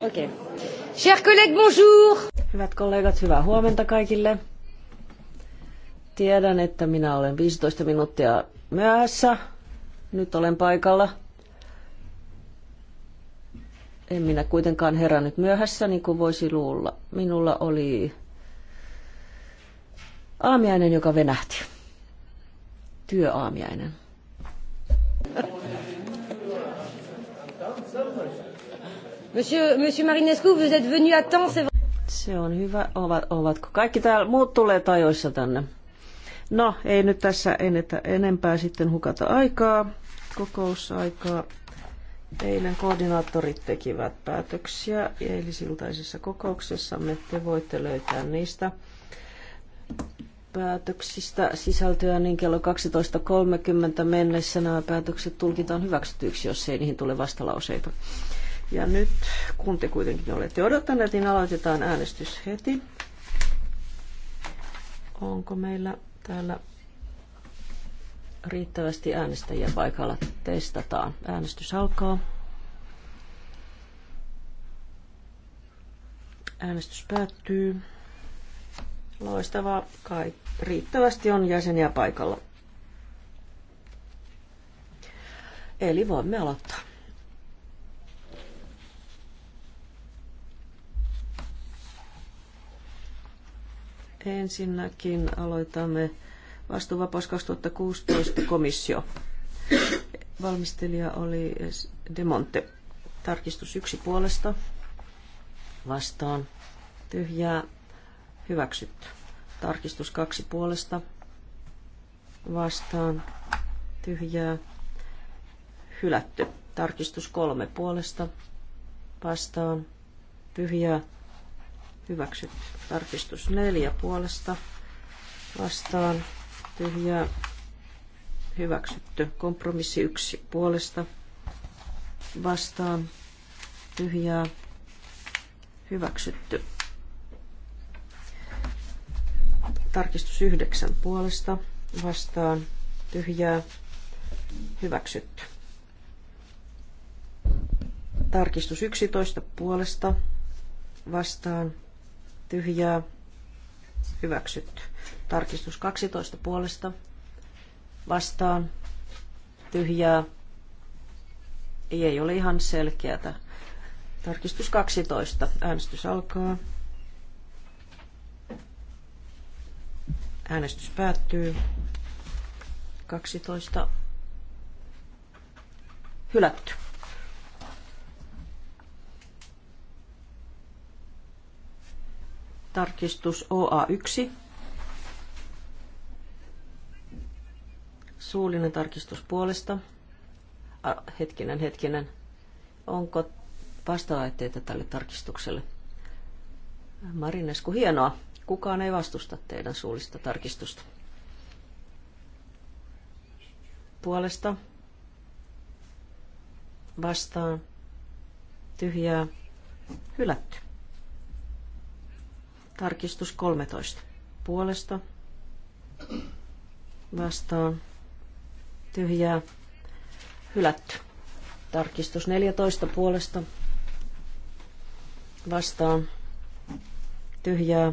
Okei. Okay. bonjour! Hyvät kollegat, hyvää huomenta kaikille. Tiedän, että minä olen 15 minuuttia myöhässä. Nyt olen paikalla. En minä kuitenkaan herännyt myöhässä, niin kuin voisi luulla. Minulla oli aamiainen, joka venähti. Työaamiainen. Monsieur, Monsieur Marinescu, vous êtes venu à temps, c'est Se on hyvä. Ovat, ovatko kaikki täällä muut tulleet ajoissa tänne? No, ei nyt tässä enetä, enempää sitten hukata aikaa, kokousaikaa. Eilen koordinaattorit tekivät päätöksiä ja eilisiltaisessa kokouksessamme te voitte löytää niistä päätöksistä sisältöä, niin kello 12.30 mennessä nämä päätökset tulkitaan hyväksytyiksi, jos ei niihin tule vastalauseita. Ja nyt, kun te kuitenkin olette odottaneet, niin aloitetaan äänestys heti. Onko meillä täällä riittävästi äänestäjiä paikalla? Testataan. Äänestys alkaa. Äänestys päättyy. Loistavaa. Kai riittävästi on jäseniä paikalla. Eli voimme aloittaa. Ensinnäkin aloitamme vastuuvapaus 2016 komissio. Valmistelija oli Demonte. Tarkistus yksi puolesta. Vastaan. Tyhjää. Hyväksytty. Tarkistus kaksi puolesta. Vastaan. Tyhjää. Hylätty. Tarkistus kolme puolesta. Vastaan. Tyhjää Hyväksytty. Tarkistus neljä puolesta vastaan. Tyhjää. Hyväksytty. Kompromissi yksi puolesta vastaan. Tyhjää. Hyväksytty. Tarkistus yhdeksän puolesta vastaan. Tyhjää. Hyväksytty. Tarkistus 11 puolesta vastaan tyhjää, hyväksytty. Tarkistus 12 puolesta, vastaan, tyhjää, ei ole ihan selkeätä. Tarkistus 12, äänestys alkaa. Äänestys päättyy. 12. Hylätty. Tarkistus OA1. Suullinen tarkistus puolesta. A, hetkinen, hetkinen. Onko vastaväitteitä tälle tarkistukselle? Marinesku, hienoa. Kukaan ei vastusta teidän suullista tarkistusta. Puolesta. Vastaan. Tyhjää. Hylätty. Tarkistus 13. Puolesta. Vastaan. Tyhjää. Hylätty. Tarkistus 14. Puolesta. Vastaan. Tyhjää.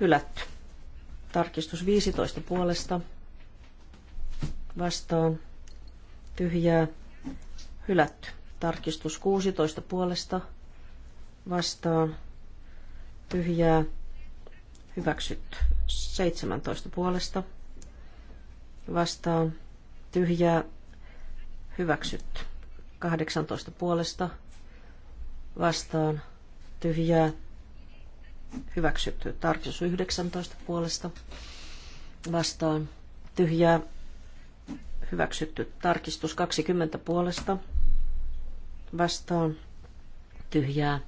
Hylätty. Tarkistus 15. Puolesta. Vastaan. Tyhjää. Hylätty. Tarkistus 16. Puolesta vastaan tyhjää hyväksyt 17 puolesta vastaan tyhjää hyväksyt 18 puolesta vastaan tyhjää hyväksytty. Tarkistus 19 puolesta vastaan tyhjää hyväksytty. Tarkistus 20 puolesta vastaan tyhjää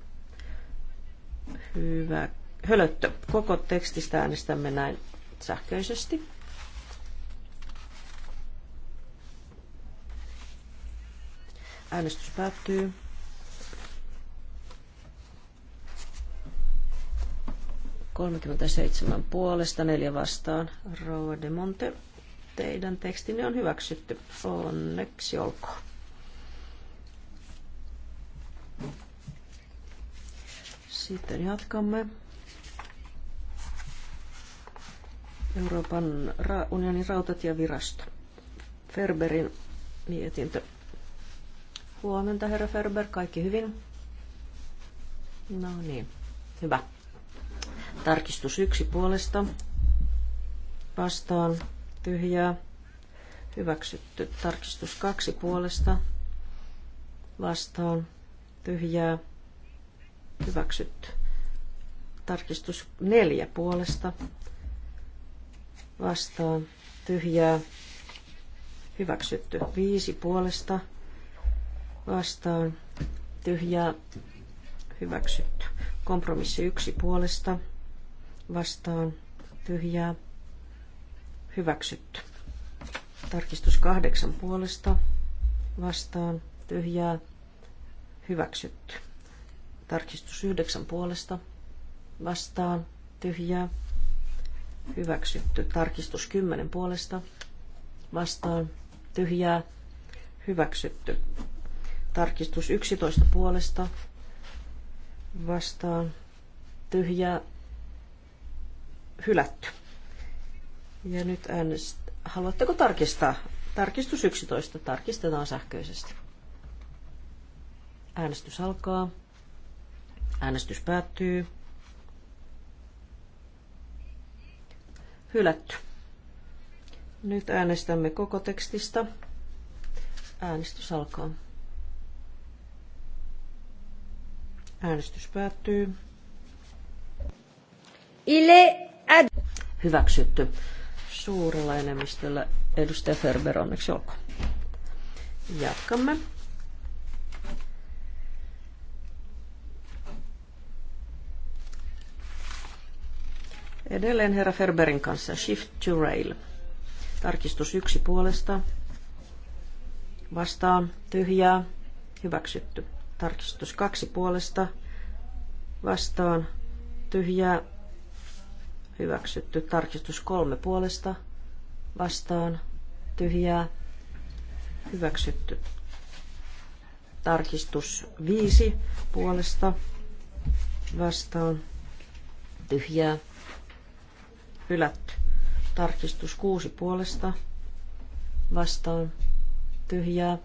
Hyvä. Hölöttö. Koko tekstistä äänestämme näin sähköisesti. Äänestys päättyy. Kolmekymmentäseitsemän puolesta, neljä vastaan. Rouva de Monte, teidän tekstini on hyväksytty. Onneksi olkoon. Sitten jatkamme. Euroopan unionin rautatievirasto. Ferberin mietintö. Huomenta, herra Ferber. Kaikki hyvin? No niin, hyvä. Tarkistus yksi puolesta. Vastaan tyhjää. Hyväksytty. Tarkistus kaksi puolesta. Vastaan tyhjää Hyväksytty. Tarkistus neljä puolesta. Vastaan. Tyhjää. Hyväksytty. Viisi puolesta. Vastaan. Tyhjää. Hyväksytty. Kompromissi yksi puolesta. Vastaan. Tyhjää. Hyväksytty. Tarkistus kahdeksan puolesta. Vastaan. Tyhjää. Hyväksytty. Tarkistus yhdeksän puolesta vastaan tyhjää. Hyväksytty. Tarkistus kymmenen puolesta vastaan tyhjää. Hyväksytty. Tarkistus yksitoista puolesta vastaan tyhjää. Hylätty. Ja nyt äänestä. Haluatteko tarkistaa? Tarkistus 11. Tarkistetaan sähköisesti. Äänestys alkaa. Äänestys päättyy. Hylätty. Nyt äänestämme koko tekstistä. Äänestys alkaa. Äänestys päättyy. Ile ad... Hyväksytty. Suurella enemmistöllä edustaja Ferber, onneksi olkoon. Jatkamme. Edelleen herra Ferberin kanssa Shift to Rail. Tarkistus yksi puolesta. Vastaan tyhjää. Hyväksytty. Tarkistus kaksi puolesta. Vastaan tyhjää. Hyväksytty. Tarkistus kolme puolesta. Vastaan tyhjää. Hyväksytty. Tarkistus viisi puolesta. Vastaan tyhjää hylätty. Tarkistus kuusi puolesta vastaan tyhjää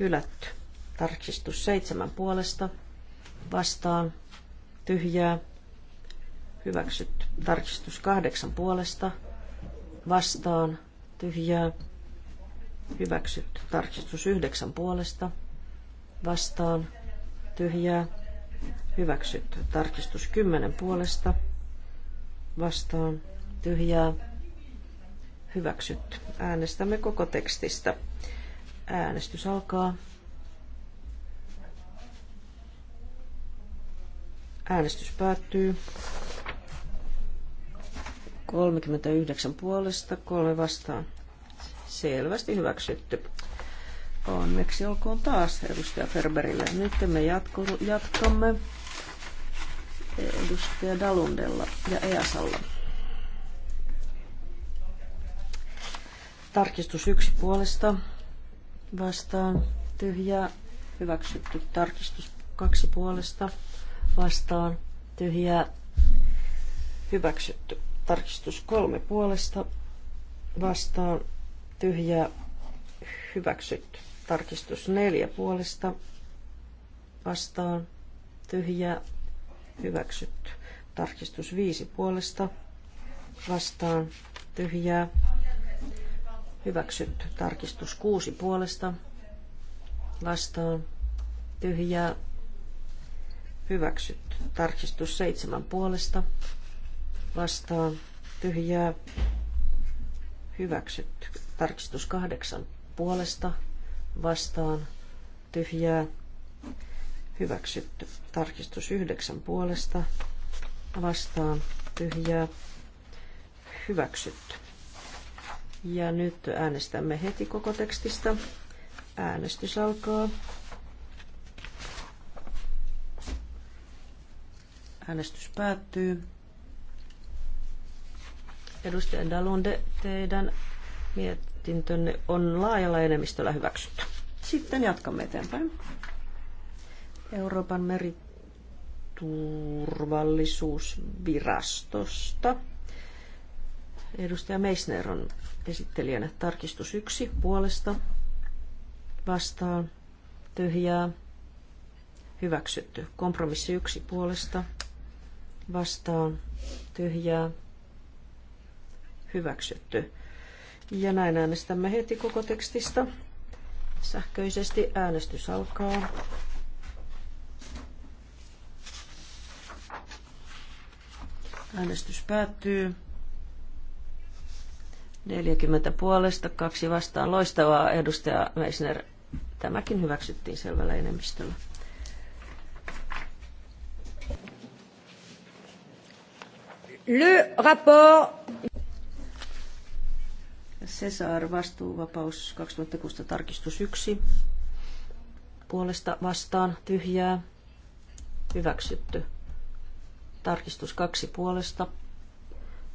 hylätty. Tarkistus seitsemän puolesta vastaan tyhjää hyväksytty. Tarkistus kahdeksan puolesta vastaan tyhjää hyväksytty. Tarkistus yhdeksän puolesta vastaan tyhjää hyväksytty. Tarkistus kymmenen puolesta vastaan tyhjää hyväksytty. Äänestämme koko tekstistä. Äänestys alkaa. Äänestys päättyy. 39 puolesta, kolme vastaan. Selvästi hyväksytty. Onneksi olkoon taas edustaja Ferberille. Nyt me jatko, jatkamme edustaja Dalundella ja EASalla. Tarkistus yksi puolesta vastaan tyhjää. Hyväksytty tarkistus kaksi puolesta vastaan tyhjää. Hyväksytty tarkistus kolme puolesta vastaan tyhjää. Hyväksytty tarkistus neljä puolesta vastaan tyhjää hyväksytty. Tarkistus 5 puolesta vastaan tyhjää hyväksytty. Tarkistus 6 puolesta vastaan tyhjää hyväksytty. Tarkistus 7 puolesta vastaan tyhjää hyväksytty. Tarkistus 8 puolesta vastaan tyhjää Hyväksytty. Tarkistus yhdeksän puolesta. Vastaan tyhjää. Hyväksytty. Ja nyt äänestämme heti koko tekstistä. Äänestys alkaa. Äänestys päättyy. Edustaja Dalunde, teidän mietintönne on laajalla enemmistöllä hyväksytty. Sitten jatkamme eteenpäin. Euroopan meriturvallisuusvirastosta. Edustaja Meisner on esittelijänä tarkistus yksi puolesta vastaan tyhjää hyväksytty. Kompromissi yksi puolesta vastaan tyhjää hyväksytty. Ja näin äänestämme heti koko tekstistä. Sähköisesti äänestys alkaa. Äänestys päättyy. 40 puolesta, kaksi vastaan. Loistavaa, edustaja Meisner. Tämäkin hyväksyttiin selvällä enemmistöllä. Le rapport. Cesar vastuuvapaus 2006 tarkistus 1. Puolesta vastaan tyhjää. Hyväksytty. Tarkistus kaksi puolesta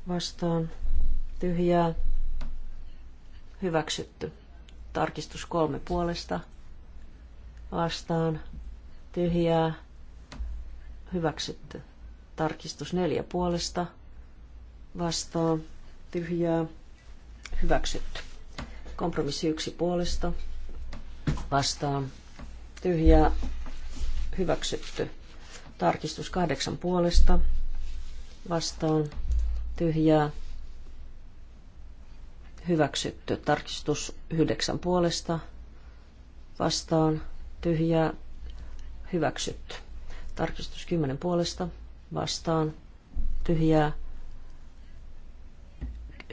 vastaan tyhjää hyväksytty. Tarkistus kolme puolesta vastaan tyhjää hyväksytty. Tarkistus neljä puolesta vastaan tyhjää hyväksytty. Kompromissi yksi puolesta vastaan tyhjää hyväksytty. Tarkistus kahdeksan puolesta. Vastaan tyhjää. Hyväksytty. Tarkistus yhdeksän puolesta. Vastaan tyhjää. Hyväksytty. Tarkistus kymmenen puolesta. Vastaan tyhjää.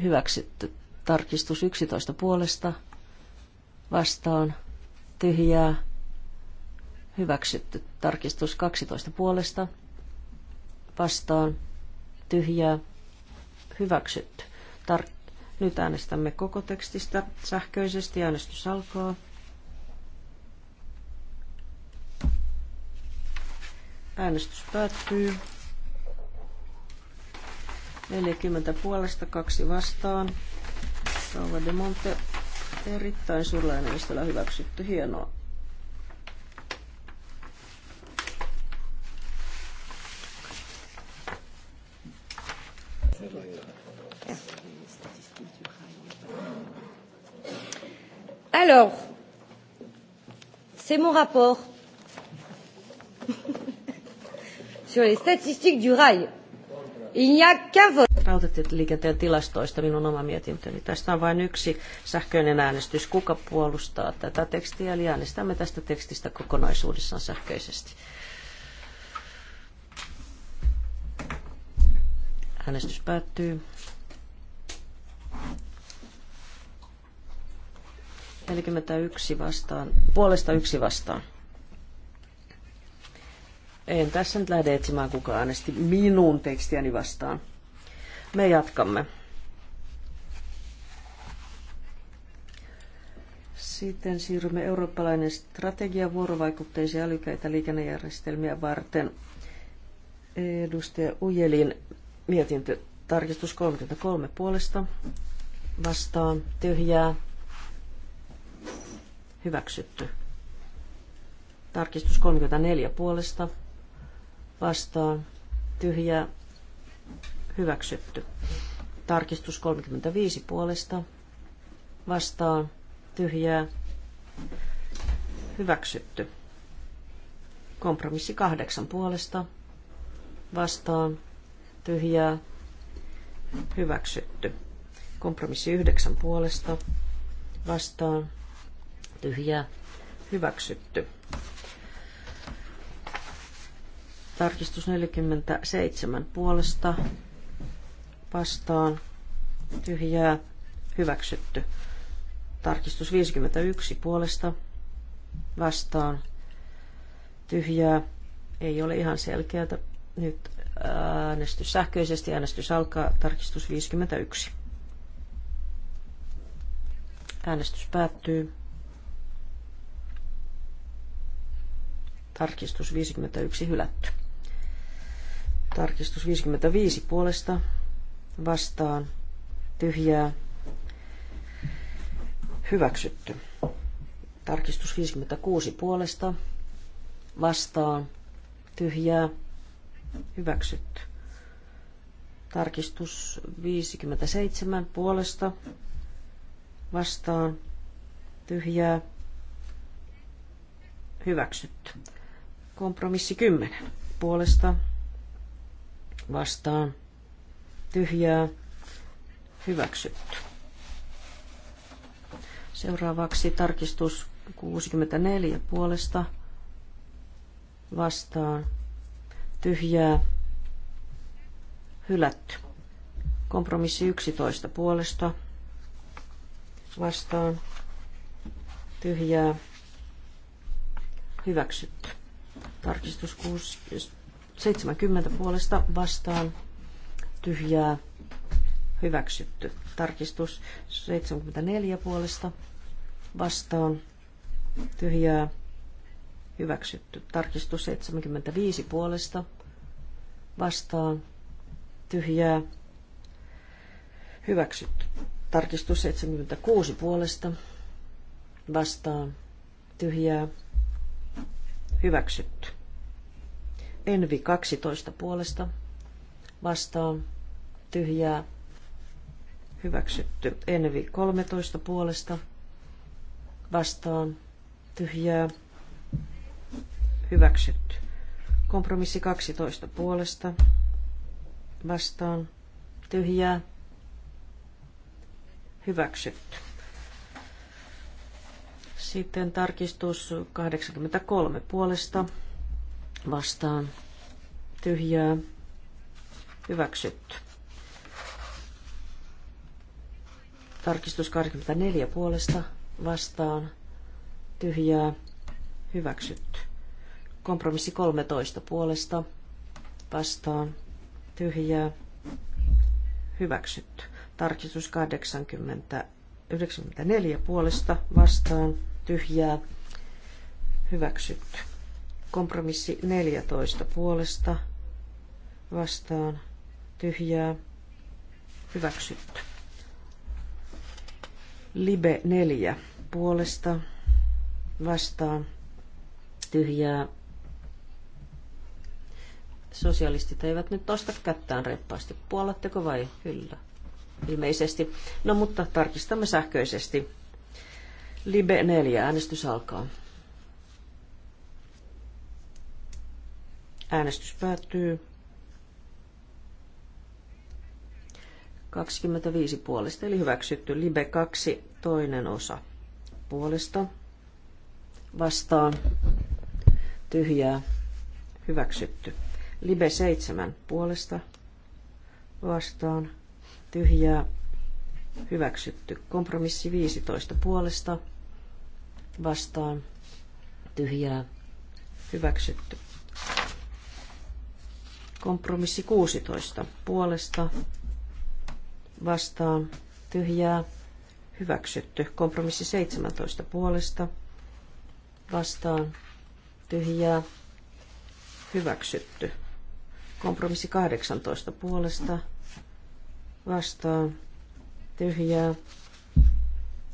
Hyväksytty. Tarkistus yksitoista puolesta. Vastaan tyhjää Hyväksytty. Tarkistus 12 puolesta. Vastaan. Tyhjää. Hyväksytty. Tar- Nyt äänestämme koko tekstistä sähköisesti. Äänestys alkaa. Äänestys päättyy. 40 puolesta, kaksi vastaan. Salva de Monte, erittäin surlainen hyväksytty. Hienoa. Alors, c'est mon rapport sur les statistiques du rail. Il n'y a qu'un vote. liikenteen tilastoista minun oma mietintöni. Tästä on vain yksi sähköinen äänestys. Kuka puolustaa tätä tekstiä? Eli äänestämme tästä tekstistä kokonaisuudessaan sähköisesti. Äänestys päättyy. 41 vastaan, puolesta yksi vastaan. En tässä nyt lähde etsimään kuka äänesti minun tekstiäni vastaan. Me jatkamme. Sitten siirrymme eurooppalainen strategia vuorovaikutteisia älykäitä liikennejärjestelmiä varten. Edustaja Ujelin mietintö tarkistus 33 puolesta vastaan tyhjää Hyväksytty. Tarkistus 34 puolesta. Vastaan. Tyhjää. Hyväksytty. Tarkistus 35 puolesta. Vastaan. Tyhjää. Hyväksytty. Kompromissi kahdeksan puolesta. Vastaan. Tyhjää. Hyväksytty. Kompromissi yhdeksän puolesta. Vastaan tyhjää hyväksytty. Tarkistus 47 puolesta vastaan tyhjää hyväksytty. Tarkistus 51 puolesta vastaan tyhjää. Ei ole ihan selkeää. Nyt äänestys sähköisesti. Äänestys alkaa. Tarkistus 51. Äänestys päättyy. Tarkistus 51 hylätty. Tarkistus 55 puolesta vastaan tyhjää hyväksytty. Tarkistus 56 puolesta vastaan tyhjää hyväksytty. Tarkistus 57 puolesta vastaan tyhjää hyväksytty. Kompromissi 10. Puolesta vastaan tyhjää hyväksytty. Seuraavaksi tarkistus 64 puolesta vastaan tyhjää hylätty. Kompromissi 11 puolesta vastaan tyhjää hyväksytty. Tarkistus 70 puolesta vastaan tyhjää hyväksytty. Tarkistus 74 puolesta vastaan tyhjää hyväksytty. Tarkistus 75 puolesta vastaan tyhjää hyväksytty. Tarkistus 76 puolesta vastaan tyhjää Hyväksytty. Envi 12 puolesta. Vastaan. Tyhjää. Hyväksytty. Envi 13 puolesta. Vastaan. Tyhjää. Hyväksytty. Kompromissi 12 puolesta. Vastaan. Tyhjää. Hyväksytty. Sitten tarkistus 83 puolesta vastaan tyhjää hyväksytty. Tarkistus 84 puolesta vastaan tyhjää hyväksytty. Kompromissi 13 puolesta vastaan tyhjää hyväksytty. Tarkistus 80, 94 puolesta vastaan tyhjää hyväksytty. Kompromissi 14 puolesta vastaan tyhjää hyväksytty. Libe 4 puolesta vastaan tyhjää. Sosialistit eivät nyt osta kättään reippaasti. Puolatteko vai? Kyllä. Ilmeisesti. No mutta tarkistamme sähköisesti. Libe 4. Äänestys alkaa. Äänestys päättyy. 25 puolesta, eli hyväksytty. Libe 2, toinen osa puolesta. Vastaan. Tyhjää. Hyväksytty. Libe 7 puolesta. Vastaan. Tyhjää hyväksytty. Kompromissi 15 puolesta vastaan tyhjää hyväksytty. Kompromissi 16 puolesta vastaan tyhjää hyväksytty. Kompromissi 17 puolesta vastaan tyhjää hyväksytty. Kompromissi 18 puolesta vastaan tyhjää.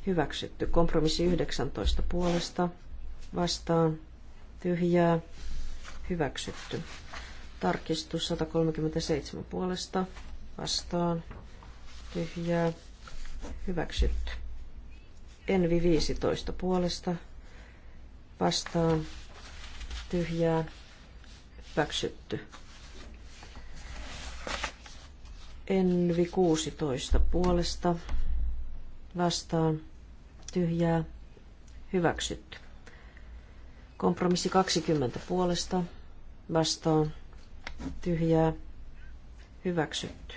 Hyväksytty. Kompromissi 19 puolesta vastaan tyhjää. Hyväksytty. Tarkistus 137 puolesta vastaan tyhjää. Hyväksytty. Envi 15 puolesta vastaan tyhjää. Hyväksytty. Envi 16 puolesta vastaan tyhjää hyväksytty. Kompromissi 20 puolesta vastaan tyhjää hyväksytty.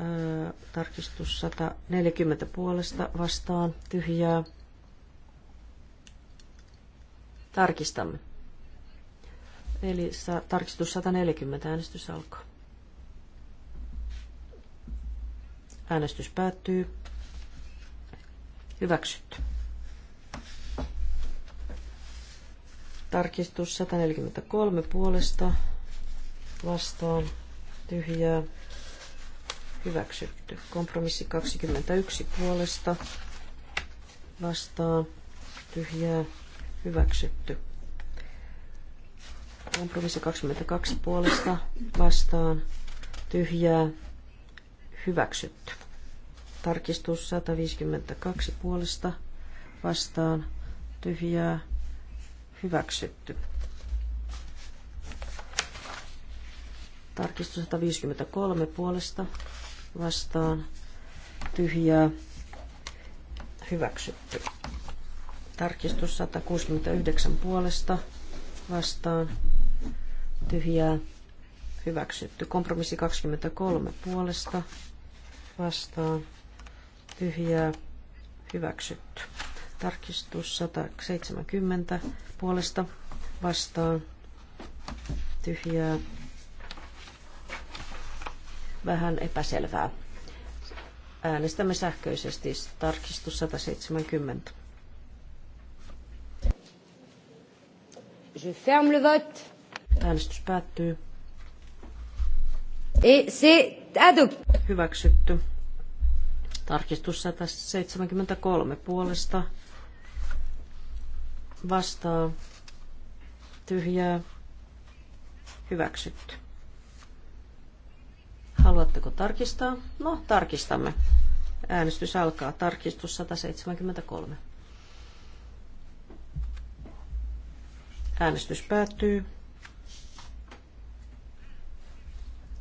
Öö, tarkistus 140 puolesta vastaan tyhjää. Tarkistamme. Eli sa- tarkistus 140 äänestys alkaa. Äänestys päättyy. Hyväksytty. Tarkistus 143 puolesta vastaan tyhjää. Hyväksytty. Kompromissi 21 puolesta vastaan tyhjää. Hyväksytty. Kompromissi 22 puolesta vastaan tyhjää. Hyväksytty. Tarkistus 152 puolesta vastaan tyhjää hyväksytty. Tarkistus 153 puolesta vastaan tyhjää hyväksytty. Tarkistus 169 puolesta vastaan tyhjää hyväksytty. Kompromissi 23 puolesta vastaan tyhjää hyväksytty. Tarkistus 170 puolesta vastaan tyhjää vähän epäselvää. Äänestämme sähköisesti tarkistus 170. Je ferme le vote. Äänestys päättyy. Et c'est adopté. Hyväksytty. Tarkistus 173 puolesta vastaa tyhjää hyväksytty. Haluatteko tarkistaa? No, tarkistamme. Äänestys alkaa. Tarkistus 173. Äänestys päättyy.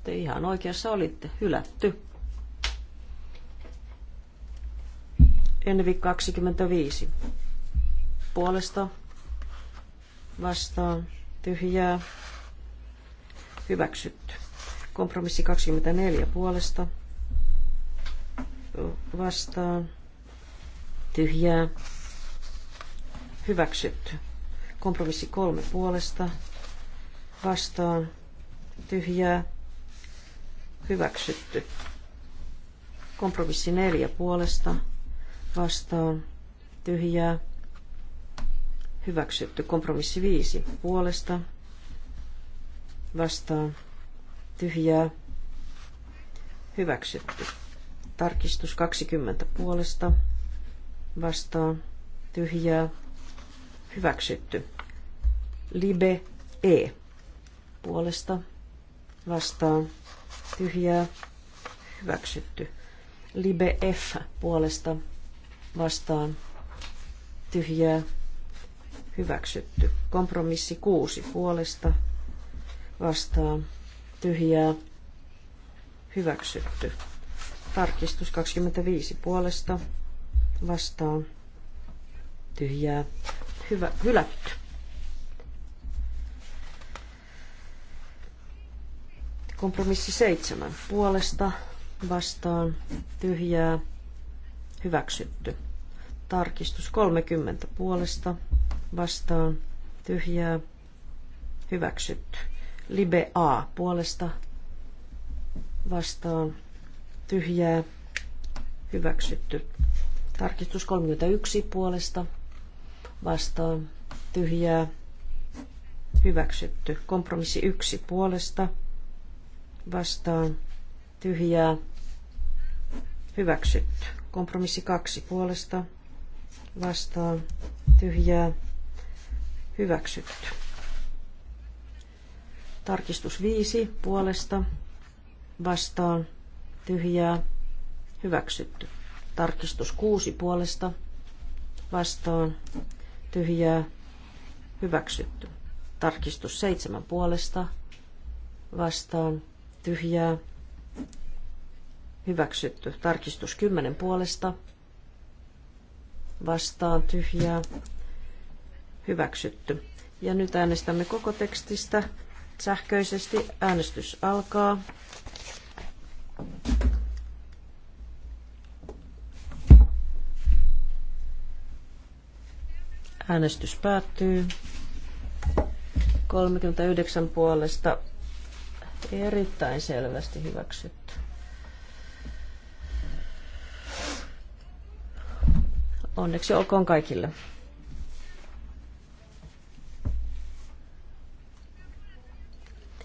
Te ihan oikeassa olitte. Hylätty. Envi 25. Puolesta vastaan tyhjää hyväksytty. Kompromissi 24 puolesta vastaan tyhjää hyväksytty. Kompromissi 3 puolesta vastaan tyhjää hyväksytty. Kompromissi 4 puolesta vastaan tyhjää. Hyväksytty. Kompromissi 5 puolesta vastaan tyhjää. Hyväksytty. Tarkistus 20 puolesta vastaan tyhjää. Hyväksytty. Libe E puolesta vastaan tyhjää. Hyväksytty. Libe F puolesta vastaan tyhjää hyväksytty. Kompromissi kuusi puolesta vastaan tyhjää hyväksytty. Tarkistus 25 puolesta vastaan tyhjää hyvä, hylätty. Kompromissi seitsemän puolesta vastaan tyhjää Hyväksytty. Tarkistus 30 puolesta vastaan tyhjää. Hyväksytty. Libe A puolesta vastaan tyhjää. Hyväksytty. Tarkistus 31 puolesta vastaan tyhjää. Hyväksytty. Kompromissi 1 puolesta vastaan tyhjää. Hyväksytty. Kompromissi kaksi puolesta vastaan tyhjää hyväksytty. Tarkistus viisi puolesta vastaan tyhjää hyväksytty. Tarkistus kuusi puolesta vastaan tyhjää hyväksytty. Tarkistus seitsemän puolesta vastaan tyhjää Hyväksytty. Tarkistus 10 puolesta. Vastaan tyhjää. Hyväksytty. Ja nyt äänestämme koko tekstistä sähköisesti. Äänestys alkaa. Äänestys päättyy. 39 puolesta erittäin selvästi hyväksytty. Onneksi olkoon kaikille.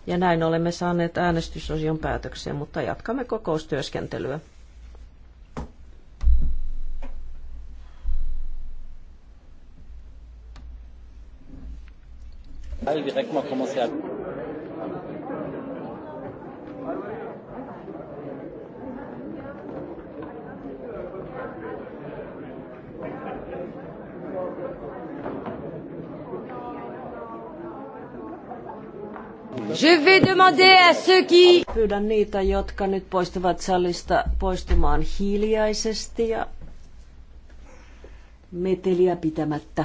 Ja näin olemme saaneet äänestysosion päätökseen, mutta jatkamme kokoustyöskentelyä. Directement commencer à... Je vais demander à ceux qui... Pyydän niitä, jotka nyt poistuvat salista poistumaan hiljaisesti ja meteliä pitämättä.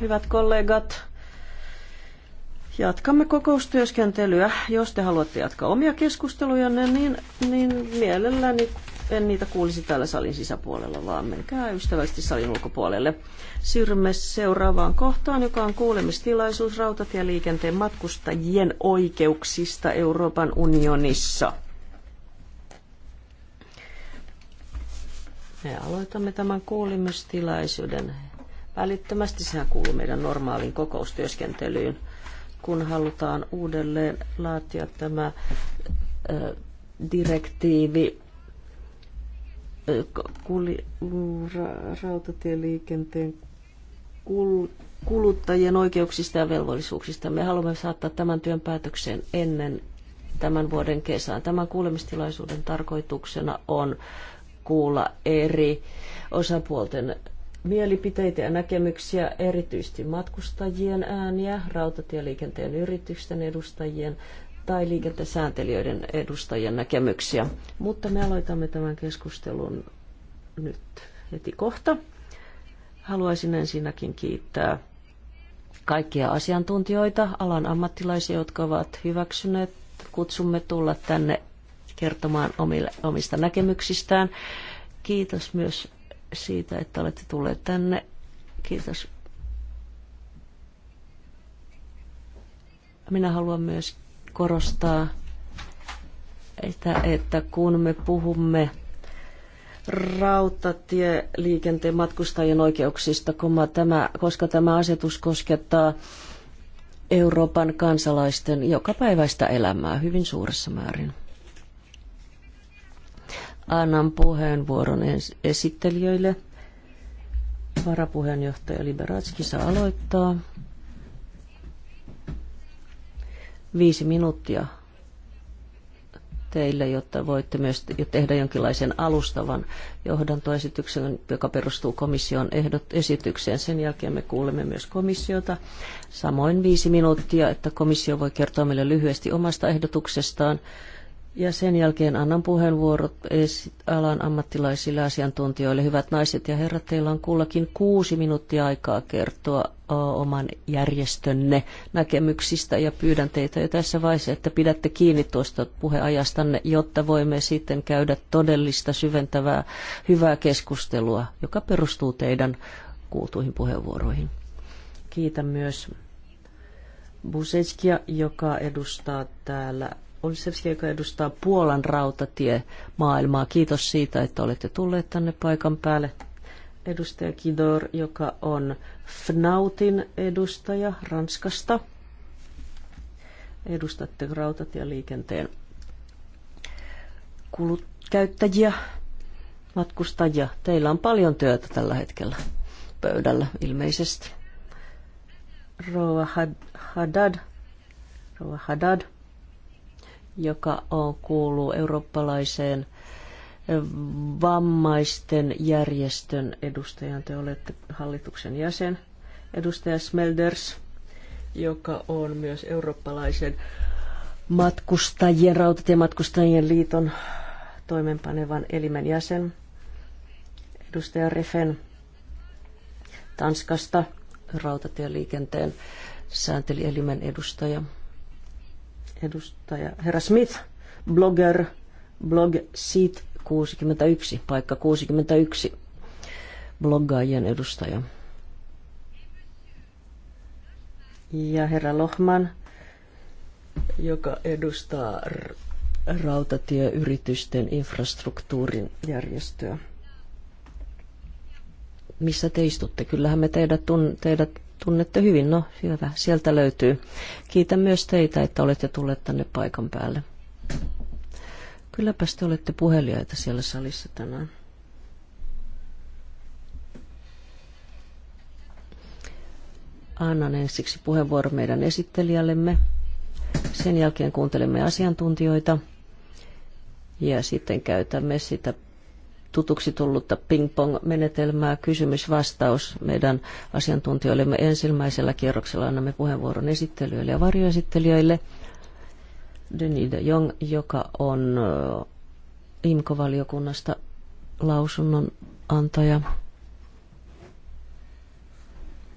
Hyvät kollegat, jatkamme kokoustyöskentelyä. Jos te haluatte jatkaa omia keskustelujanne, niin, niin mielelläni en niitä kuulisi täällä salin sisäpuolella, vaan menkää ystävällisesti salin ulkopuolelle. Siirrymme seuraavaan kohtaan, joka on kuulemistilaisuus rautatieliikenteen matkustajien oikeuksista Euroopan unionissa. Me aloitamme tämän kuulemistilaisuuden välittömästi. Sehän kuuluu meidän normaaliin kokoustyöskentelyyn, kun halutaan uudelleen laatia tämä direktiivi kuli, ra, rautatieliikenteen kul, kuluttajien oikeuksista ja velvollisuuksista. Me haluamme saattaa tämän työn päätökseen ennen tämän vuoden kesää. Tämän kuulemistilaisuuden tarkoituksena on kuulla eri osapuolten mielipiteitä ja näkemyksiä, erityisesti matkustajien ääniä, rautatieliikenteen yritysten edustajien tai liikentesääntelijöiden edustajien näkemyksiä. Mutta me aloitamme tämän keskustelun nyt heti kohta. Haluaisin ensinnäkin kiittää kaikkia asiantuntijoita, alan ammattilaisia, jotka ovat hyväksyneet kutsumme tulla tänne kertomaan omille, omista näkemyksistään. Kiitos myös siitä, että olette tulleet tänne. Kiitos. Minä haluan myös korostaa, että, että kun me puhumme rautatieliikenteen matkustajien oikeuksista, tämä, koska tämä asetus koskettaa Euroopan kansalaisten jokapäiväistä elämää hyvin suuressa määrin. Annan puheenvuoron esittelijöille. Varapuheenjohtaja Liberatski saa aloittaa. Viisi minuuttia teille, jotta voitte myös tehdä jonkinlaisen alustavan johdantoesityksen, joka perustuu komission ehdot esitykseen. Sen jälkeen me kuulemme myös komissiota. Samoin viisi minuuttia, että komissio voi kertoa meille lyhyesti omasta ehdotuksestaan ja sen jälkeen annan puheenvuorot alan ammattilaisille asiantuntijoille. Hyvät naiset ja herrat, teillä on kullakin kuusi minuuttia aikaa kertoa oman järjestönne näkemyksistä ja pyydän teitä jo tässä vaiheessa, että pidätte kiinni tuosta puheajastanne, jotta voimme sitten käydä todellista syventävää hyvää keskustelua, joka perustuu teidän kuultuihin puheenvuoroihin. Kiitän myös Busetskia, joka edustaa täällä Olisevski, joka edustaa Puolan rautatie maailmaa. Kiitos siitä, että olette tulleet tänne paikan päälle. Edustaja Kidor, joka on FNAUTin edustaja Ranskasta. Edustatte rautatieliikenteen kulut, käyttäjiä, matkustajia. Teillä on paljon työtä tällä hetkellä pöydällä ilmeisesti. Rova Haddad, Rova Haddad joka on, kuuluu eurooppalaiseen vammaisten järjestön edustajan. Te olette hallituksen jäsen. Edustaja Smelders, joka on myös eurooppalaisen matkustajien, rautatiematkustajien liiton toimenpanevan elimen jäsen. Edustaja Refen Tanskasta, rautatieliikenteen sääntelyelimen edustaja edustaja, herra Smith, blogger, blog seat 61, paikka 61, bloggaajien edustaja. Ja herra Lohman, joka edustaa rautatieyritysten infrastruktuurin järjestöä. Missä te istutte? Kyllähän me teidät, tun, teidät tunnette hyvin. No hyvä, sieltä löytyy. Kiitän myös teitä, että olette tulleet tänne paikan päälle. Kylläpäs te olette puheliaita siellä salissa tänään. Annan ensiksi puheenvuoro meidän esittelijällemme. Sen jälkeen kuuntelemme asiantuntijoita ja sitten käytämme sitä tutuksi tullutta ping-pong-menetelmää. Kysymys-vastaus meidän asiantuntijoillemme ensimmäisellä kierroksella annamme puheenvuoron esittelijöille ja varjoesittelijöille. Denis de Jong, joka on Imkovaliokunnasta valiokunnasta lausunnon antaja,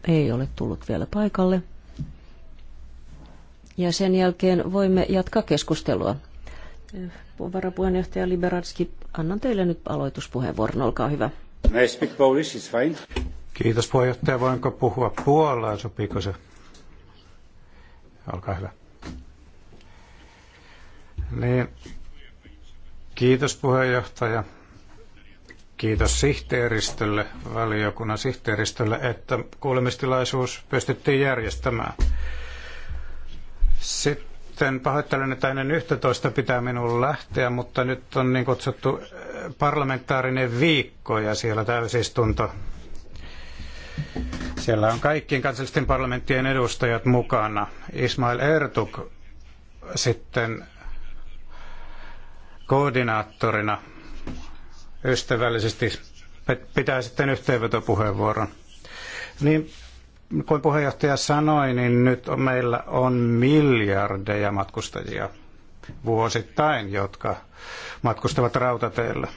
ei ole tullut vielä paikalle. Ja sen jälkeen voimme jatkaa keskustelua. Varapuheenjohtaja Liberatski Annan teille nyt aloituspuheenvuoron, olkaa hyvä. I speak Polish, it's fine. Kiitos puheenjohtaja. Voinko puhua puolaa? Sopiiko se? Olkaa hyvä. Niin. Kiitos puheenjohtaja. Kiitos sihteeristölle, valiokunnan sihteeristölle, että kuulemistilaisuus pystyttiin järjestämään. Sitten sitten pahoittelen, että ennen 11 pitää minun lähteä, mutta nyt on niin kutsuttu eh, parlamentaarinen viikko ja siellä täysistunto. Siellä on kaikkien kansallisten parlamenttien edustajat mukana. Ismail Ertuk sitten koordinaattorina ystävällisesti pitää sitten yhteenvetopuheenvuoron. Niin kuin puheenjohtaja sanoi, niin nyt meillä on miljardeja matkustajia vuosittain, jotka matkustavat rautateillä.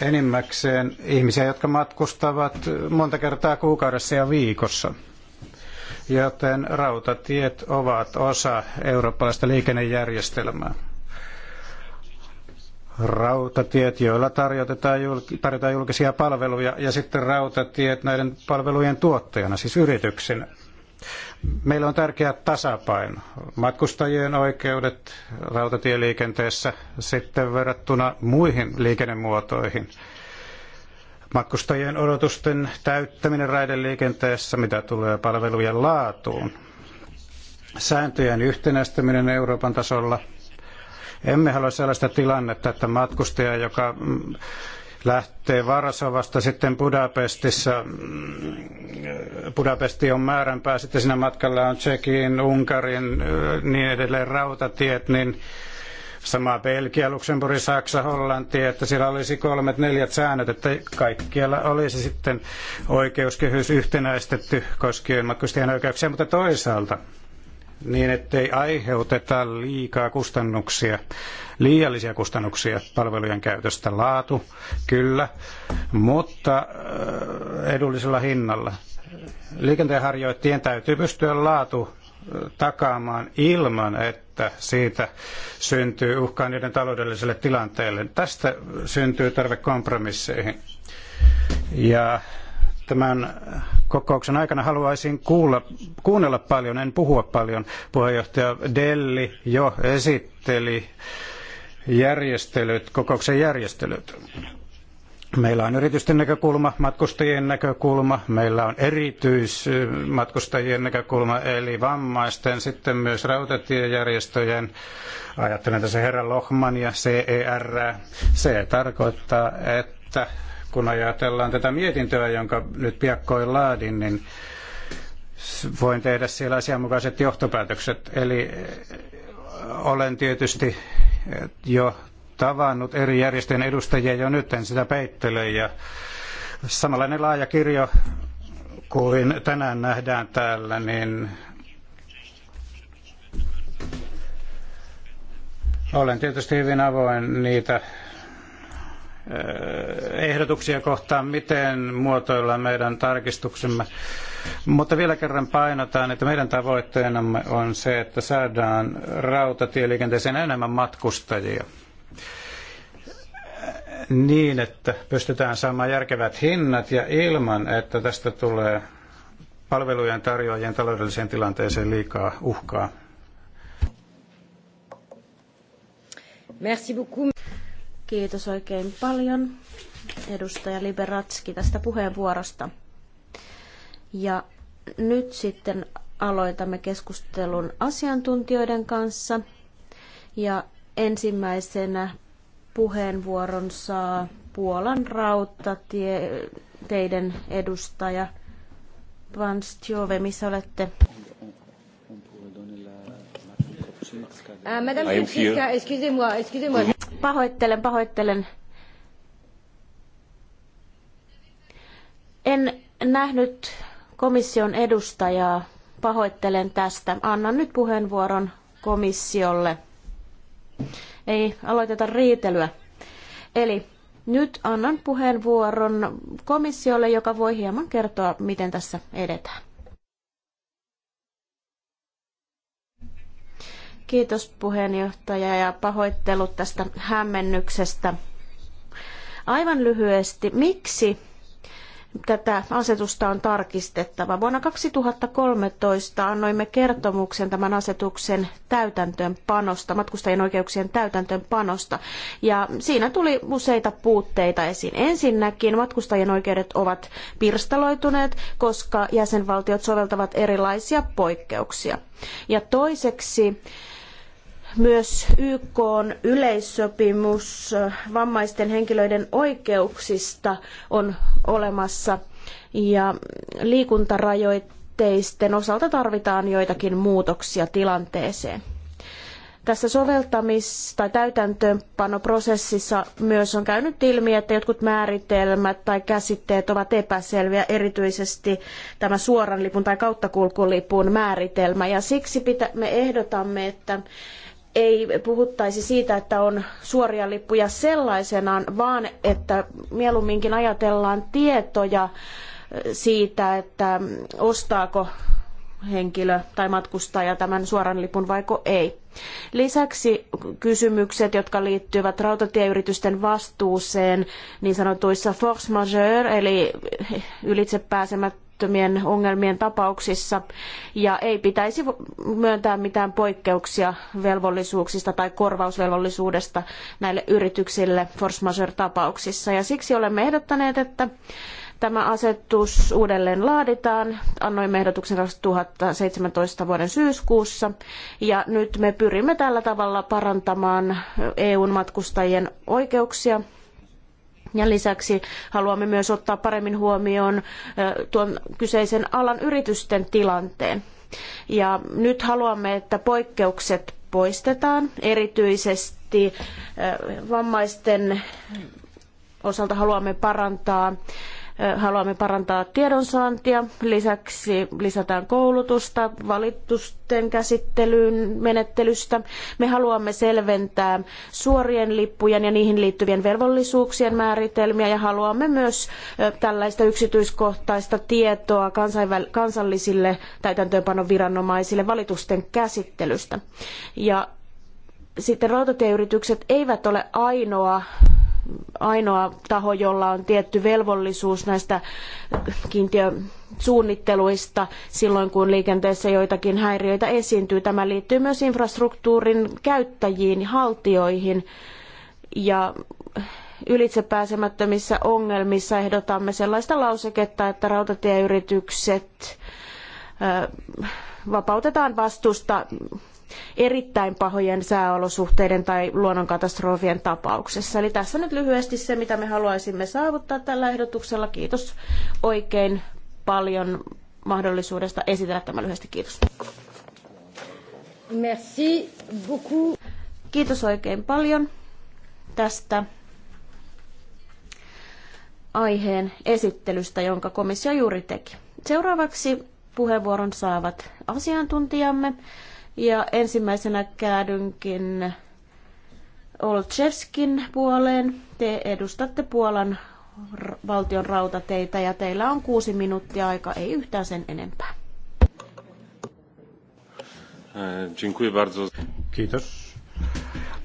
Enimmäkseen ihmisiä, jotka matkustavat monta kertaa kuukaudessa ja viikossa. Joten rautatiet ovat osa eurooppalaista liikennejärjestelmää rautatiet, joilla tarjotetaan, tarjotaan julkisia palveluja, ja sitten rautatiet näiden palvelujen tuottajana, siis yrityksinä. Meillä on tärkeä tasapaino. Matkustajien oikeudet rautatieliikenteessä sitten verrattuna muihin liikennemuotoihin. Matkustajien odotusten täyttäminen raideliikenteessä, mitä tulee palvelujen laatuun. Sääntöjen yhtenäistäminen Euroopan tasolla – emme halua sellaista tilannetta, että matkustaja, joka mm, lähtee Varsovasta sitten Budapestissa. Mm, Budapesti on määränpää, sitten siinä matkalla on Tsekin, Unkarin, niin edelleen rautatiet, niin sama Belgia, Luxemburg, Saksa, Hollanti, että siellä olisi kolmet neljät säännöt, että kaikkialla olisi sitten oikeuskehys yhtenäistetty koskien matkustajan oikeuksia, mutta toisaalta niin ettei aiheuteta liikaa kustannuksia, liiallisia kustannuksia palvelujen käytöstä. Laatu, kyllä, mutta äh, edullisella hinnalla. Liikenteenharjoittajien täytyy pystyä laatu äh, takaamaan ilman, että siitä syntyy uhkaa niiden taloudelliselle tilanteelle. Tästä syntyy tarve kompromisseihin. Ja tämän kokouksen aikana haluaisin kuulla, kuunnella paljon, en puhua paljon. Puheenjohtaja Delli jo esitteli järjestelyt, kokouksen järjestelyt. Meillä on yritysten näkökulma, matkustajien näkökulma, meillä on erityismatkustajien näkökulma, eli vammaisten, sitten myös rautatiejärjestöjen, ajattelen tässä herra Lohman ja CER. Se tarkoittaa, että kun ajatellaan tätä mietintöä, jonka nyt piakkoin laadin, niin voin tehdä siellä asianmukaiset johtopäätökset. Eli eh, olen tietysti eh, jo tavannut eri järjestöjen edustajia jo nyt, en sitä peittele. Ja samanlainen laaja kirjo kuin tänään nähdään täällä, niin olen tietysti hyvin avoin niitä ehdotuksia kohtaan, miten muotoillaan meidän tarkistuksemme. Mutta vielä kerran painotaan, että meidän tavoitteenamme on se, että saadaan rautatieliikenteeseen enemmän matkustajia niin, että pystytään saamaan järkevät hinnat ja ilman, että tästä tulee palvelujen tarjoajien taloudelliseen tilanteeseen liikaa uhkaa. Merci beaucoup. Kiitos oikein paljon edustaja Liberatski tästä puheenvuorosta. Ja nyt sitten aloitamme keskustelun asiantuntijoiden kanssa. Ja ensimmäisenä puheenvuoron saa Puolan rautatie, teidän edustaja Vans Stjove, missä olette? Euh, Madame excusez-moi, excusez-moi. Pahoittelen, pahoittelen. En nähnyt komission edustajaa. Pahoittelen tästä. Annan nyt puheenvuoron komissiolle. Ei aloiteta riitelyä. Eli nyt annan puheenvuoron komissiolle, joka voi hieman kertoa, miten tässä edetään. Kiitos puheenjohtaja ja pahoittelut tästä hämmennyksestä. Aivan lyhyesti, miksi tätä asetusta on tarkistettava. Vuonna 2013 annoimme kertomuksen tämän asetuksen täytäntöönpanosta, matkustajien oikeuksien täytäntöönpanosta, ja siinä tuli useita puutteita esiin. Ensinnäkin matkustajien oikeudet ovat pirstaloituneet, koska jäsenvaltiot soveltavat erilaisia poikkeuksia. Ja toiseksi myös YK on yleissopimus vammaisten henkilöiden oikeuksista on olemassa ja liikuntarajoitteisten osalta tarvitaan joitakin muutoksia tilanteeseen. Tässä soveltamis- tai täytäntöönpanoprosessissa myös on käynyt ilmi, että jotkut määritelmät tai käsitteet ovat epäselviä, erityisesti tämä suoran lipun tai kauttakulkulipun määritelmä. Ja siksi pitä- me ehdotamme, että ei puhuttaisi siitä, että on suoria lippuja sellaisenaan, vaan että mieluumminkin ajatellaan tietoja äh, siitä, että mm, ostaako henkilö tai matkustaja tämän suoran lipun vaiko ei. Lisäksi kysymykset, jotka liittyvät rautatieyritysten vastuuseen niin sanotuissa force majeure eli ylitsepääsemättä välttämättömien ongelmien tapauksissa ja ei pitäisi myöntää mitään poikkeuksia velvollisuuksista tai korvausvelvollisuudesta näille yrityksille force majeure-tapauksissa. Ja siksi olemme ehdottaneet, että tämä asetus uudelleen laaditaan. Annoimme ehdotuksen 2017 vuoden syyskuussa ja nyt me pyrimme tällä tavalla parantamaan EUn matkustajien oikeuksia ja lisäksi haluamme myös ottaa paremmin huomioon tuon kyseisen alan yritysten tilanteen. Ja nyt haluamme, että poikkeukset poistetaan, erityisesti vammaisten osalta haluamme parantaa Haluamme parantaa tiedonsaantia, lisäksi lisätään koulutusta valitusten käsittelyyn menettelystä. Me haluamme selventää suorien lippujen ja niihin liittyvien velvollisuuksien määritelmiä ja haluamme myös tällaista yksityiskohtaista tietoa kansallisille täytäntöönpanoviranomaisille valitusten käsittelystä. Ja sitten rautatieyritykset eivät ole ainoa ainoa taho, jolla on tietty velvollisuus näistä kiintiösuunnitteluista silloin, kun liikenteessä joitakin häiriöitä esiintyy. Tämä liittyy myös infrastruktuurin käyttäjiin, haltioihin ja ylitsepääsemättömissä ongelmissa ehdotamme sellaista lauseketta, että rautatieyritykset vapautetaan vastuusta erittäin pahojen sääolosuhteiden tai luonnonkatastrofien tapauksessa. Eli tässä nyt lyhyesti se, mitä me haluaisimme saavuttaa tällä ehdotuksella. Kiitos oikein paljon mahdollisuudesta esitellä tämä lyhyesti. Kiitos. Merci beaucoup. Kiitos oikein paljon tästä aiheen esittelystä, jonka komissio juuri teki. Seuraavaksi puheenvuoron saavat asiantuntijamme. Ja ensimmäisenä käädynkin Olczewskin puoleen. Te edustatte Puolan valtion rautateitä ja teillä on kuusi minuuttia aika, ei yhtään sen enempää. Eh, Kiitos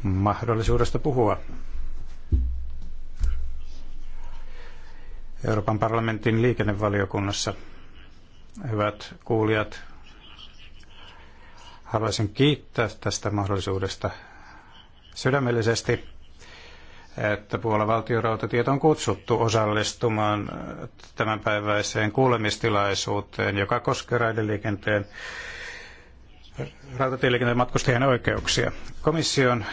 mahdollisuudesta puhua. Euroopan parlamentin liikennevaliokunnassa. Hyvät kuulijat, Haluaisin kiittää tästä mahdollisuudesta sydämellisesti, että Puolan valtiorautatiet on kutsuttu osallistumaan tämänpäiväiseen kuulemistilaisuuteen, joka koskee raideliikenteen rautatieliikenteen matkustajien oikeuksia. Komission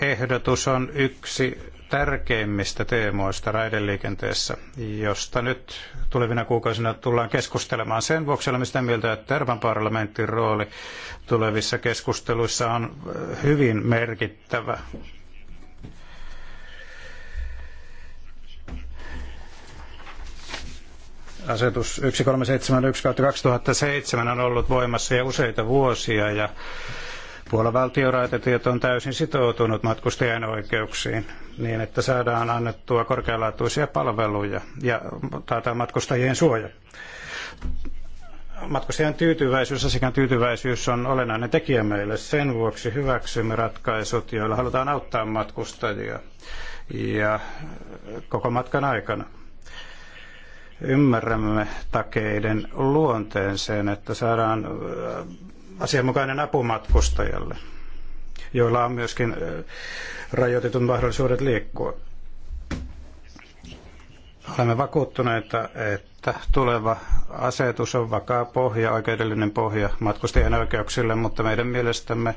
ehdotus on yksi tärkeimmistä teemoista raideliikenteessä, josta nyt tulevina kuukausina tullaan keskustelemaan. Sen vuoksi olemme sitä mieltä, että Euroopan parlamentin rooli tulevissa keskusteluissa on äh, hyvin merkittävä. Asetus 1371-2007 on ollut voimassa jo useita vuosia ja Puolan valtiorautatiet on täysin sitoutunut matkustajien oikeuksiin niin, että saadaan annettua korkealaatuisia palveluja ja taataan matkustajien suoja. Matkustajien tyytyväisyys, asiakkaan tyytyväisyys on olennainen tekijä meille. Sen vuoksi hyväksymme ratkaisut, joilla halutaan auttaa matkustajia ja koko matkan aikana ymmärrämme takeiden luonteen sen, että saadaan asianmukainen apu matkustajalle, joilla on myöskin rajoitetut mahdollisuudet liikkua. Olemme vakuuttuneita, että tuleva asetus on vakaa pohja, oikeudellinen pohja matkustajien oikeuksille, mutta meidän mielestämme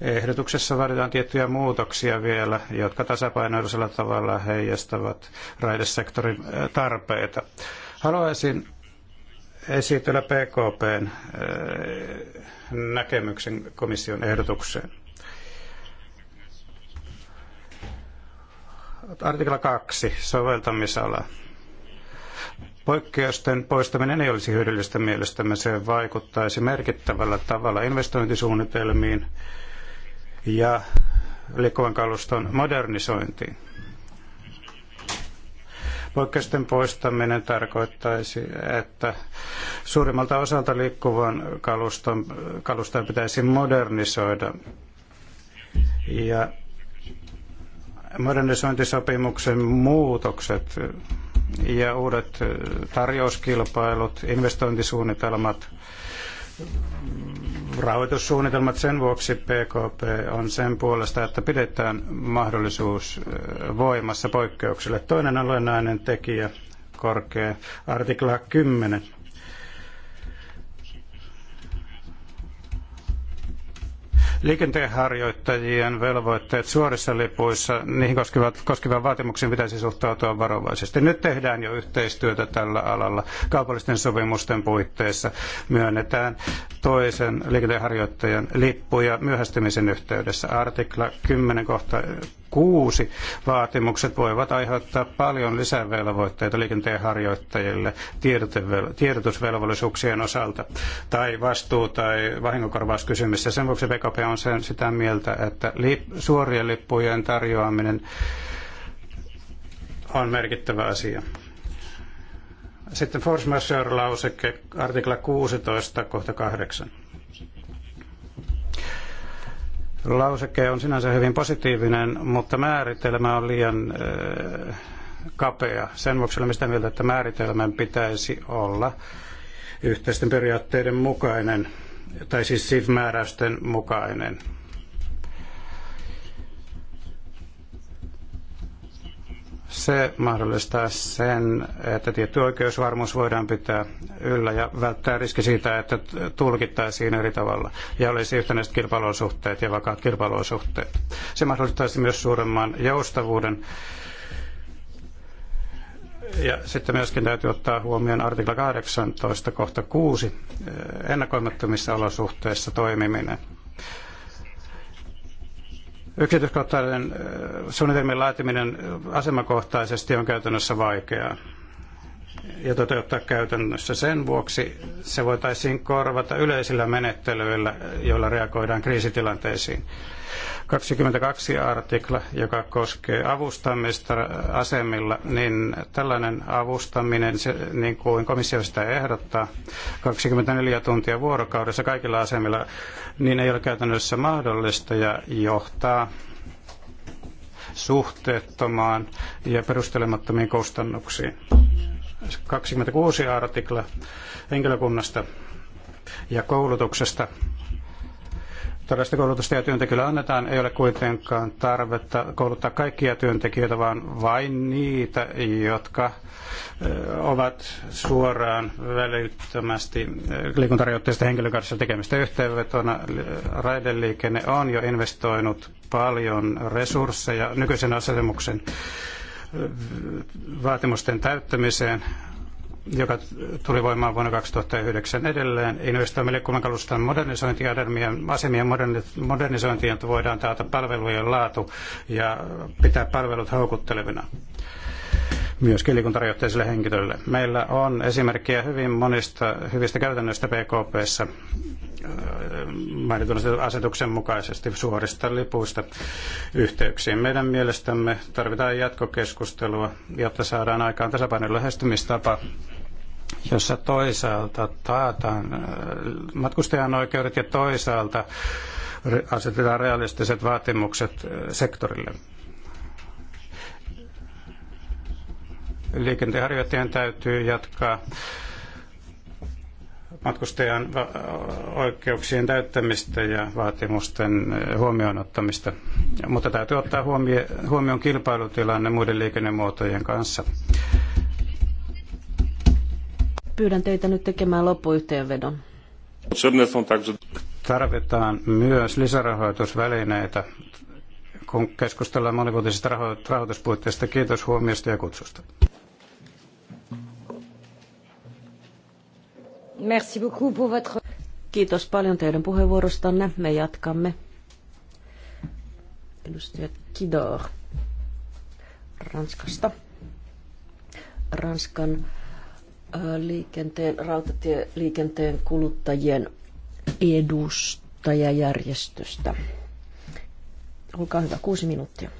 ehdotuksessa vaaditaan tiettyjä muutoksia vielä, jotka tasapainoisella tavalla heijastavat raidesektorin tarpeita. Haluaisin esitellä PKPn äh, näkemyksen komission ehdotukseen. Artikla 2. Soveltamisala. Poikkeusten poistaminen ei olisi hyödyllistä mielestämme. Se vaikuttaisi merkittävällä tavalla investointisuunnitelmiin ja liikkuvan kaluston modernisointiin. Poikkeusten poistaminen tarkoittaisi, että suurimmalta osalta liikkuvan kaluston, kalustoa pitäisi modernisoida. Ja modernisointisopimuksen muutokset ja uudet tarjouskilpailut, investointisuunnitelmat rahoitussuunnitelmat sen vuoksi PKP on sen puolesta, että pidetään mahdollisuus voimassa poikkeuksille. Toinen olennainen tekijä korkea artikla 10 Liikenteenharjoittajien velvoitteet suorissa lipuissa, niihin koskevat, koskevan vaatimuksiin pitäisi suhtautua varovaisesti. Nyt tehdään jo yhteistyötä tällä alalla. Kaupallisten sopimusten puitteissa myönnetään toisen liikenteenharjoittajan lippuja myöhästymisen yhteydessä. Artikla 10 kohta kuusi vaatimukset voivat aiheuttaa paljon lisävelvoitteita liikenteen harjoittajille tiedotusvelvollisuuksien osalta tai vastuu- tai vahingonkorvauskysymyssä. Sen vuoksi VKP on sen sitä mieltä, että suorien lippujen tarjoaminen on merkittävä asia. Sitten force majeure-lauseke, artikla 16, kohta 8. Lauseke on sinänsä hyvin positiivinen, mutta määritelmä on liian äh, kapea. Sen vuoksi olemme sitä mieltä, että määritelmän pitäisi olla yhteisten periaatteiden mukainen, tai siis SIF-määräysten mukainen. Se mahdollistaa sen, että tietty oikeusvarmuus voidaan pitää yllä ja välttää riski siitä, että tulkittaisiin eri tavalla ja olisi yhtenäiset kilpailusuhteet ja vakaat kilpailusuhteet. Se mahdollistaisi myös suuremman joustavuuden. Ja sitten myöskin täytyy ottaa huomioon artikla 18, kohta 6, ennakoimattomissa olosuhteissa toimiminen. Yksityiskohtainen äh, suunnitelmien laatiminen asemakohtaisesti on käytännössä vaikeaa ja toteuttaa käytännössä. Sen vuoksi se voitaisiin korvata yleisillä menettelyillä, joilla reagoidaan kriisitilanteisiin. 22 artikla, joka koskee avustamista asemilla, niin tällainen avustaminen, se, niin kuin komissio sitä ehdottaa, 24 tuntia vuorokaudessa kaikilla asemilla, niin ei ole käytännössä mahdollista ja johtaa suhteettomaan ja perustelemattomiin kustannuksiin. 26 artikla henkilökunnasta ja koulutuksesta. Tällaista koulutusta ja työntekijöille annetaan. Ei ole kuitenkaan tarvetta kouluttaa kaikkia työntekijöitä, vaan vain niitä, jotka ovat suoraan välittömästi liikuntarajoitteista henkilön kanssa tekemistä yhteenvetona. Raideliikenne on jo investoinut paljon resursseja nykyisen asetuksen vaatimusten täyttämiseen, joka tuli voimaan vuonna 2009 edelleen. Investoimme liikkumakaluston modernisointiin ja asemien modernisointiin, jotta voidaan taata palvelujen laatu ja pitää palvelut houkuttelevina myös liikuntarajoitteisille henkilöille. Meillä on esimerkkejä hyvin monista hyvistä käytännöistä PKPssä äh, mainitun asetuksen mukaisesti suorista lipuista yhteyksiin. Meidän mielestämme tarvitaan jatkokeskustelua, jotta saadaan aikaan tasapainoinen lähestymistapa jossa toisaalta taataan äh, matkustajan oikeudet ja toisaalta asetetaan realistiset vaatimukset äh, sektorille. Liikenteenharjoittajan täytyy jatkaa matkustajan oikeuksien täyttämistä ja vaatimusten eh, huomioon ottamista. Mutta täytyy ottaa huomioon kilpailutilanne muiden liikennemuotojen kanssa. Pyydän teitä nyt tekemään loppuyhteenvedon. Tarvitaan myös lisärahoitusvälineitä, kun keskustellaan monivuotisista rahoituspuitteista. Kiitos huomiosta ja kutsusta. Merci beaucoup pour votre... Kiitos paljon teidän puheenvuorostanne. Me jatkamme. Edustaja Kidor Ranskasta. Ranskan liikenteen, rautatieliikenteen kuluttajien edustajajärjestöstä. Olkaa hyvä, kuusi minuuttia.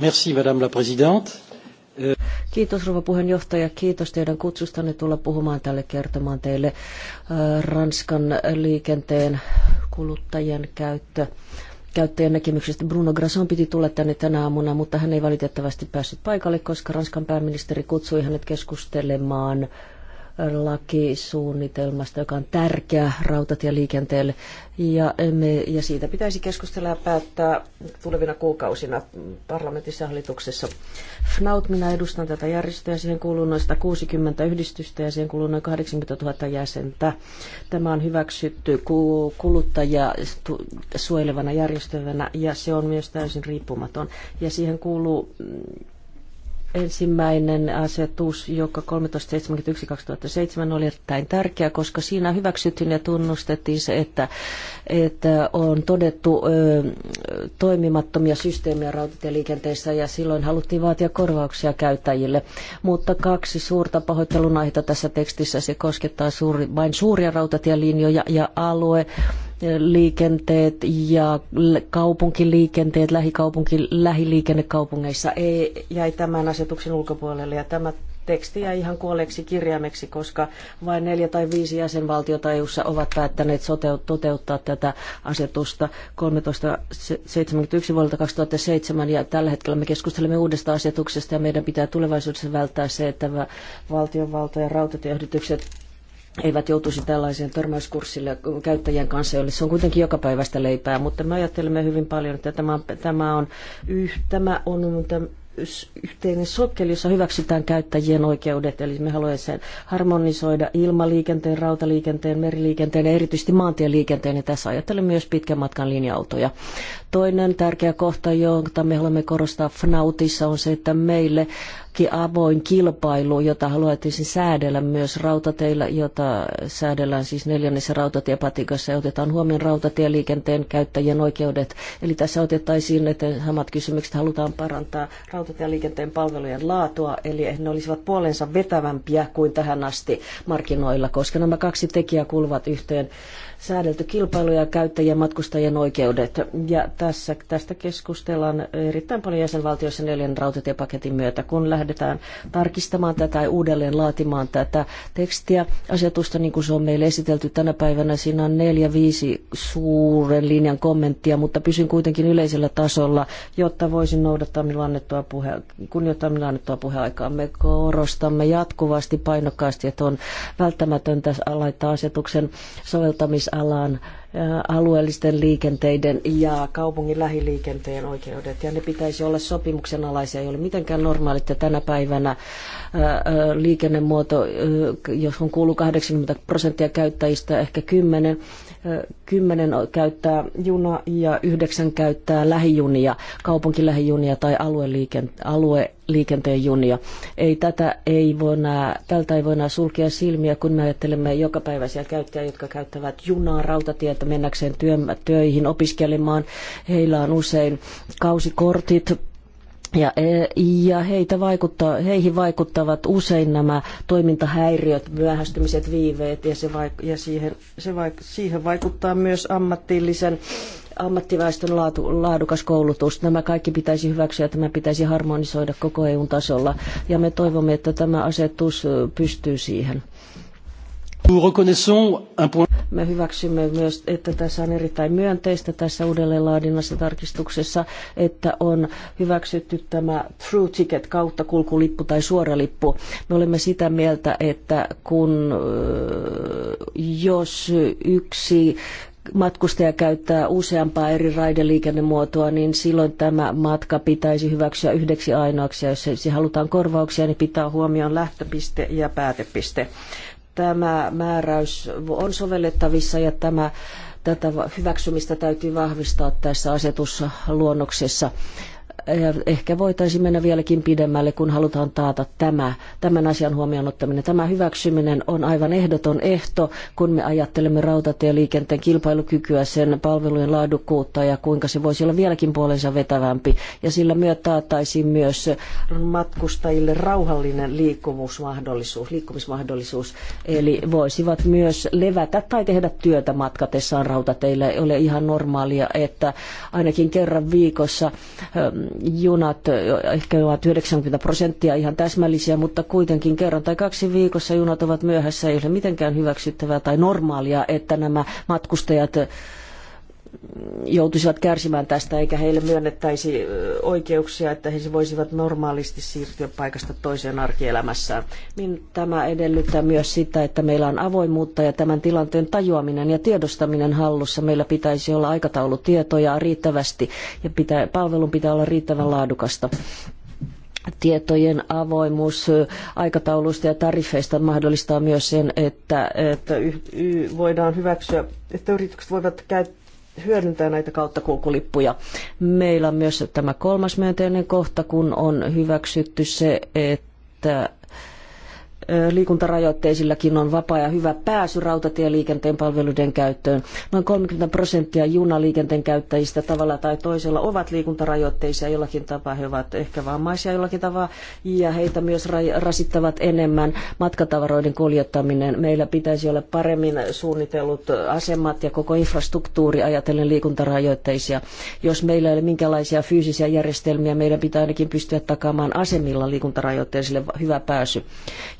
Merci, madame la présidente. Kiitos rouva puheenjohtaja, kiitos teidän kutsustanne tulla puhumaan tälle kertomaan teille Ranskan liikenteen kuluttajien käyttö käyttäjän näkemyksestä. Bruno Grasson piti tulla tänne tänä aamuna, mutta hän ei valitettavasti päässyt paikalle, koska Ranskan pääministeri kutsui hänet keskustelemaan lakisuunnitelmasta, joka on tärkeä rautatieliikenteelle. Ja, me, ja siitä pitäisi keskustella ja päättää tulevina kuukausina parlamentissa hallituksessa. FNAUT, minä edustan tätä järjestöä, siihen kuuluu noin 160 yhdistystä ja siihen kuuluu noin 80 000 jäsentä. Tämä on hyväksytty kuluttaja suojelevana järjestönä ja se on myös täysin riippumaton. Ja siihen kuuluu mm, ensimmäinen asetus, joka 1371-2007 oli erittäin tärkeä, koska siinä hyväksyttiin ja tunnustettiin se, että, että on todettu ö, toimimattomia systeemejä rautatieliikenteessä ja silloin haluttiin vaatia korvauksia käyttäjille. Mutta kaksi suurta pahoittelun aihetta tässä tekstissä, se koskettaa suuri, vain suuria rautatielinjoja ja alue liikenteet ja kaupunkiliikenteet, lähikaupunki, lähiliikenne kaupungeissa ei, jäi tämän asetuksen ulkopuolelle ja tämä teksti jäi ihan kuolleeksi kirjaimeksi, koska vain neljä tai viisi jäsenvaltiota EU:ssa ovat päättäneet toteuttaa tätä asetusta 1371 vuodelta 2007 ja tällä hetkellä me keskustelemme uudesta asetuksesta ja meidän pitää tulevaisuudessa välttää se, että valtionvalta ja rautatieyritykset eivät joutuisi tällaiseen törmäyskurssille käyttäjien kanssa, joille se on kuitenkin jokapäiväistä leipää, mutta me ajattelemme hyvin paljon, että tämä on, tämä on, tämä on yhteinen sokkeli, jossa hyväksytään käyttäjien oikeudet. Eli me haluamme sen harmonisoida ilmaliikenteen, rautaliikenteen, meriliikenteen ja erityisesti maantieliikenteen. Ja tässä ajattelen myös pitkän matkan linja-autoja. Toinen tärkeä kohta, jota me haluamme korostaa FNAUTissa, on se, että meille avoin kilpailu, jota haluaisin säädellä myös rautateillä, jota säädellään siis neljännessä rautatiepatikassa ja otetaan huomioon rautatieliikenteen käyttäjien oikeudet. Eli tässä otettaisiin, että samat kysymykset halutaan parantaa rautatieliikenteen palvelujen laatua, eli ne olisivat puolensa vetävämpiä kuin tähän asti markkinoilla, koska nämä kaksi tekijää kuuluvat yhteen säädelty kilpailu ja käyttäjien matkustajien oikeudet. Ja tässä, tästä keskustellaan erittäin paljon jäsenvaltioissa neljän rautatiepaketin myötä, kun lähdetään tarkistamaan tätä tai uudelleen laatimaan tätä tekstiä asetusta, niin kuin se on meille esitelty tänä päivänä. Siinä on neljä, viisi suuren linjan kommenttia, mutta pysyn kuitenkin yleisellä tasolla, jotta voisin noudattaa minulle annettua puhe, kunnioittaa minulle annettua puheaikaa. Me korostamme jatkuvasti painokkaasti, että on välttämätöntä laittaa asetuksen soveltamis rakennusalan, alueellisten liikenteiden ja kaupungin lähiliikenteen oikeudet, ja ne pitäisi olla sopimuksen alaisia, ei ole mitenkään normaali, että tänä päivänä liikennemuoto, johon kuuluu 80 prosenttia käyttäjistä, ehkä 10, kymmenen käyttää juna ja yhdeksän käyttää lähijunia, kaupunkilähijunia tai alueliikenteen junia. Ei tätä ei voi nää, tältä ei voi enää sulkea silmiä, kun me ajattelemme jokapäiväisiä käyttäjiä, jotka käyttävät junaa, rautatietä mennäkseen työ, töihin, opiskelemaan. Heillä on usein kausikortit, ja, e, ja heitä vaikuttaa, heihin vaikuttavat usein nämä toimintahäiriöt, myöhästymiset, viiveet ja, se vaik- ja siihen, se vaik- siihen vaikuttaa myös ammatillisen ammattiväestön laatu, laadukas koulutus. Nämä kaikki pitäisi hyväksyä ja tämä pitäisi harmonisoida koko EUn tasolla. Ja me toivomme, että tämä asetus pystyy siihen. Me hyväksymme myös, että tässä on erittäin myönteistä tässä uudelleenlaadinnassa tarkistuksessa, että on hyväksytty tämä through ticket kautta kulkulippu tai suoralippu. Me olemme sitä mieltä, että kun jos yksi matkustaja käyttää useampaa eri raideliikennemuotoa, niin silloin tämä matka pitäisi hyväksyä yhdeksi ainoaksi. Ja jos halutaan korvauksia, niin pitää huomioon lähtöpiste ja päätepiste tämä määräys on sovellettavissa ja tämä, tätä hyväksymistä täytyy vahvistaa tässä asetusluonnoksessa ehkä voitaisiin mennä vieläkin pidemmälle, kun halutaan taata tämä, tämän asian huomioon ottaminen. Tämä hyväksyminen on aivan ehdoton ehto, kun me ajattelemme rautatieliikenteen kilpailukykyä, sen palvelujen laadukkuutta ja kuinka se voisi olla vieläkin puolensa vetävämpi. Ja sillä myötä taattaisiin myös matkustajille rauhallinen liikkumismahdollisuus, liikkumismahdollisuus. Eli voisivat myös levätä tai tehdä työtä matkatessaan rautateillä. Ei ole ihan normaalia, että ainakin kerran viikossa junat ehkä ovat 90 prosenttia ihan täsmällisiä, mutta kuitenkin kerran tai kaksi viikossa junat ovat myöhässä. Ei ole mitenkään hyväksyttävää tai normaalia, että nämä matkustajat joutuisivat kärsimään tästä, eikä heille myönnettäisi oikeuksia, että he voisivat normaalisti siirtyä paikasta toiseen arkielämässään. Tämä edellyttää myös sitä, että meillä on avoimuutta ja tämän tilanteen tajuaminen ja tiedostaminen hallussa. Meillä pitäisi olla aikataulutietoja riittävästi ja pitää, palvelun pitää olla riittävän laadukasta tietojen avoimuus aikatauluista ja tarifeista mahdollistaa myös sen, että, että voidaan hyväksyä, että yritykset voivat käyttää hyödyntää näitä kauttakulkulippuja. Meillä on myös tämä kolmas myönteinen kohta, kun on hyväksytty se, että liikuntarajoitteisillakin on vapaa ja hyvä pääsy rautatieliikenteen palveluiden käyttöön. Noin 30 prosenttia junaliikenteen käyttäjistä tavalla tai toisella ovat liikuntarajoitteisia jollakin tapaa. He ovat ehkä vammaisia jollakin tavalla ja heitä myös rasittavat enemmän matkatavaroiden kuljettaminen. Meillä pitäisi olla paremmin suunnitellut asemat ja koko infrastruktuuri ajatellen liikuntarajoitteisia. Jos meillä ei ole minkälaisia fyysisiä järjestelmiä, meidän pitää ainakin pystyä takaamaan asemilla liikuntarajoitteisille hyvä pääsy.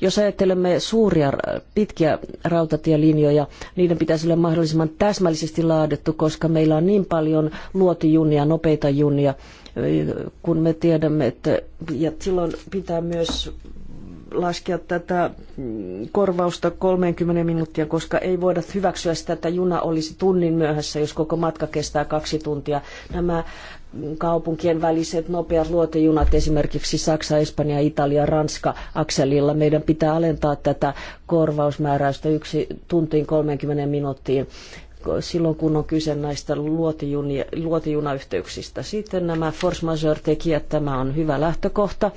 Jos ajattelemme suuria pitkiä rautatielinjoja, niiden pitäisi olla mahdollisimman täsmällisesti laadittu, koska meillä on niin paljon luotijunia, nopeita junia, kun me tiedämme, että ja silloin pitää myös laskea tätä korvausta 30 minuuttia, koska ei voida hyväksyä sitä, että juna olisi tunnin myöhässä, jos koko matka kestää kaksi tuntia. Nämä kaupunkien väliset nopeat luotejunat esimerkiksi Saksa, Espanja, Italia, Ranska akselilla. Meidän pitää alentaa tätä korvausmääräystä yksi tuntiin 30 minuuttiin silloin, kun on kyse näistä luotijunia, luotijunayhteyksistä. Sitten nämä force majeure-tekijät, tämä on hyvä lähtökohta.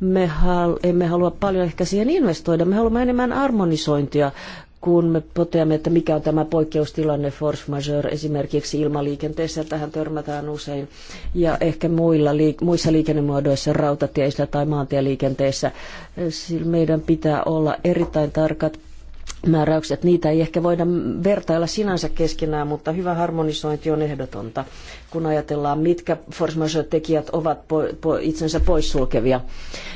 Me hal, emme halua paljon ehkä siihen investoida, me haluamme enemmän harmonisointia kun me toteamme, että mikä on tämä poikkeustilanne force majeure esimerkiksi ilmaliikenteessä, tähän törmätään usein, ja ehkä muilla, muissa liikennemuodoissa, rautatieistä tai maantieliikenteessä, sillä meidän pitää olla erittäin tarkat määräykset. Niitä ei ehkä voida vertailla sinänsä keskenään, mutta hyvä harmonisointi on ehdotonta kun ajatellaan, mitkä force majeure-tekijät ovat po, itsensä poissulkevia.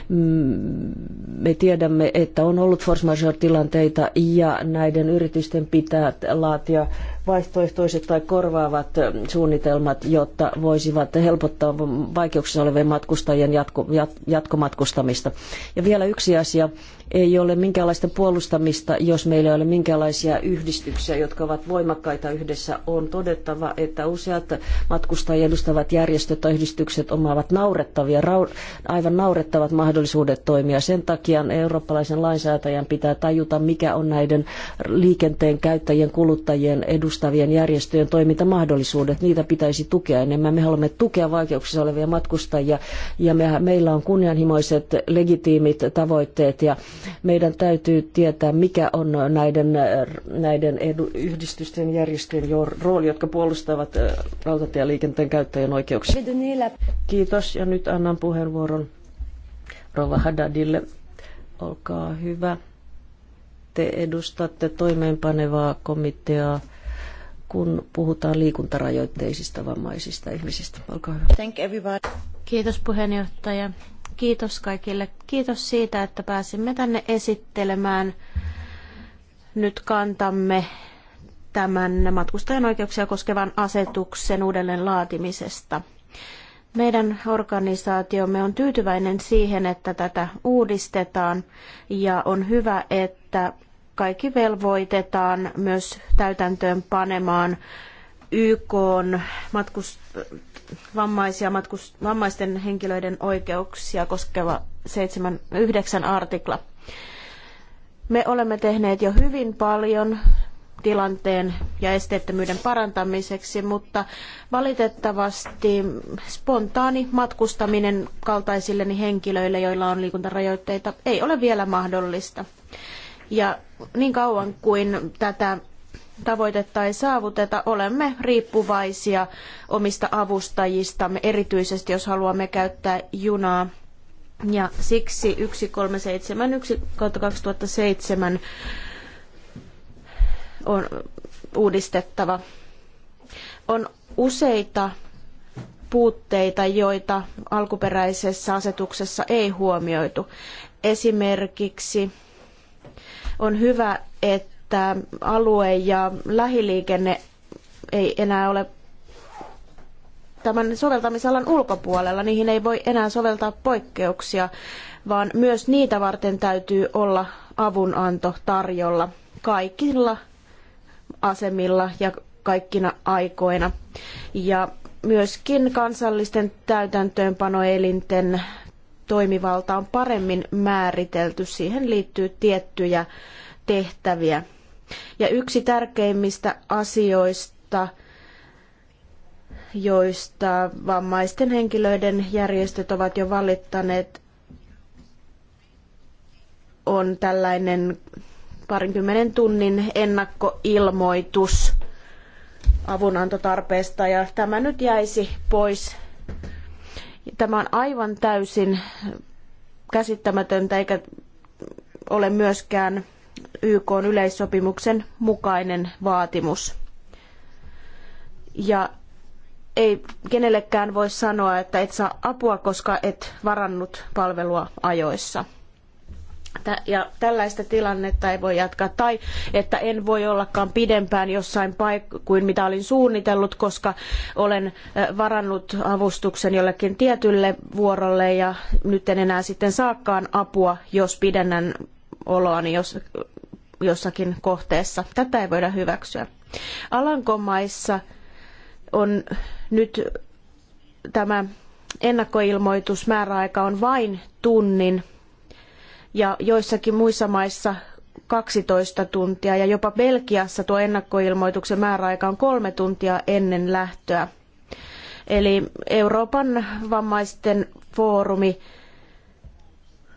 Mm, me tiedämme, että on ollut force majeure-tilanteita ja näiden yritysten pitää laatia vaihtoehtoiset tai korvaavat suunnitelmat, jotta voisivat helpottaa vaikeuksissa olevien matkustajien jatko, jat, jatkomatkustamista. Ja vielä yksi asia, ei ole minkäänlaista puolustamista, jos meillä ei ole minkäänlaisia yhdistyksiä, jotka ovat voimakkaita yhdessä. On todettava, että useat matkustajat matkustajia edustavat järjestöt tai yhdistykset omaavat naurettavia, aivan naurettavat mahdollisuudet toimia. Sen takia eurooppalaisen lainsäätäjän pitää tajuta, mikä on näiden liikenteen käyttäjien, kuluttajien, edustavien järjestöjen toimintamahdollisuudet. Niitä pitäisi tukea enemmän. Me haluamme tukea vaikeuksissa olevia matkustajia ja me, meillä on kunnianhimoiset legitiimit tavoitteet ja meidän täytyy tietää, mikä on näiden, näiden edu, yhdistysten järjestöjen rooli, jotka puolustavat äh, rautatieliikennettä lentoliikenteen käyttäjän oikeuksia. Kiitos ja nyt annan puheenvuoron Rova Haddadille. Olkaa hyvä. Te edustatte toimeenpanevaa komiteaa, kun puhutaan liikuntarajoitteisista vammaisista ihmisistä. Olkaa hyvä. Thank everybody. Kiitos puheenjohtaja. Kiitos kaikille. Kiitos siitä, että pääsimme tänne esittelemään nyt kantamme tämän matkustajan oikeuksia koskevan asetuksen uudelleen laatimisesta. Meidän organisaatiomme on tyytyväinen siihen, että tätä uudistetaan ja on hyvä, että kaikki velvoitetaan myös täytäntöön panemaan YK matkust, vammaisia, matkust, vammaisten henkilöiden oikeuksia koskeva 7, 9 artikla. Me olemme tehneet jo hyvin paljon tilanteen ja esteettömyyden parantamiseksi, mutta valitettavasti spontaani matkustaminen kaltaisilleni henkilöille, joilla on liikuntarajoitteita, ei ole vielä mahdollista. Ja niin kauan kuin tätä tavoitetta ei saavuteta, olemme riippuvaisia omista avustajistamme, erityisesti jos haluamme käyttää junaa. Ja siksi 1371 2007 on uudistettava. On useita puutteita, joita alkuperäisessä asetuksessa ei huomioitu. Esimerkiksi on hyvä, että alue- ja lähiliikenne ei enää ole tämän soveltamisalan ulkopuolella. Niihin ei voi enää soveltaa poikkeuksia, vaan myös niitä varten täytyy olla avunanto tarjolla kaikilla asemilla ja kaikkina aikoina. Ja myöskin kansallisten täytäntöönpanoelinten toimivalta on paremmin määritelty. Siihen liittyy tiettyjä tehtäviä. Ja yksi tärkeimmistä asioista, joista vammaisten henkilöiden järjestöt ovat jo valittaneet, on tällainen parinkymmenen tunnin ennakkoilmoitus avunantotarpeesta ja tämä nyt jäisi pois. Tämä on aivan täysin käsittämätöntä eikä ole myöskään YK yleissopimuksen mukainen vaatimus. Ja ei kenellekään voi sanoa, että et saa apua, koska et varannut palvelua ajoissa ja tällaista tilannetta ei voi jatkaa, tai että en voi ollakaan pidempään jossain paik- kuin mitä olin suunnitellut, koska olen varannut avustuksen jollekin tietylle vuorolle ja nyt en enää sitten saakaan apua, jos pidennän oloani jos, jossakin kohteessa. Tätä ei voida hyväksyä. Alankomaissa on nyt tämä ennakkoilmoitusmääräaika on vain tunnin ja joissakin muissa maissa 12 tuntia ja jopa Belgiassa tuo ennakkoilmoituksen määräaika on kolme tuntia ennen lähtöä. Eli Euroopan vammaisten foorumi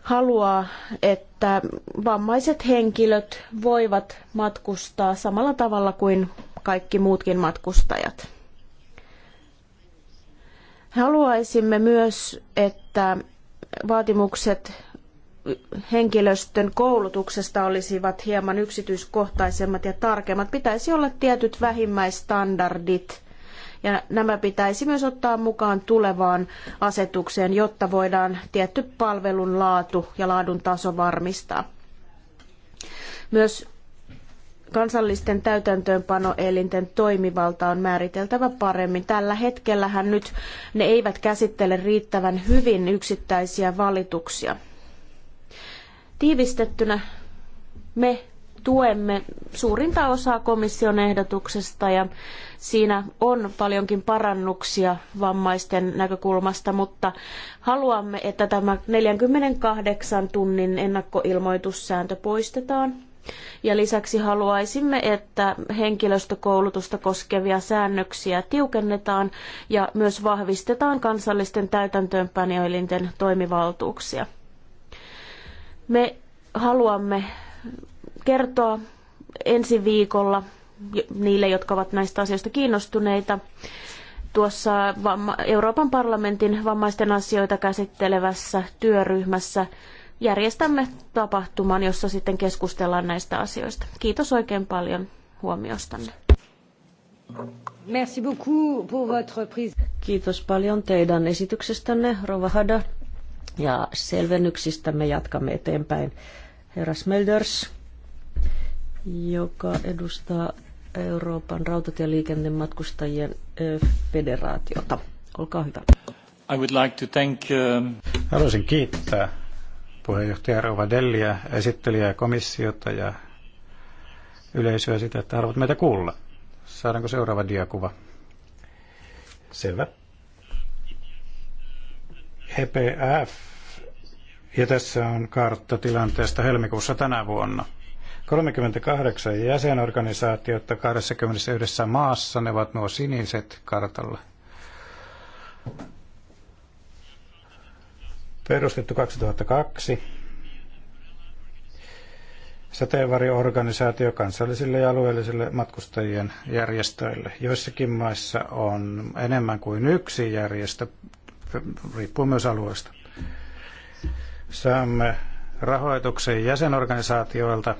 haluaa, että vammaiset henkilöt voivat matkustaa samalla tavalla kuin kaikki muutkin matkustajat. Haluaisimme myös, että vaatimukset henkilöstön koulutuksesta olisivat hieman yksityiskohtaisemmat ja tarkemmat. Pitäisi olla tietyt vähimmäistandardit ja nämä pitäisi myös ottaa mukaan tulevaan asetukseen, jotta voidaan tietty palvelun laatu ja laadun taso varmistaa. Myös kansallisten täytäntöönpanoelinten toimivalta on määriteltävä paremmin. Tällä hetkellähän nyt ne eivät käsittele riittävän hyvin yksittäisiä valituksia. Tiivistettynä me tuemme suurinta osaa komission ehdotuksesta ja siinä on paljonkin parannuksia vammaisten näkökulmasta, mutta haluamme, että tämä 48 tunnin ennakkoilmoitussääntö poistetaan. Ja lisäksi haluaisimme, että henkilöstökoulutusta koskevia säännöksiä tiukennetaan ja myös vahvistetaan kansallisten täytäntöönpanijoilinten toimivaltuuksia. Me haluamme kertoa ensi viikolla niille, jotka ovat näistä asioista kiinnostuneita, tuossa Euroopan parlamentin vammaisten asioita käsittelevässä työryhmässä järjestämme tapahtuman, jossa sitten keskustellaan näistä asioista. Kiitos oikein paljon huomiostanne. Merci beaucoup pour votre prise. Kiitos paljon teidän esityksestänne, Rova Haddad. Ja selvennyksistä me jatkamme eteenpäin. Herra Smelders, joka edustaa Euroopan rautatieliikenteen matkustajien federaatiota. Olkaa hyvä. I would like to thank, um... Haluaisin kiittää puheenjohtaja Rova Delliä, esittelijää komissiota ja yleisöä sitä, että haluat meitä kuulla. Saadaanko seuraava diakuva? Selvä. EPF, ja tässä on kartta tilanteesta helmikuussa tänä vuonna. 38 jäsenorganisaatiota 21 maassa, ne ovat nuo siniset kartalla. Perustettu 2002. Sateenvarjoorganisaatio kansallisille ja alueellisille matkustajien järjestöille. Joissakin maissa on enemmän kuin yksi järjestö riippuu myös alueesta. Saamme rahoituksen jäsenorganisaatioilta,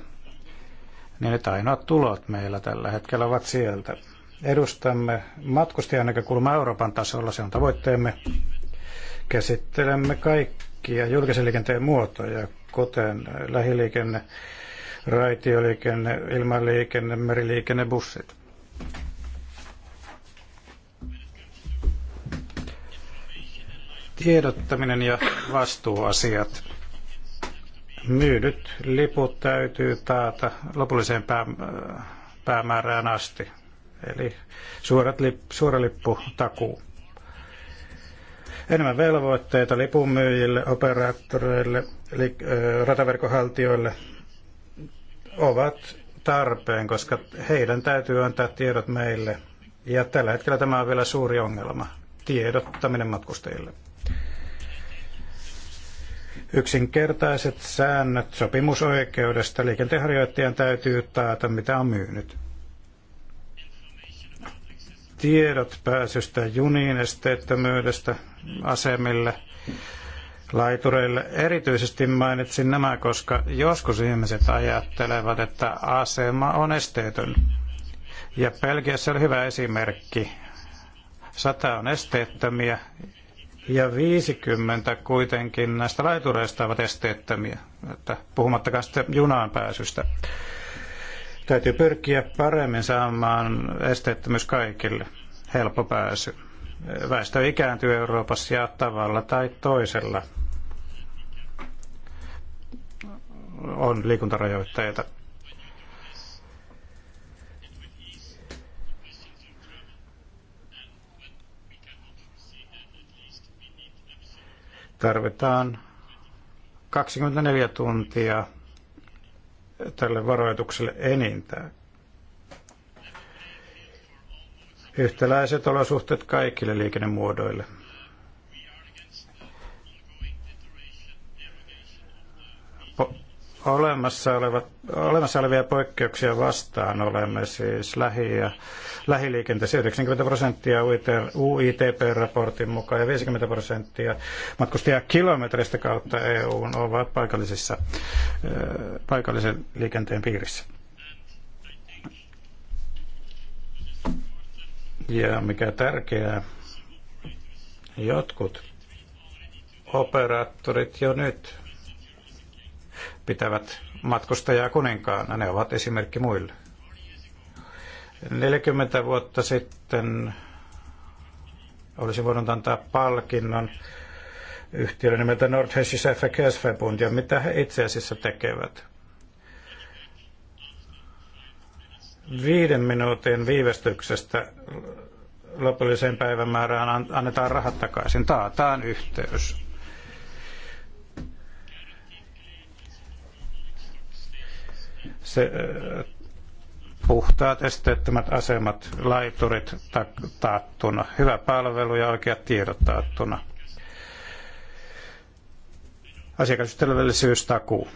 niin nyt ainoat tulot meillä tällä hetkellä ovat sieltä. Edustamme matkustajan näkökulmaa Euroopan tasolla, se on tavoitteemme. Käsittelemme kaikkia julkisen liikenteen muotoja, kuten lähiliikenne, raitioliikenne, ilmaliikenne, meriliikenne, bussit. tiedottaminen ja vastuuasiat. Myydyt liput täytyy taata lopulliseen pää, päämäärään asti, eli suorat lip, suora lipputakuu. Enemmän velvoitteita lipunmyyjille, operaattoreille, eli rataverkohaltijoille ovat tarpeen, koska heidän täytyy antaa tiedot meille. Ja tällä hetkellä tämä on vielä suuri ongelma, tiedottaminen matkustajille. Yksinkertaiset säännöt sopimusoikeudesta liikenteenharjoittajan täytyy taata, mitä on myynyt. Tiedot pääsystä juniin esteettömyydestä asemille, laitureille. Erityisesti mainitsin nämä, koska joskus ihmiset ajattelevat, että asema on esteetön. Ja Belgiassa oli hyvä esimerkki. Sata on esteettömiä ja 50 kuitenkin näistä laitureista ovat esteettömiä, että puhumattakaan sitten junaan pääsystä. Täytyy pyrkiä paremmin saamaan esteettömyys kaikille, helppo pääsy. Väestö ikääntyy Euroopassa ja tavalla tai toisella on liikuntarajoitteita. tarvitaan 24 tuntia tälle varoitukselle enintään. Yhtäläiset olosuhteet kaikille liikennemuodoille. olemassa, olevat, olemassa olevia poikkeuksia vastaan olemme siis lähi- ja lähiliikenteessä 90 prosenttia UITP-raportin mukaan ja 50 prosenttia matkustajakilometreistä kautta EU ovat paikallisissa, paikallisen liikenteen piirissä. Ja mikä tärkeää, jotkut operaattorit jo nyt pitävät matkustajaa kuninkaana. Ne ovat esimerkki muille. 40 vuotta sitten olisi voinut antaa palkinnon yhtiölle nimeltä Nordhessische Verkehrsverbund ja mitä he itse asiassa tekevät. Viiden minuutin viivästyksestä lopulliseen päivämäärään annetaan rahat takaisin, taataan yhteys. se, puhtaat esteettömät asemat, laiturit taattuna, hyvä palvelu ja oikeat tiedot taattuna. Asiakasystävällisyystakuu.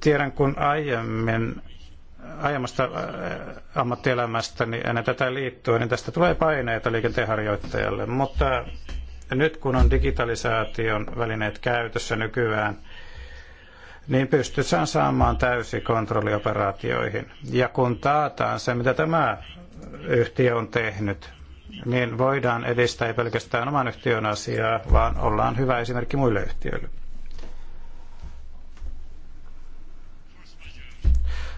Tiedän kun aiemmin aiemmasta ammattielämästäni niin ennen tätä liittyä, niin tästä tulee paineita liikenteenharjoittajalle, mutta nyt kun on digitalisaation välineet käytössä nykyään, niin pystytään saamaan täysi kontrolli operaatioihin. Ja kun taataan se, mitä tämä yhtiö on tehnyt, niin voidaan edistää ei pelkästään oman yhtiön asiaa, vaan ollaan hyvä esimerkki muille yhtiöille.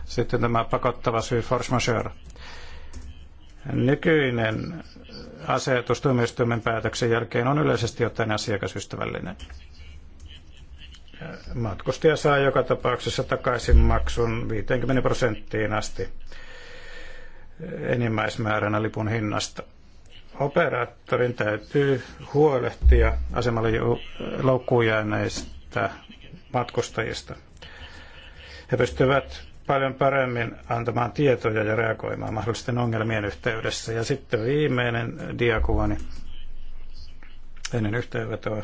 Sitten tämä pakottava syy force majeure. Nykyinen asetus tuomioistuimen päätöksen jälkeen on yleisesti ottaen asiakasystävällinen matkustaja saa joka tapauksessa takaisin maksun 50 prosenttiin asti enimmäismääränä lipun hinnasta. Operaattorin täytyy huolehtia asemalle loukkuun jääneistä matkustajista. He pystyvät paljon paremmin antamaan tietoja ja reagoimaan mahdollisten ongelmien yhteydessä. Ja sitten viimeinen diakuvani ennen yhteenvetoa.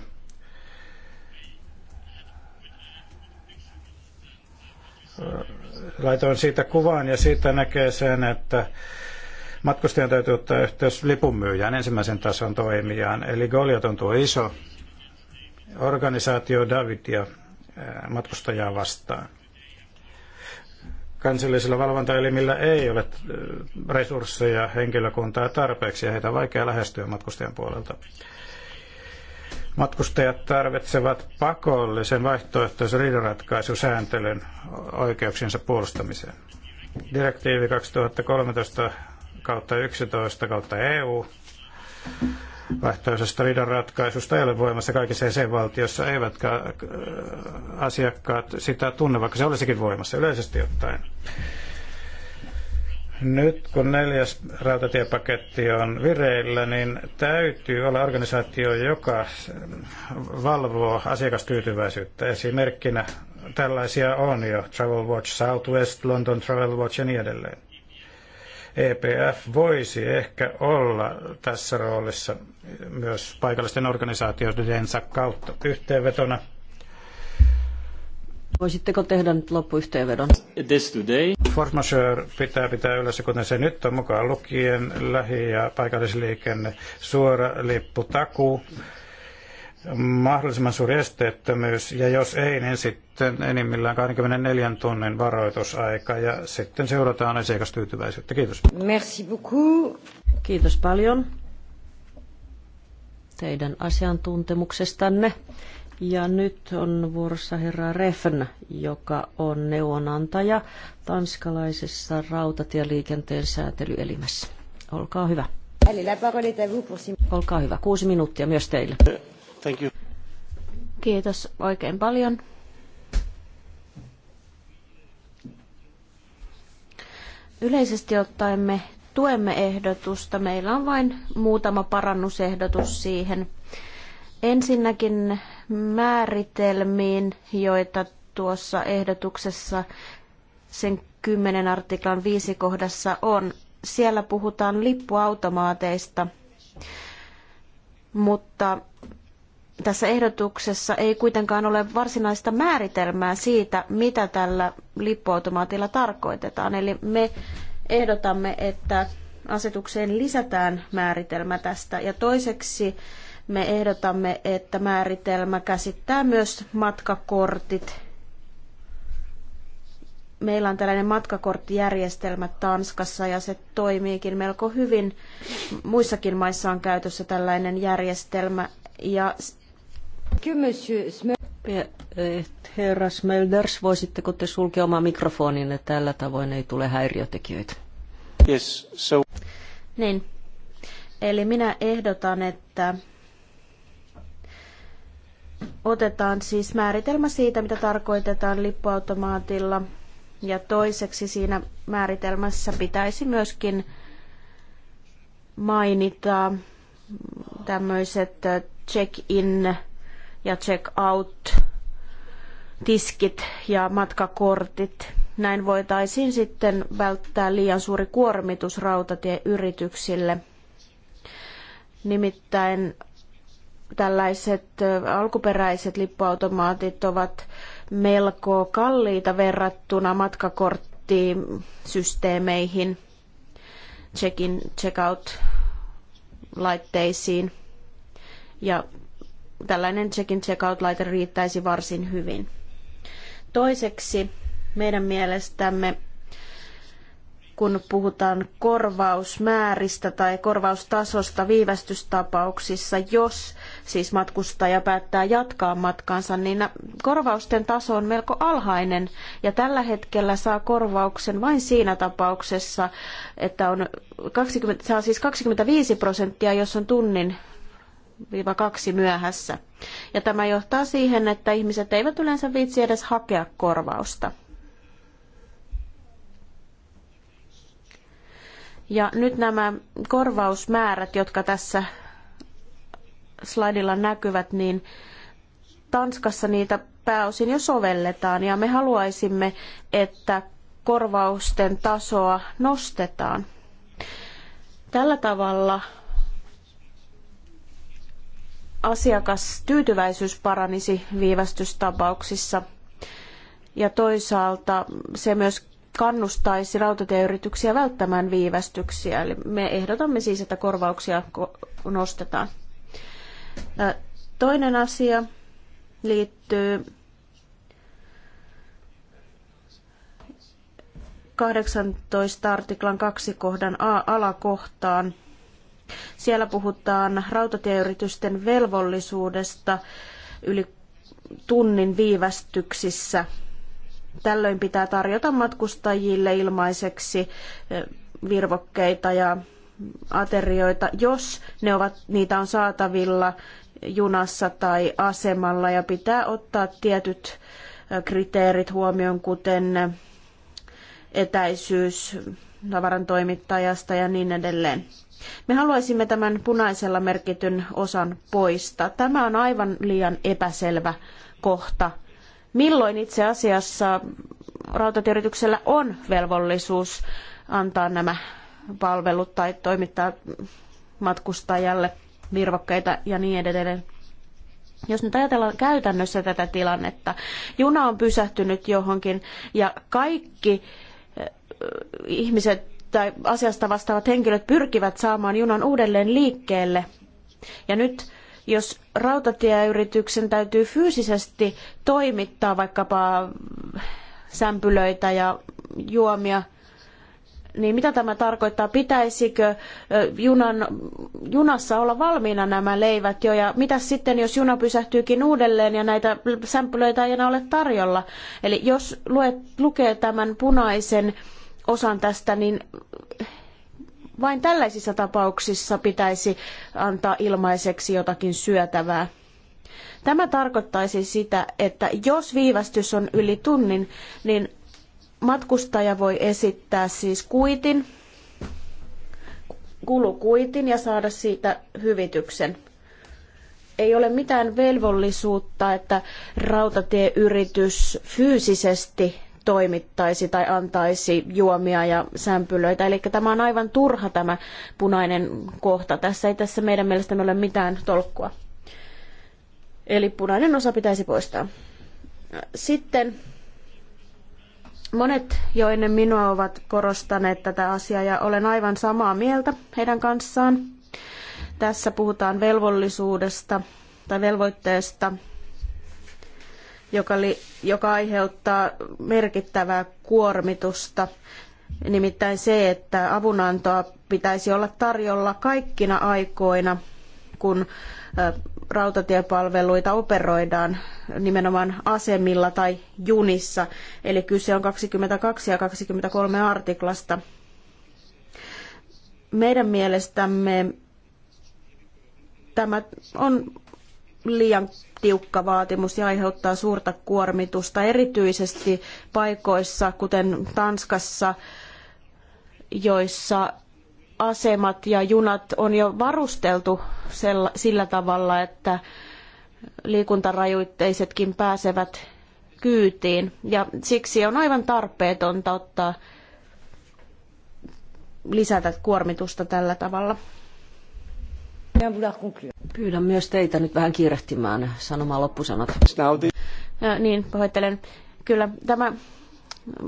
laitoin siitä kuvan ja siitä näkee sen, että matkustajan täytyy ottaa yhteys lipunmyyjään, ensimmäisen tason toimijaan. Eli Goliat on tuo iso organisaatio Davidia matkustajaa vastaan. Kansallisilla valvontaelimillä ei ole resursseja, henkilökuntaa tarpeeksi ja heitä on vaikea lähestyä matkustajan puolelta. Matkustajat tarvitsevat pakollisen vaihtoehtoisen riidanratkaisusääntelyn oikeuksiensa puolustamiseen. Direktiivi 2013 kautta 11 kautta EU vaihtoehtoisesta riidanratkaisusta ei ole voimassa kaikissa jäsenvaltioissa, eivätkä äh, asiakkaat sitä tunne, vaikka se olisikin voimassa yleisesti ottaen. Nyt kun neljäs rautatiepaketti on vireillä, niin täytyy olla organisaatio, joka valvoo asiakastyytyväisyyttä. Esimerkkinä tällaisia on jo Travel Watch Southwest, London Travel Watch ja niin edelleen. EPF voisi ehkä olla tässä roolissa myös paikallisten organisaatioiden kautta yhteenvetona – Voisitteko tehdä nyt loppuyhteenvedon? today. majeure pitää pitää yleensä, kuten se nyt on mukaan lukien, lähi- ja paikallisliikenne, suora lippu, taku, mahdollisimman suuri esteettömyys, ja jos ei, niin sitten enimmillään 24 tunnin varoitusaika, ja sitten seurataan asiakastyytyväisyyttä. Kiitos. Merci beaucoup. Kiitos paljon teidän asiantuntemuksestanne. Ja nyt on vuorossa herra Refn, joka on neuvonantaja tanskalaisessa rautatieliikenteen säätelyelimessä. Olkaa hyvä. Olkaa hyvä. Kuusi minuuttia myös teille. Thank you. Kiitos oikein paljon. Yleisesti ottaen me tuemme ehdotusta. Meillä on vain muutama parannusehdotus siihen. Ensinnäkin määritelmiin, joita tuossa ehdotuksessa sen kymmenen artiklan viisi kohdassa on. Siellä puhutaan lippuautomaateista, mutta tässä ehdotuksessa ei kuitenkaan ole varsinaista määritelmää siitä, mitä tällä lippuautomaatilla tarkoitetaan. Eli me ehdotamme, että asetukseen lisätään määritelmä tästä. Ja toiseksi me ehdotamme, että määritelmä käsittää myös matkakortit. Meillä on tällainen matkakorttijärjestelmä Tanskassa ja se toimiikin melko hyvin. Muissakin maissa on käytössä tällainen järjestelmä ja eh, Herra Smelders, voisitteko te sulkea oman mikrofoninne? Tällä tavoin ei tule häiriötekijöitä. Yes, so... Niin. Eli minä ehdotan, että otetaan siis määritelmä siitä, mitä tarkoitetaan lippuautomaatilla. Ja toiseksi siinä määritelmässä pitäisi myöskin mainita tämmöiset check-in ja check-out tiskit ja matkakortit. Näin voitaisiin sitten välttää liian suuri kuormitus rautatieyrityksille. Nimittäin tällaiset alkuperäiset lippuautomaatit ovat melko kalliita verrattuna matkakorttisysteemeihin, check-in, check-out-laitteisiin. Ja tällainen check-in, check-out-laite riittäisi varsin hyvin. Toiseksi meidän mielestämme, kun puhutaan korvausmääristä tai korvaustasosta viivästystapauksissa, jos siis matkustaja päättää jatkaa matkaansa, niin korvausten taso on melko alhainen ja tällä hetkellä saa korvauksen vain siinä tapauksessa, että on 20, saa siis 25 prosenttia, jos on tunnin viiva kaksi myöhässä. Ja tämä johtaa siihen, että ihmiset eivät yleensä viitsi edes hakea korvausta. Ja nyt nämä korvausmäärät, jotka tässä slaidilla näkyvät, niin Tanskassa niitä pääosin jo sovelletaan ja me haluaisimme, että korvausten tasoa nostetaan. Tällä tavalla asiakastyytyväisyys paranisi viivästystapauksissa ja toisaalta se myös kannustaisi rautatieyrityksiä välttämään viivästyksiä. Eli me ehdotamme siis, että korvauksia nostetaan. Toinen asia liittyy 18 artiklan 2 kohdan A alakohtaan. Siellä puhutaan rautatieyritysten velvollisuudesta yli tunnin viivästyksissä. Tällöin pitää tarjota matkustajille ilmaiseksi virvokkeita ja aterioita, jos ne ovat, niitä on saatavilla junassa tai asemalla ja pitää ottaa tietyt kriteerit huomioon, kuten etäisyys tavaran toimittajasta ja niin edelleen. Me haluaisimme tämän punaisella merkityn osan poistaa. Tämä on aivan liian epäselvä kohta. Milloin itse asiassa rautatieyrityksellä on velvollisuus antaa nämä palvelut tai toimittaa matkustajalle virvokkeita ja niin edelleen. Jos nyt ajatellaan käytännössä tätä tilannetta, juna on pysähtynyt johonkin ja kaikki eh, ihmiset tai asiasta vastaavat henkilöt pyrkivät saamaan junan uudelleen liikkeelle. Ja nyt jos rautatieyrityksen täytyy fyysisesti toimittaa vaikkapa sämpylöitä ja juomia niin mitä tämä tarkoittaa? Pitäisikö junan, junassa olla valmiina nämä leivät jo? Ja mitä sitten, jos juna pysähtyykin uudelleen ja näitä sämpylöitä ei enää ole tarjolla? Eli jos luet, lukee tämän punaisen osan tästä, niin vain tällaisissa tapauksissa pitäisi antaa ilmaiseksi jotakin syötävää. Tämä tarkoittaisi sitä, että jos viivästys on yli tunnin, niin matkustaja voi esittää siis kuitin, kulukuitin ja saada siitä hyvityksen. Ei ole mitään velvollisuutta, että rautatieyritys fyysisesti toimittaisi tai antaisi juomia ja sämpylöitä. Eli tämä on aivan turha tämä punainen kohta. Tässä ei tässä meidän mielestämme ole mitään tolkkua. Eli punainen osa pitäisi poistaa. Sitten Monet jo ennen minua ovat korostaneet tätä asiaa ja olen aivan samaa mieltä heidän kanssaan. Tässä puhutaan velvollisuudesta tai velvoitteesta, joka, li, joka aiheuttaa merkittävää kuormitusta. Nimittäin se, että avunantoa pitäisi olla tarjolla kaikkina aikoina, kun rautatiepalveluita operoidaan nimenomaan asemilla tai junissa. Eli kyse on 22 ja 23 artiklasta. Meidän mielestämme tämä on liian tiukka vaatimus ja aiheuttaa suurta kuormitusta, erityisesti paikoissa, kuten Tanskassa, joissa asemat ja junat on jo varusteltu sillä tavalla, että liikuntarajoitteisetkin pääsevät kyytiin. Ja siksi on aivan tarpeetonta ottaa lisätä kuormitusta tällä tavalla. Pyydän myös teitä nyt vähän kiirehtimään sanomaan loppusanat. Niin, pahoittelen. Kyllä, tämä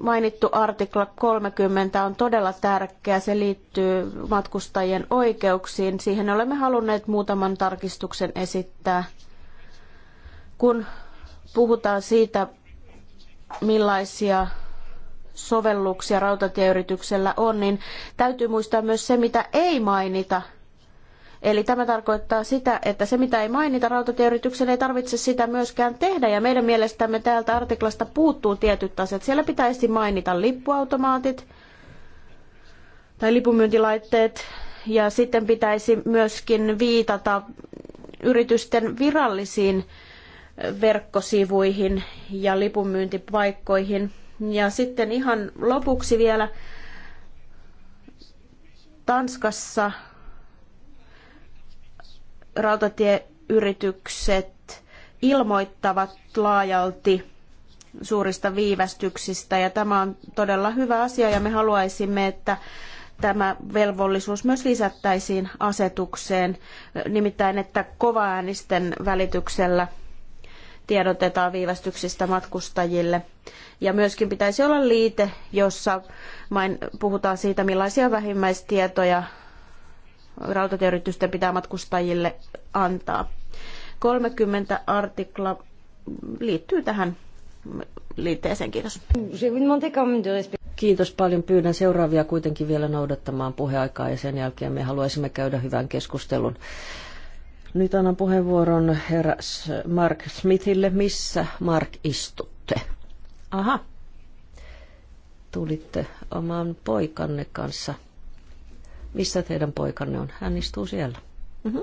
mainittu artikla 30 on todella tärkeä. Se liittyy matkustajien oikeuksiin. Siihen olemme halunneet muutaman tarkistuksen esittää. Kun puhutaan siitä, millaisia sovelluksia rautatieyrityksellä on, niin täytyy muistaa myös se, mitä ei mainita – Eli tämä tarkoittaa sitä, että se mitä ei mainita rautatieyrityksen ei tarvitse sitä myöskään tehdä. Ja meidän mielestämme täältä artiklasta puuttuu tietyt asiat. Siellä pitäisi mainita lippuautomaatit tai lipunmyyntilaitteet ja sitten pitäisi myöskin viitata yritysten virallisiin verkkosivuihin ja lipunmyyntipaikkoihin. Ja sitten ihan lopuksi vielä Tanskassa rautatieyritykset ilmoittavat laajalti suurista viivästyksistä ja tämä on todella hyvä asia ja me haluaisimme, että tämä velvollisuus myös lisättäisiin asetukseen, nimittäin että kovaäänisten välityksellä tiedotetaan viivästyksistä matkustajille. Ja myöskin pitäisi olla liite, jossa puhutaan siitä, millaisia vähimmäistietoja rautatieyritysten pitää matkustajille antaa. 30 artikla liittyy tähän liitteeseen. Kiitos. Kiitos paljon. Pyydän seuraavia kuitenkin vielä noudattamaan puheaikaa ja sen jälkeen me haluaisimme käydä hyvän keskustelun. Nyt annan puheenvuoron herra Mark Smithille. Missä Mark istutte? Aha. Tulitte oman poikanne kanssa. Missä teidän poikanne on? Hän istuu siellä. Mm-hmm.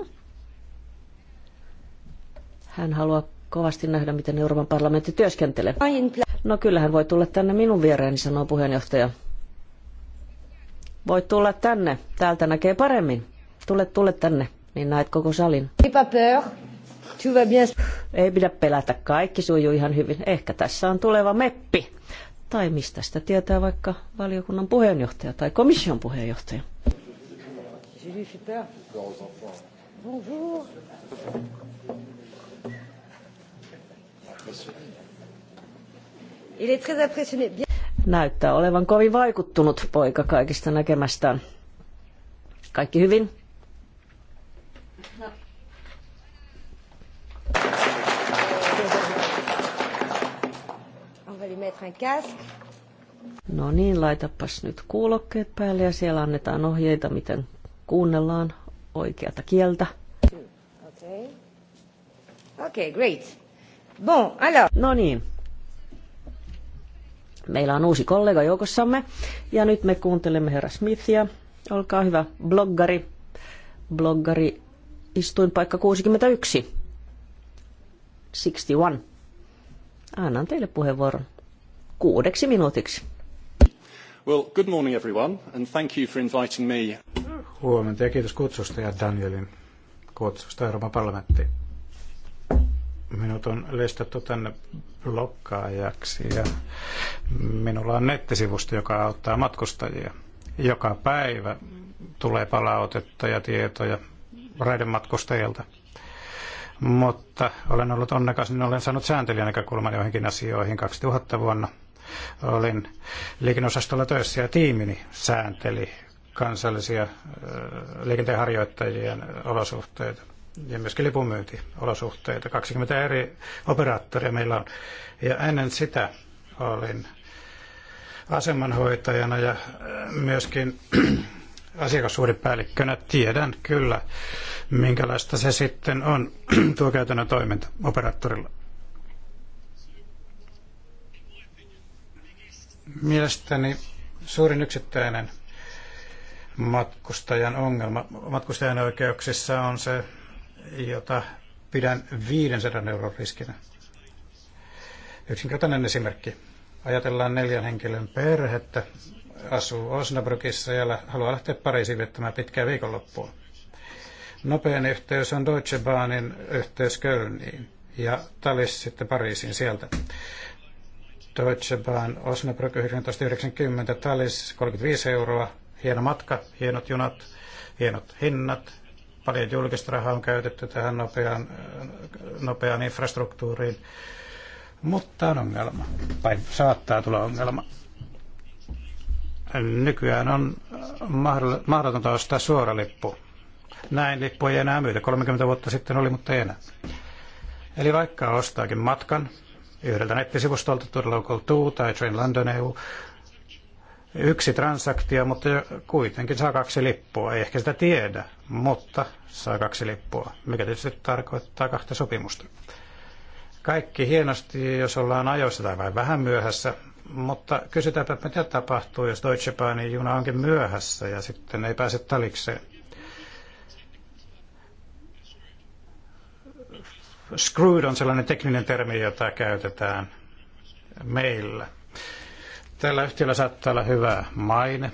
Hän haluaa kovasti nähdä, miten Euroopan parlamentti työskentelee. No kyllähän voi tulla tänne minun viereeni, sanoo puheenjohtaja. Voit tulla tänne. Täältä näkee paremmin. Tule, tule tänne, niin näet koko salin. Ei pidä pelätä, kaikki sujuu ihan hyvin. Ehkä tässä on tuleva meppi. Tai mistä sitä tietää vaikka valiokunnan puheenjohtaja tai komission puheenjohtaja. J'ai lui aux enfants. Bonjour. Il est très impressionné. Bien. Näyttää olevan kovin vaikuttunut poika kaikista näkemästään. Kaikki hyvin? No niin, laitapas nyt kuulokkeet päälle ja siellä annetaan ohjeita, miten kuunnellaan oikeata kieltä. Okay. Okay, great. Bon, alors. No niin. Meillä on uusi kollega joukossamme ja nyt me kuuntelemme herra Smithia. Olkaa hyvä, bloggari. Bloggari Istuin paikka 61. 61. Annan teille puheenvuoron kuudeksi minuutiksi. Well, good morning everyone and thank you for inviting me. Huomenta ja kiitos kutsusta ja Danielin kutsusta Euroopan parlamenttiin. Minut on listattu tänne blokkaajaksi ja minulla on nettisivusto, joka auttaa matkustajia. Joka päivä tulee palautetta ja tietoja raidematkustajilta. Mutta olen ollut onnekas, niin olen saanut sääntelijän näkökulman joihinkin asioihin 2000 vuonna olin liikenneosastolla töissä ja tiimini säänteli kansallisia liikenteenharjoittajien olosuhteita ja myöskin lipunmyyntiolosuhteita. 20 eri operaattoria meillä on. Ja ennen sitä olin asemanhoitajana ja myöskin asiakassuudipäällikkönä tiedän kyllä, minkälaista se sitten on tuo käytännön toiminta operaattorilla. Mielestäni suurin yksittäinen matkustajan ongelma. Matkustajan oikeuksissa on se, jota pidän 500 euron riskinä. Yksinkertainen esimerkki. Ajatellaan neljän henkilön perhettä, asuu Osnabrückissa ja haluaa lähteä Pariisiin viettämään pitkää viikonloppua. Nopein yhteys on Deutsche Bahnin yhteys Kölniin ja Talis sitten Pariisiin sieltä. Deutsche Bahn Osnabrück 1990, Talis 35 euroa, hieno matka, hienot junat, hienot hinnat, paljon julkista rahaa on käytetty tähän nopeaan, nopeaan infrastruktuuriin, mutta on ongelma, tai saattaa tulla ongelma. Nykyään on mahdotonta ostaa suora lippu. Näin lippu ei enää myytä. 30 vuotta sitten oli, mutta ei enää. Eli vaikka ostaakin matkan yhdeltä nettisivustolta Turlocal 2 tai Train London EU yksi transaktio, mutta kuitenkin saa kaksi lippua. Ei ehkä sitä tiedä, mutta saa kaksi lippua, mikä tietysti tarkoittaa kahta sopimusta. Kaikki hienosti, jos ollaan ajoissa tai vain vähän myöhässä, mutta kysytäänpä, mitä tapahtuu, jos Deutsche Bahnin juna onkin myöhässä ja sitten ei pääse talikseen. Screwed on sellainen tekninen termi, jota käytetään meillä Tällä yhtiöllä saattaa olla hyvä maine.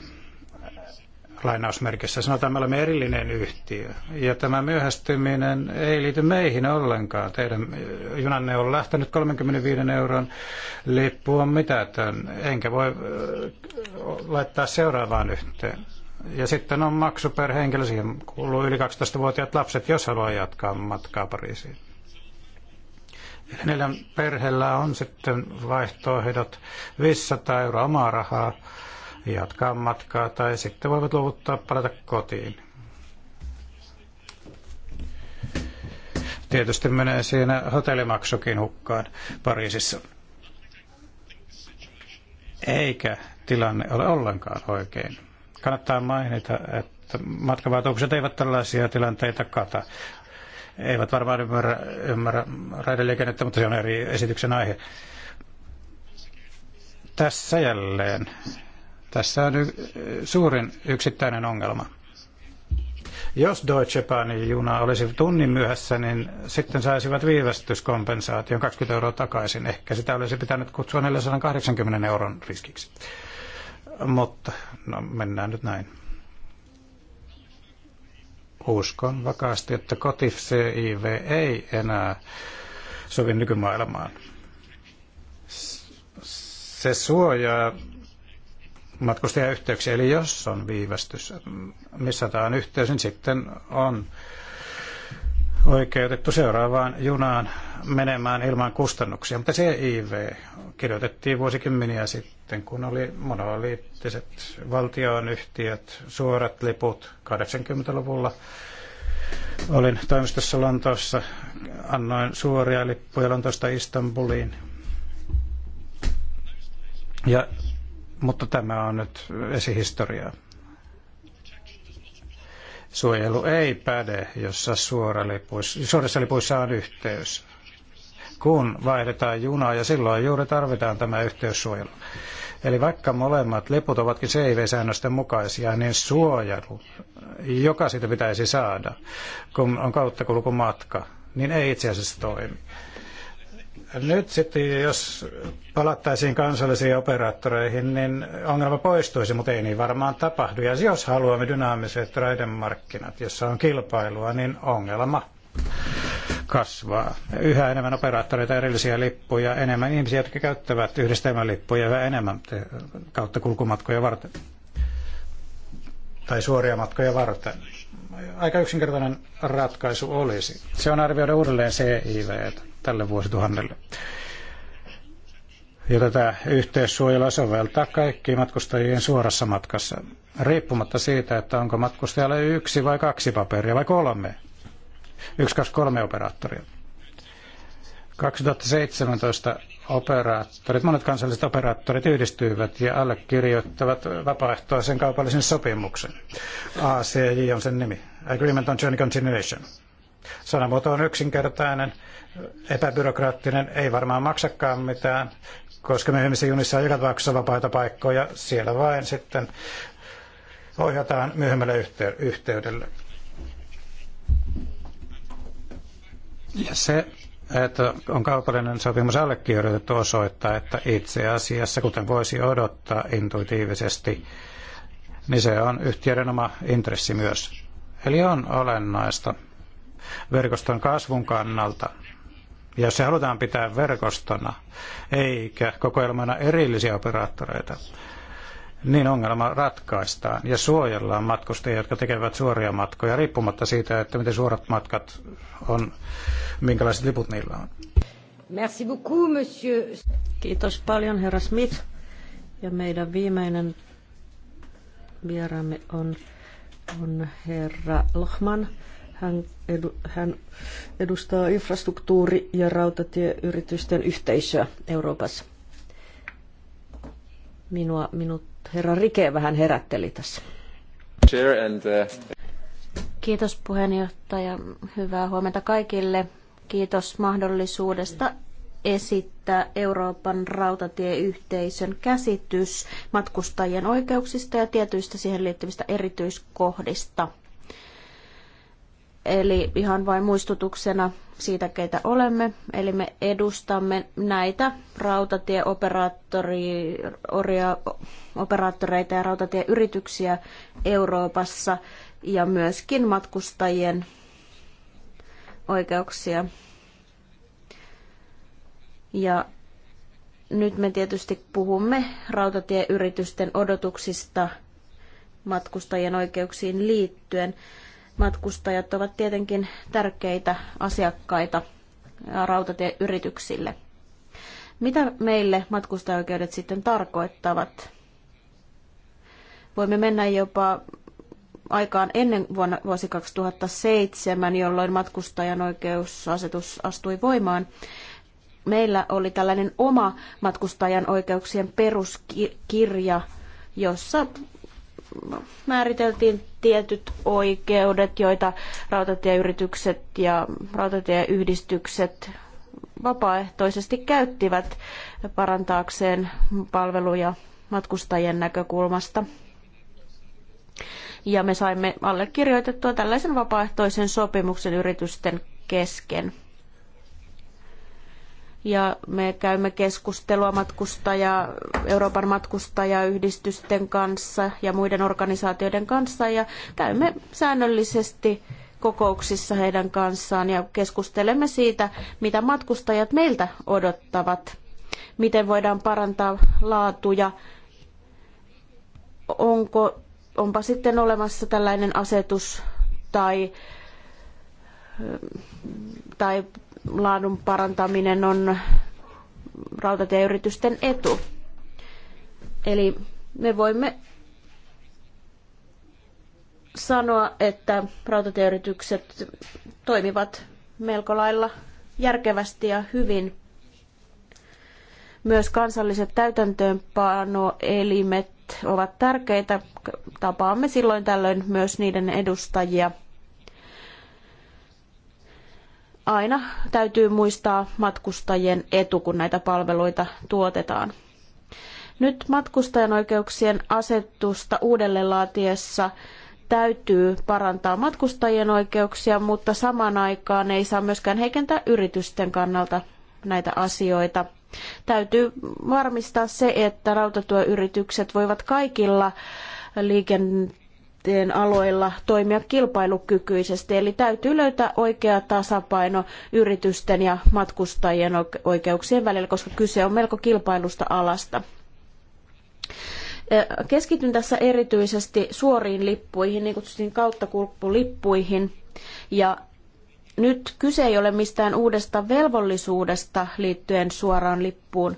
Lainausmerkissä sanotaan, että me olemme erillinen yhtiö. Ja tämä myöhästyminen ei liity meihin ollenkaan. Teidän junanne on lähtenyt 35 euron lippu on mitätön. Enkä voi äh, laittaa seuraavaan yhteen. Ja sitten on maksu per henkilö, siihen kuuluu yli 12-vuotiaat lapset, jos haluaa jatkaa matkaa Pariisiin hänellä perheellä on sitten vaihtoehdot 500 euroa omaa rahaa, jatkaa matkaa tai sitten voivat luovuttaa palata kotiin. Tietysti menee siinä hotellimaksukin hukkaan Pariisissa. Eikä tilanne ole ollenkaan oikein. Kannattaa mainita, että matkavaatukset eivät tällaisia tilanteita kata eivät varmaan ymmärrä, ymmärrä raideliikennettä, mutta se on eri esityksen aihe. Tässä jälleen. Tässä on y- suurin yksittäinen ongelma. Jos Deutsche Bahnin juna olisi tunnin myöhässä, niin sitten saisivat viivästyskompensaation 20 euroa takaisin. Ehkä sitä olisi pitänyt kutsua 480 euron riskiksi. Mutta no, mennään nyt näin uskon vakaasti, että kotif CIV ei enää sovi nykymaailmaan. Se suojaa matkustajayhteyksiä, eli jos on viivästys, missataan yhteys, niin sitten on oikeutettu seuraavaan junaan menemään ilman kustannuksia, mutta CIV kirjoitettiin vuosikymmeniä sitten, kun oli monoliittiset valtionyhtiöt, suorat liput 80-luvulla. Olin toimistossa Lontoossa, annoin suoria lippuja Lontoosta Istanbuliin. Ja, mutta tämä on nyt esihistoriaa. Suojelu ei päde, jossa suorassa lipuissa on yhteys. Kun vaihdetaan junaa ja silloin juuri tarvitaan tämä yhteyssuojelu. Eli vaikka molemmat liput ovatkin civ säännösten mukaisia, niin suojelu, joka siitä pitäisi saada, kun on kauttakulkumatka, niin ei itse asiassa toimi. Nyt sitten, jos palattaisiin kansallisiin operaattoreihin, niin ongelma poistuisi, mutta ei niin varmaan tapahdu. Ja jos haluamme dynaamiset raidemarkkinat, jossa on kilpailua, niin ongelma kasvaa. Yhä enemmän operaattoreita, erillisiä lippuja, enemmän ihmisiä, jotka käyttävät yhdistelmälippuja yhä enemmän kautta kulkumatkoja varten tai suoria matkoja varten. Aika yksinkertainen ratkaisu olisi. Se on arvioida uudelleen CIV. -tä tälle vuosituhannelle. Ja tätä yhteissuojelua soveltaa kaikkiin matkustajien suorassa matkassa, riippumatta siitä, että onko matkustajalla yksi vai kaksi paperia vai kolme. Yksi, kaksi, kolme operaattoria. 2017 operaattorit, monet kansalliset operaattorit yhdistyivät ja allekirjoittavat vapaaehtoisen kaupallisen sopimuksen. ACJ on sen nimi, Agreement on Journey Continuation. Sanamuoto on yksinkertainen, epäbyrokraattinen, ei varmaan maksakaan mitään, koska me junissa on joka tapauksessa vapaita paikkoja. Siellä vain sitten ohjataan myöhemmälle yhteydelle. Ja se, että on kaupallinen sopimus allekirjoitettu, osoittaa, että itse asiassa, kuten voisi odottaa intuitiivisesti, niin se on yhtiöiden oma intressi myös. Eli on olennaista verkoston kasvun kannalta. Ja jos se halutaan pitää verkostona, eikä kokoelmana erillisiä operaattoreita, niin ongelma ratkaistaan ja suojellaan matkustajia, jotka tekevät suoria matkoja, riippumatta siitä, että miten suorat matkat on, minkälaiset liput niillä on. Merci beaucoup, monsieur. Kiitos paljon, herra Smith. Ja meidän viimeinen vieraamme on, on herra Lohman. Hän, edu, hän edustaa infrastruktuuri- ja rautatieyritysten yhteisöä Euroopassa. Minua, minut herra Rike vähän herätteli tässä. Uh, Kiitos puheenjohtaja. Hyvää huomenta kaikille. Kiitos mahdollisuudesta esittää Euroopan rautatieyhteisön käsitys matkustajien oikeuksista ja tietyistä siihen liittyvistä erityiskohdista. Eli ihan vain muistutuksena siitä, keitä olemme. Eli me edustamme näitä rautatieoperaattoreita ja rautatieyrityksiä Euroopassa ja myöskin matkustajien oikeuksia. Ja nyt me tietysti puhumme rautatieyritysten odotuksista matkustajien oikeuksiin liittyen matkustajat ovat tietenkin tärkeitä asiakkaita rautatieyrityksille. Mitä meille matkustajoikeudet sitten tarkoittavat? Voimme mennä jopa aikaan ennen vuonna, vuosi 2007, jolloin matkustajan oikeusasetus astui voimaan. Meillä oli tällainen oma matkustajan oikeuksien peruskirja, jossa määriteltiin tietyt oikeudet, joita rautatieyritykset ja rautatieyhdistykset vapaaehtoisesti käyttivät parantaakseen palveluja matkustajien näkökulmasta. Ja me saimme allekirjoitettua tällaisen vapaaehtoisen sopimuksen yritysten kesken ja me käymme keskustelua matkustaja, Euroopan matkustajayhdistysten kanssa ja muiden organisaatioiden kanssa ja käymme säännöllisesti kokouksissa heidän kanssaan ja keskustelemme siitä, mitä matkustajat meiltä odottavat, miten voidaan parantaa laatuja, onko, onpa sitten olemassa tällainen asetus tai, tai laadun parantaminen on rautatieyritysten etu. Eli me voimme sanoa, että rautatieyritykset toimivat melko lailla järkevästi ja hyvin. Myös kansalliset täytäntöönpanoelimet ovat tärkeitä. Tapaamme silloin tällöin myös niiden edustajia – aina täytyy muistaa matkustajien etu, kun näitä palveluita tuotetaan. Nyt matkustajan oikeuksien asetusta uudelleenlaatiessa täytyy parantaa matkustajien oikeuksia, mutta samaan aikaan ei saa myöskään heikentää yritysten kannalta näitä asioita. Täytyy varmistaa se, että rautatieyritykset voivat kaikilla liikenteen liikenteen aloilla toimia kilpailukykyisesti. Eli täytyy löytää oikea tasapaino yritysten ja matkustajien oikeuksien välillä, koska kyse on melko kilpailusta alasta. Keskityn tässä erityisesti suoriin lippuihin, niin kutsuttiin lippuihin ja nyt kyse ei ole mistään uudesta velvollisuudesta liittyen suoraan lippuun,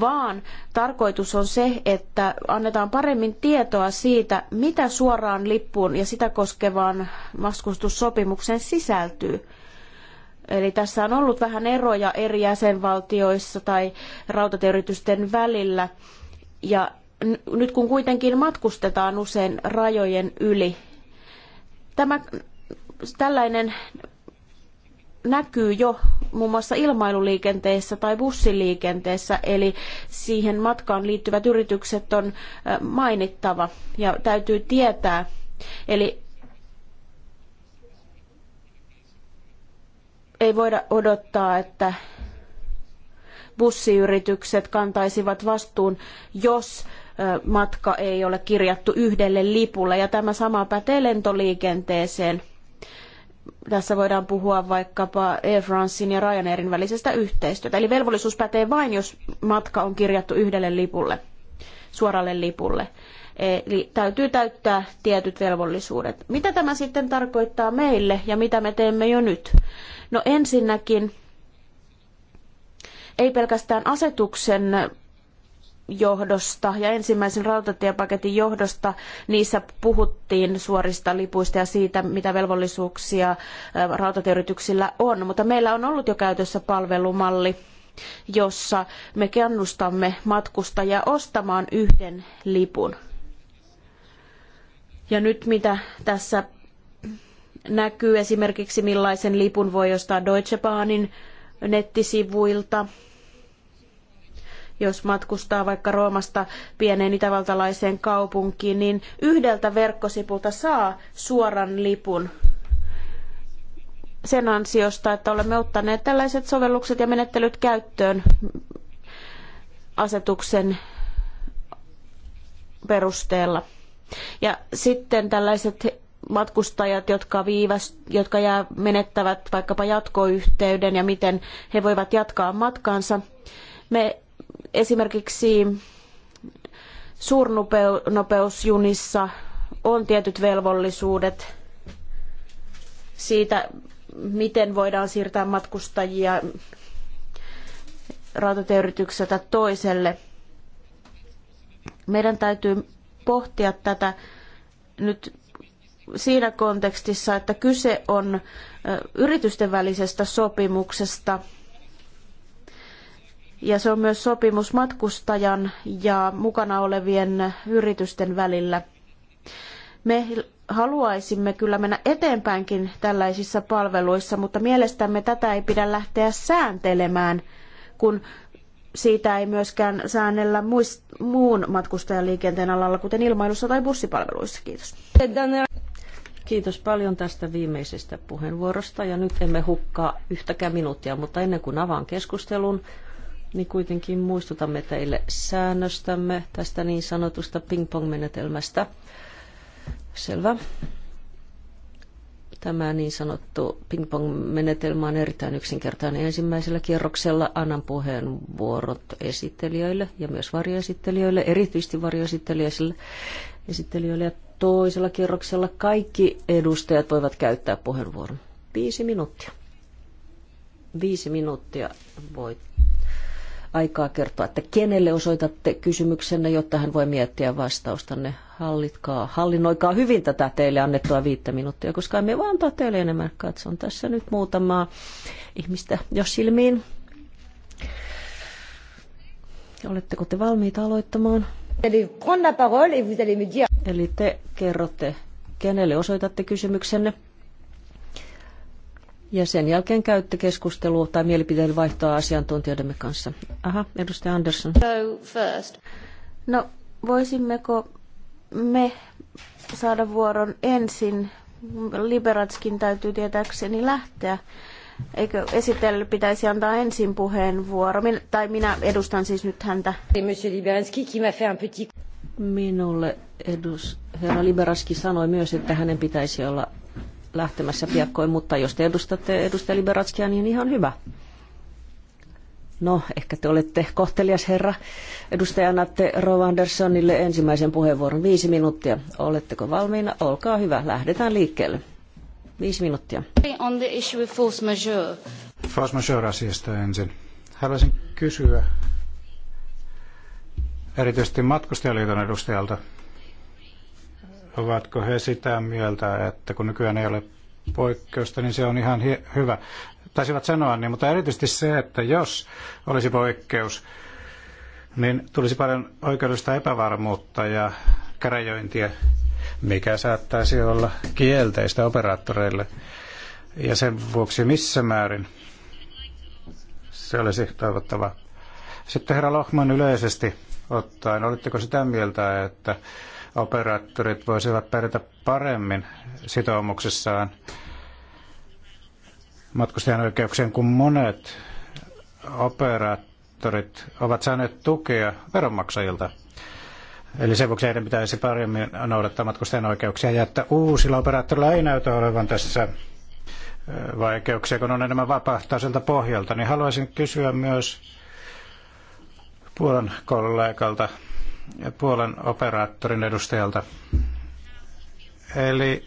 vaan tarkoitus on se, että annetaan paremmin tietoa siitä, mitä suoraan lippuun ja sitä koskevaan matkustussopimukseen sisältyy. Eli tässä on ollut vähän eroja eri jäsenvaltioissa tai rautatieyritysten välillä. Ja nyt kun kuitenkin matkustetaan usein rajojen yli, tämä tällainen näkyy jo muun muassa ilmailuliikenteessä tai bussiliikenteessä, eli siihen matkaan liittyvät yritykset on mainittava ja täytyy tietää. Eli ei voida odottaa, että bussiyritykset kantaisivat vastuun, jos matka ei ole kirjattu yhdelle lipulle. Ja tämä sama pätee lentoliikenteeseen tässä voidaan puhua vaikkapa Air Francein ja Ryanairin välisestä yhteistyötä. Eli velvollisuus pätee vain, jos matka on kirjattu yhdelle lipulle, suoralle lipulle. Eli täytyy täyttää tietyt velvollisuudet. Mitä tämä sitten tarkoittaa meille ja mitä me teemme jo nyt? No ensinnäkin ei pelkästään asetuksen johdosta ja ensimmäisen rautatiepaketin johdosta niissä puhuttiin suorista lipuista ja siitä, mitä velvollisuuksia rautatieyrityksillä on. Mutta meillä on ollut jo käytössä palvelumalli, jossa me kannustamme matkustajia ostamaan yhden lipun. Ja nyt mitä tässä näkyy esimerkiksi millaisen lipun voi ostaa Deutsche Bahnin nettisivuilta – jos matkustaa vaikka Roomasta pieneen itävaltalaiseen kaupunkiin, niin yhdeltä verkkosivulta saa suoran lipun sen ansiosta, että olemme ottaneet tällaiset sovellukset ja menettelyt käyttöön asetuksen perusteella. Ja sitten tällaiset matkustajat, jotka, viivast, jotka jää, menettävät vaikkapa jatkoyhteyden ja miten he voivat jatkaa matkaansa. Me Esimerkiksi suurnopeusjunissa on tietyt velvollisuudet siitä, miten voidaan siirtää matkustajia rautatieyritykseltä toiselle. Meidän täytyy pohtia tätä nyt siinä kontekstissa, että kyse on yritysten välisestä sopimuksesta – ja se on myös sopimus matkustajan ja mukana olevien yritysten välillä. Me haluaisimme kyllä mennä eteenpäinkin tällaisissa palveluissa, mutta mielestämme tätä ei pidä lähteä sääntelemään, kun siitä ei myöskään säännellä muist- muun matkustajaliikenteen alalla, kuten ilmailussa tai bussipalveluissa. Kiitos. Kiitos paljon tästä viimeisestä puheenvuorosta ja nyt emme hukkaa yhtäkään minuuttia, mutta ennen kuin avaan keskustelun, niin kuitenkin muistutamme teille säännöstämme tästä niin sanotusta ping-pong-menetelmästä. Selvä. Tämä niin sanottu ping-pong-menetelmä on erittäin yksinkertainen. Ensimmäisellä kierroksella annan puheenvuorot esittelijöille ja myös varjoesittelijöille, erityisesti varjoesittelijöille. Esittelijöille. Ja toisella kierroksella kaikki edustajat voivat käyttää puheenvuoron. Viisi minuuttia. Viisi minuuttia voit aikaa kertoa, että kenelle osoitatte kysymyksenne, jotta hän voi miettiä vastaustanne. Hallitkaa, hallinnoikaa hyvin tätä teille annettua viittä minuuttia, koska emme voi antaa teille enemmän. Katson tässä nyt muutamaa ihmistä jo silmiin. Oletteko te valmiita aloittamaan? Eli te kerrotte, kenelle osoitatte kysymyksenne. Ja sen jälkeen käytte keskustelua tai mielipiteen vaihtoa asiantuntijoidemme kanssa. Aha, edustaja Andersson. first. No, voisimmeko me saada vuoron ensin? Liberatskin täytyy tietääkseni lähteä. Eikö esitellä pitäisi antaa ensin puheenvuoro? Min, tai minä edustan siis nyt häntä. Minulle edus, herra Liberatski sanoi myös, että hänen pitäisi olla lähtemässä piakkoin, mutta jos te edustatte edustaja Liberatskia, niin ihan hyvä. No, ehkä te olette kohtelias herra. Edustaja annatte Rov Anderssonille ensimmäisen puheenvuoron. Viisi minuuttia. Oletteko valmiina? Olkaa hyvä. Lähdetään liikkeelle. Viisi minuuttia. On the issue of force majeure. Force majeure asiasta ensin. Haluaisin kysyä erityisesti matkustajaliiton edustajalta, Ovatko he sitä mieltä, että kun nykyään ei ole poikkeusta, niin se on ihan hyvä. Taisivat sanoa niin, mutta erityisesti se, että jos olisi poikkeus, niin tulisi paljon oikeudellista epävarmuutta ja käräjöintiä, mikä saattaisi olla kielteistä operaattoreille. Ja sen vuoksi missä määrin se olisi toivottava. Sitten herra Lohman yleisesti ottaen, olitteko sitä mieltä, että operaattorit voisivat pärjätä paremmin sitoumuksissaan matkustajan oikeuksien, monet operaattorit ovat saaneet tukea veronmaksajilta. Eli sen vuoksi heidän pitäisi paremmin noudattaa matkustajan oikeuksia ja että uusilla operaattorilla ei näytä olevan tässä vaikeuksia, kun on enemmän vapaaehtoiselta pohjalta, niin haluaisin kysyä myös Puolan kollegalta Puolen operaattorin edustajalta. Eli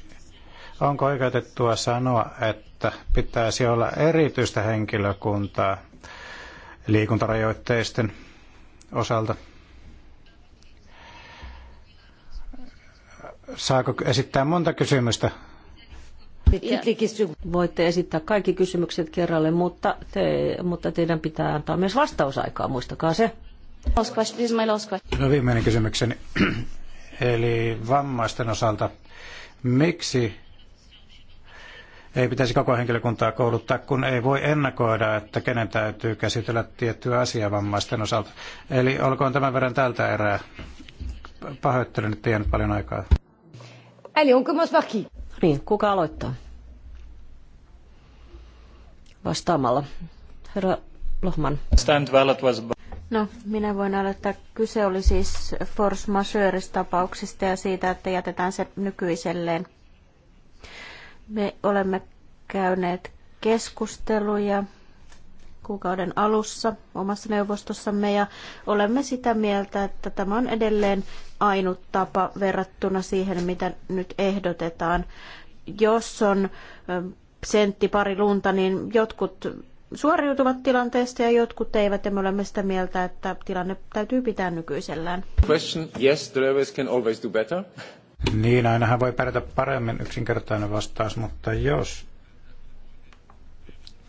onko oikeutettua sanoa, että pitäisi olla erityistä henkilökuntaa liikuntarajoitteisten osalta? Saako esittää monta kysymystä Voitte esittää kaikki kysymykset kerralle, mutta, te, mutta teidän pitää antaa myös vastausaikaa, muistakaa se. No viimeinen kysymykseni. Eli vammaisten osalta, miksi ei pitäisi koko henkilökuntaa kouluttaa, kun ei voi ennakoida, että kenen täytyy käsitellä tiettyä asiaa vammaisten osalta. Eli olkoon tämän verran tältä erää. Pahoittelen, että jäänyt paljon aikaa. Eli onko myös Niin, kuka aloittaa? Vastaamalla. Herra Lohman. Stand well, it No, minä voin aloittaa. Kyse oli siis force majeure-tapauksista ja siitä, että jätetään se nykyiselleen. Me olemme käyneet keskusteluja kuukauden alussa omassa neuvostossamme ja olemme sitä mieltä, että tämä on edelleen ainut tapa verrattuna siihen, mitä nyt ehdotetaan. Jos on sentti pari lunta, niin jotkut suoriutuvat tilanteesta ja jotkut eivät, ja me olemme sitä mieltä, että tilanne täytyy pitää nykyisellään. Question, yes, drivers can always do better. Niin, ainahan voi pärjätä paremmin yksinkertainen vastaus, mutta jos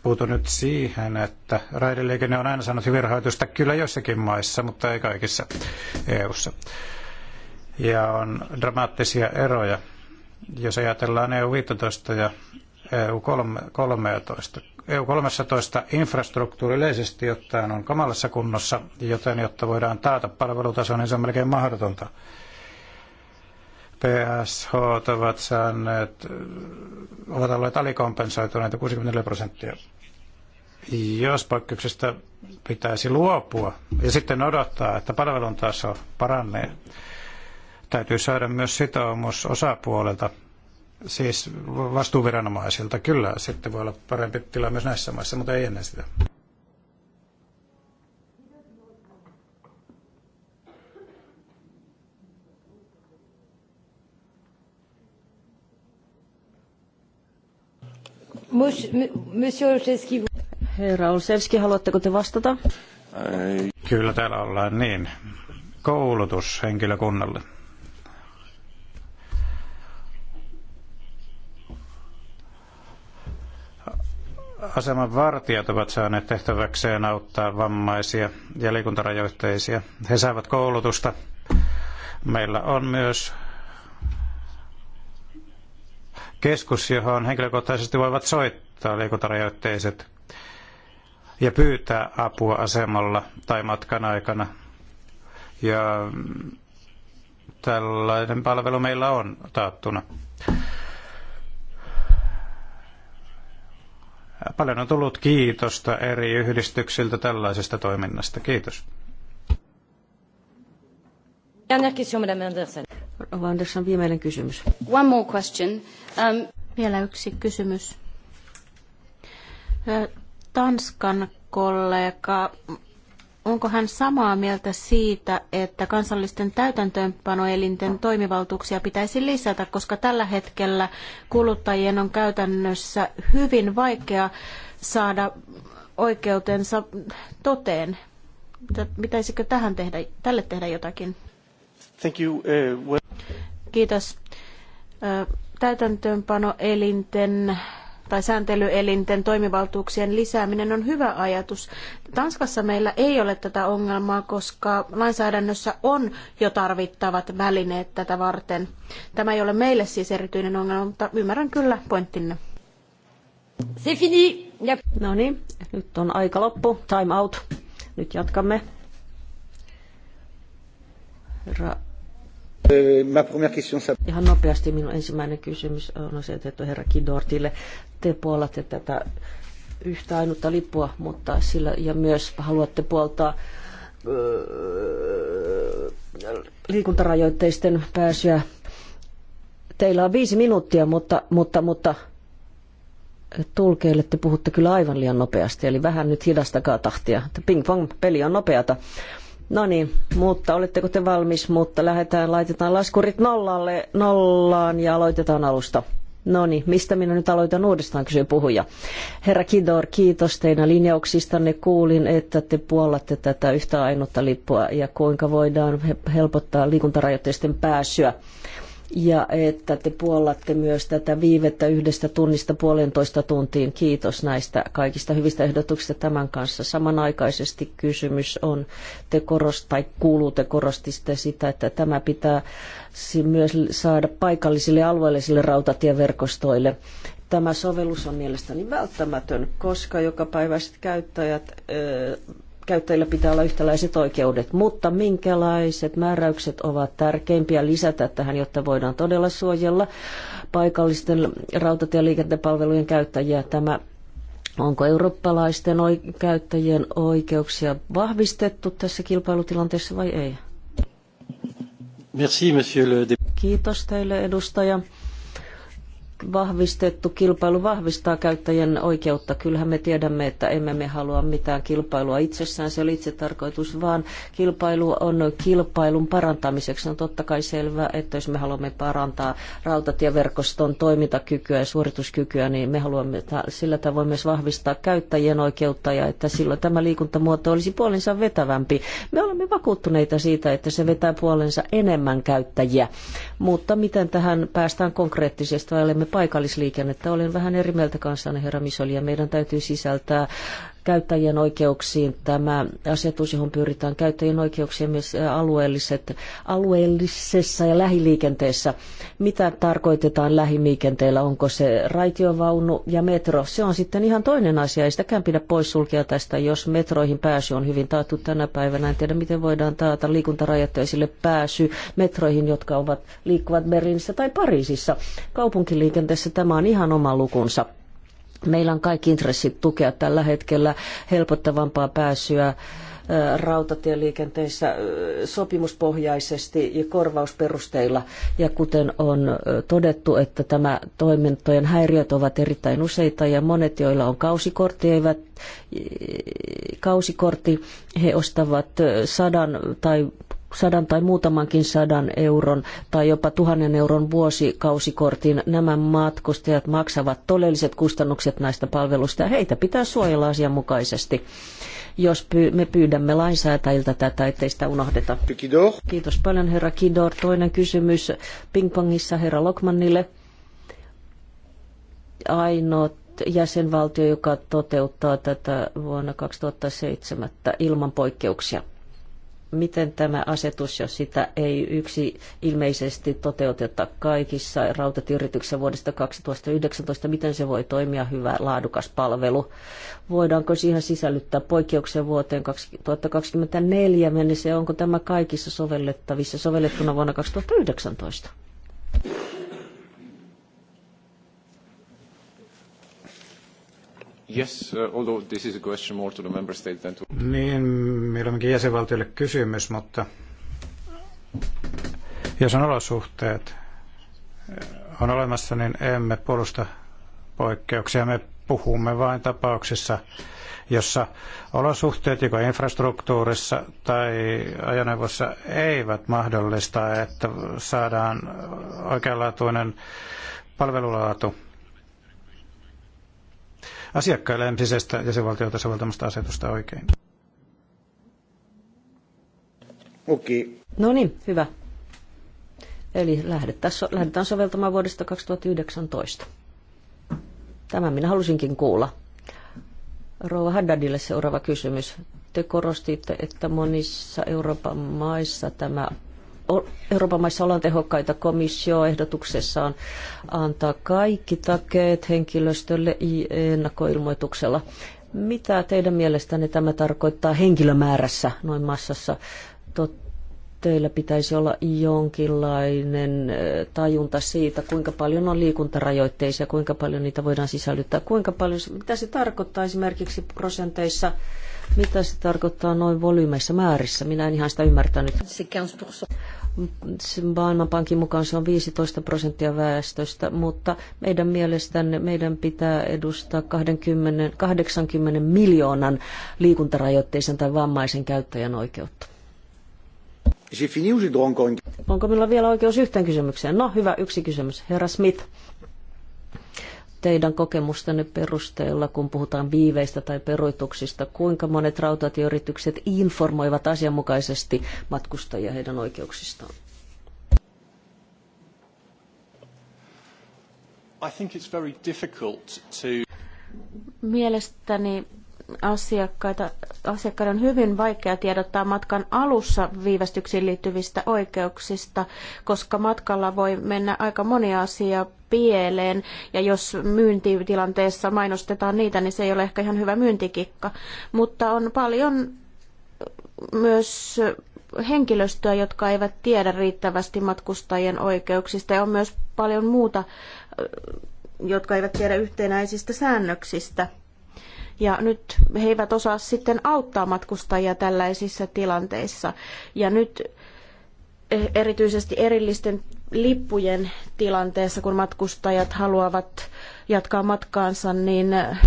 puutun nyt siihen, että raideliikenne on aina saanut hyvin rahoitusta kyllä jossakin maissa, mutta ei kaikissa EU-ssa. Ja on dramaattisia eroja. Jos ajatellaan EU-15 ja EU-13. eu infrastruktuuri yleisesti ottaen on kamalassa kunnossa, joten jotta voidaan taata palvelutaso, niin se on melkein mahdotonta. PSH ovat saaneet, ovat olleet alikompensoituneita 64 prosenttia. Jos poikkeuksesta pitäisi luopua ja sitten odottaa, että palvelun taso paranee, täytyy saada myös sitoumus osapuolelta Siis vastuuviranomaisilta kyllä sitten voi olla parempi tila myös näissä maissa, mutta ei ennen sitä. Herra Olsevski, haluatteko te vastata? Kyllä täällä ollaan niin. Koulutus henkilökunnalle. aseman vartijat ovat saaneet tehtäväkseen auttaa vammaisia ja liikuntarajoitteisia. He saavat koulutusta. Meillä on myös keskus, johon henkilökohtaisesti voivat soittaa liikuntarajoitteiset ja pyytää apua asemalla tai matkan aikana. Ja tällainen palvelu meillä on taattuna. Paljon on tullut kiitosta eri yhdistyksiltä tällaisesta toiminnasta. Kiitos. Dernière Rova Andersson, viimeinen kysymys. One more question. Um... Vielä yksi kysymys. Tanskan kollega onko hän samaa mieltä siitä, että kansallisten täytäntöönpanoelinten toimivaltuuksia pitäisi lisätä, koska tällä hetkellä kuluttajien on käytännössä hyvin vaikea saada oikeutensa toteen. Pitäisikö tähän tehdä, tälle tehdä jotakin? Thank you. Uh, Kiitos. Täytäntöönpanoelinten tai sääntelyelinten toimivaltuuksien lisääminen on hyvä ajatus. Tanskassa meillä ei ole tätä ongelmaa, koska lainsäädännössä on jo tarvittavat välineet tätä varten. Tämä ei ole meille siis erityinen ongelma, mutta ymmärrän kyllä pointtinne. C'est fini. No niin, nyt on aika loppu. Time out. Nyt jatkamme. Herra Euh, Ihan nopeasti minun ensimmäinen kysymys on asetettu herra Kidortille. Te puolatte tätä yhtä ainutta lippua, mutta sillä, ja myös haluatte puoltaa äh, liikuntarajoitteisten pääsyä. Teillä on viisi minuuttia, mutta, mutta, mutta tulkeille te puhutte kyllä aivan liian nopeasti, eli vähän nyt hidastakaa tahtia. Ping-pong-peli on nopeata. No niin, mutta oletteko te valmis, mutta lähdetään, laitetaan laskurit nollalle, nollaan ja aloitetaan alusta. No niin, mistä minä nyt aloitan uudestaan, kysyy puhuja. Herra Kidor, kiitos teidän linjauksistanne. Kuulin, että te puollatte tätä yhtä ainutta lippua ja kuinka voidaan helpottaa liikuntarajoitteisten pääsyä ja että te puollatte myös tätä viivettä yhdestä tunnista puolentoista tuntiin. Kiitos näistä kaikista hyvistä ehdotuksista tämän kanssa. Samanaikaisesti kysymys on, te korost, tai kuuluu, te korostitte sitä, että tämä pitää myös saada paikallisille alueellisille rautatieverkostoille. Tämä sovellus on mielestäni välttämätön, koska jokapäiväiset käyttäjät käyttäjillä pitää olla yhtäläiset oikeudet, mutta minkälaiset määräykset ovat tärkeimpiä lisätä tähän, jotta voidaan todella suojella paikallisten rautatieliikennepalvelujen käyttäjiä. Tämä Onko eurooppalaisten käyttäjien oikeuksia vahvistettu tässä kilpailutilanteessa vai ei? Merci, monsieur le Kiitos teille edustaja vahvistettu kilpailu vahvistaa käyttäjän oikeutta. Kyllähän me tiedämme, että emme me halua mitään kilpailua itsessään, se oli itse tarkoitus, vaan kilpailu on kilpailun parantamiseksi. On totta kai selvää, että jos me haluamme parantaa rautatieverkoston toimintakykyä ja suorituskykyä, niin me haluamme sillä tavoin myös vahvistaa käyttäjien oikeutta ja että silloin tämä liikuntamuoto olisi puolensa vetävämpi. Me olemme vakuuttuneita siitä, että se vetää puolensa enemmän käyttäjiä, mutta miten tähän päästään konkreettisesti, vai olemme paikallisliikennettä. Olen vähän eri mieltä kanssanne, herra Misoli, ja meidän täytyy sisältää käyttäjien oikeuksiin. Tämä asetus, johon pyritään käyttäjien oikeuksiin myös alueelliset, alueellisessa ja lähiliikenteessä. Mitä tarkoitetaan lähiliikenteellä? Onko se raitiovaunu ja metro? Se on sitten ihan toinen asia. Ei sitäkään pidä poissulkea tästä, jos metroihin pääsy on hyvin taattu tänä päivänä. En tiedä, miten voidaan taata liikuntarajoitteisille pääsy metroihin, jotka ovat liikkuvat Berliinissä tai Pariisissa. Kaupunkiliikenteessä tämä on ihan oma lukunsa. Meillä on kaikki intressit tukea tällä hetkellä helpottavampaa pääsyä rautatieliikenteessä sopimuspohjaisesti ja korvausperusteilla. Ja kuten on todettu, että tämä toimintojen häiriöt ovat erittäin useita ja monet, joilla on kausikortti, eivät kausikortti, he ostavat sadan tai sadan tai muutamankin sadan euron tai jopa tuhannen euron vuosikausikortin. Nämä matkustajat maksavat todelliset kustannukset näistä palveluista ja heitä pitää suojella asianmukaisesti jos me pyydämme lainsäätäjiltä tätä, ettei sitä unohdeta. Kiitos paljon herra Kidor. Toinen kysymys pingpongissa herra Lokmannille. ainoa jäsenvaltio, joka toteuttaa tätä vuonna 2007 ilman poikkeuksia miten tämä asetus, jos sitä ei yksi ilmeisesti toteuteta kaikissa rautatieyrityksissä vuodesta 2019, miten se voi toimia hyvä laadukas palvelu? Voidaanko siihen sisällyttää poikkeuksia vuoteen 2024 mennessä ja onko tämä kaikissa sovellettavissa sovellettuna vuonna 2019? Yes, uh, although this is a question more to the member state than to... Niin, kysymys, mutta jos on olosuhteet on olemassa, niin emme puolusta poikkeuksia. Me puhumme vain tapauksissa, jossa olosuhteet joko infrastruktuurissa tai ajoneuvossa eivät mahdollista, että saadaan oikeanlaatuinen palvelulaatu asiakkaille entisestä jäsenvaltiolta soveltamasta asetusta oikein. Okei. No niin, hyvä. Eli lähdetään, so- lähdetään soveltamaan vuodesta 2019. Tämän minä halusinkin kuulla. Rouva Haddadille seuraava kysymys. Te korostitte, että monissa Euroopan maissa tämä Euroopan maissa ollaan tehokkaita. Komissio ehdotuksessaan antaa kaikki takeet henkilöstölle ennakkoilmoituksella. Mitä teidän mielestänne tämä tarkoittaa henkilömäärässä noin massassa? Tot, teillä pitäisi olla jonkinlainen tajunta siitä, kuinka paljon on liikuntarajoitteisia, kuinka paljon niitä voidaan sisällyttää, kuinka paljon, mitä se tarkoittaa esimerkiksi prosenteissa mitä se tarkoittaa noin volyymeissa määrissä? Minä en ihan sitä ymmärtänyt. Maailmanpankin mukaan se on 15 prosenttia väestöstä, mutta meidän mielestämme meidän pitää edustaa 20, 80 miljoonan liikuntarajoitteisen tai vammaisen käyttäjän oikeutta. Onko minulla vielä oikeus yhteen kysymykseen? No hyvä, yksi kysymys. Herra Smith, teidän kokemustenne perusteella, kun puhutaan viiveistä tai peruituksista, kuinka monet rautatieyritykset informoivat asianmukaisesti matkustajia heidän oikeuksistaan? I think it's very difficult to... Mielestäni asiakkaita, asiakkaiden on hyvin vaikea tiedottaa matkan alussa viivästyksiin liittyvistä oikeuksista, koska matkalla voi mennä aika monia asia pieleen, ja jos myyntitilanteessa mainostetaan niitä, niin se ei ole ehkä ihan hyvä myyntikikka. Mutta on paljon myös henkilöstöä, jotka eivät tiedä riittävästi matkustajien oikeuksista, ja on myös paljon muuta, jotka eivät tiedä yhtenäisistä säännöksistä – ja nyt he eivät osaa sitten auttaa matkustajia tällaisissa tilanteissa. Ja nyt eh, erityisesti erillisten lippujen tilanteessa, kun matkustajat haluavat jatkaa matkaansa, niin eh,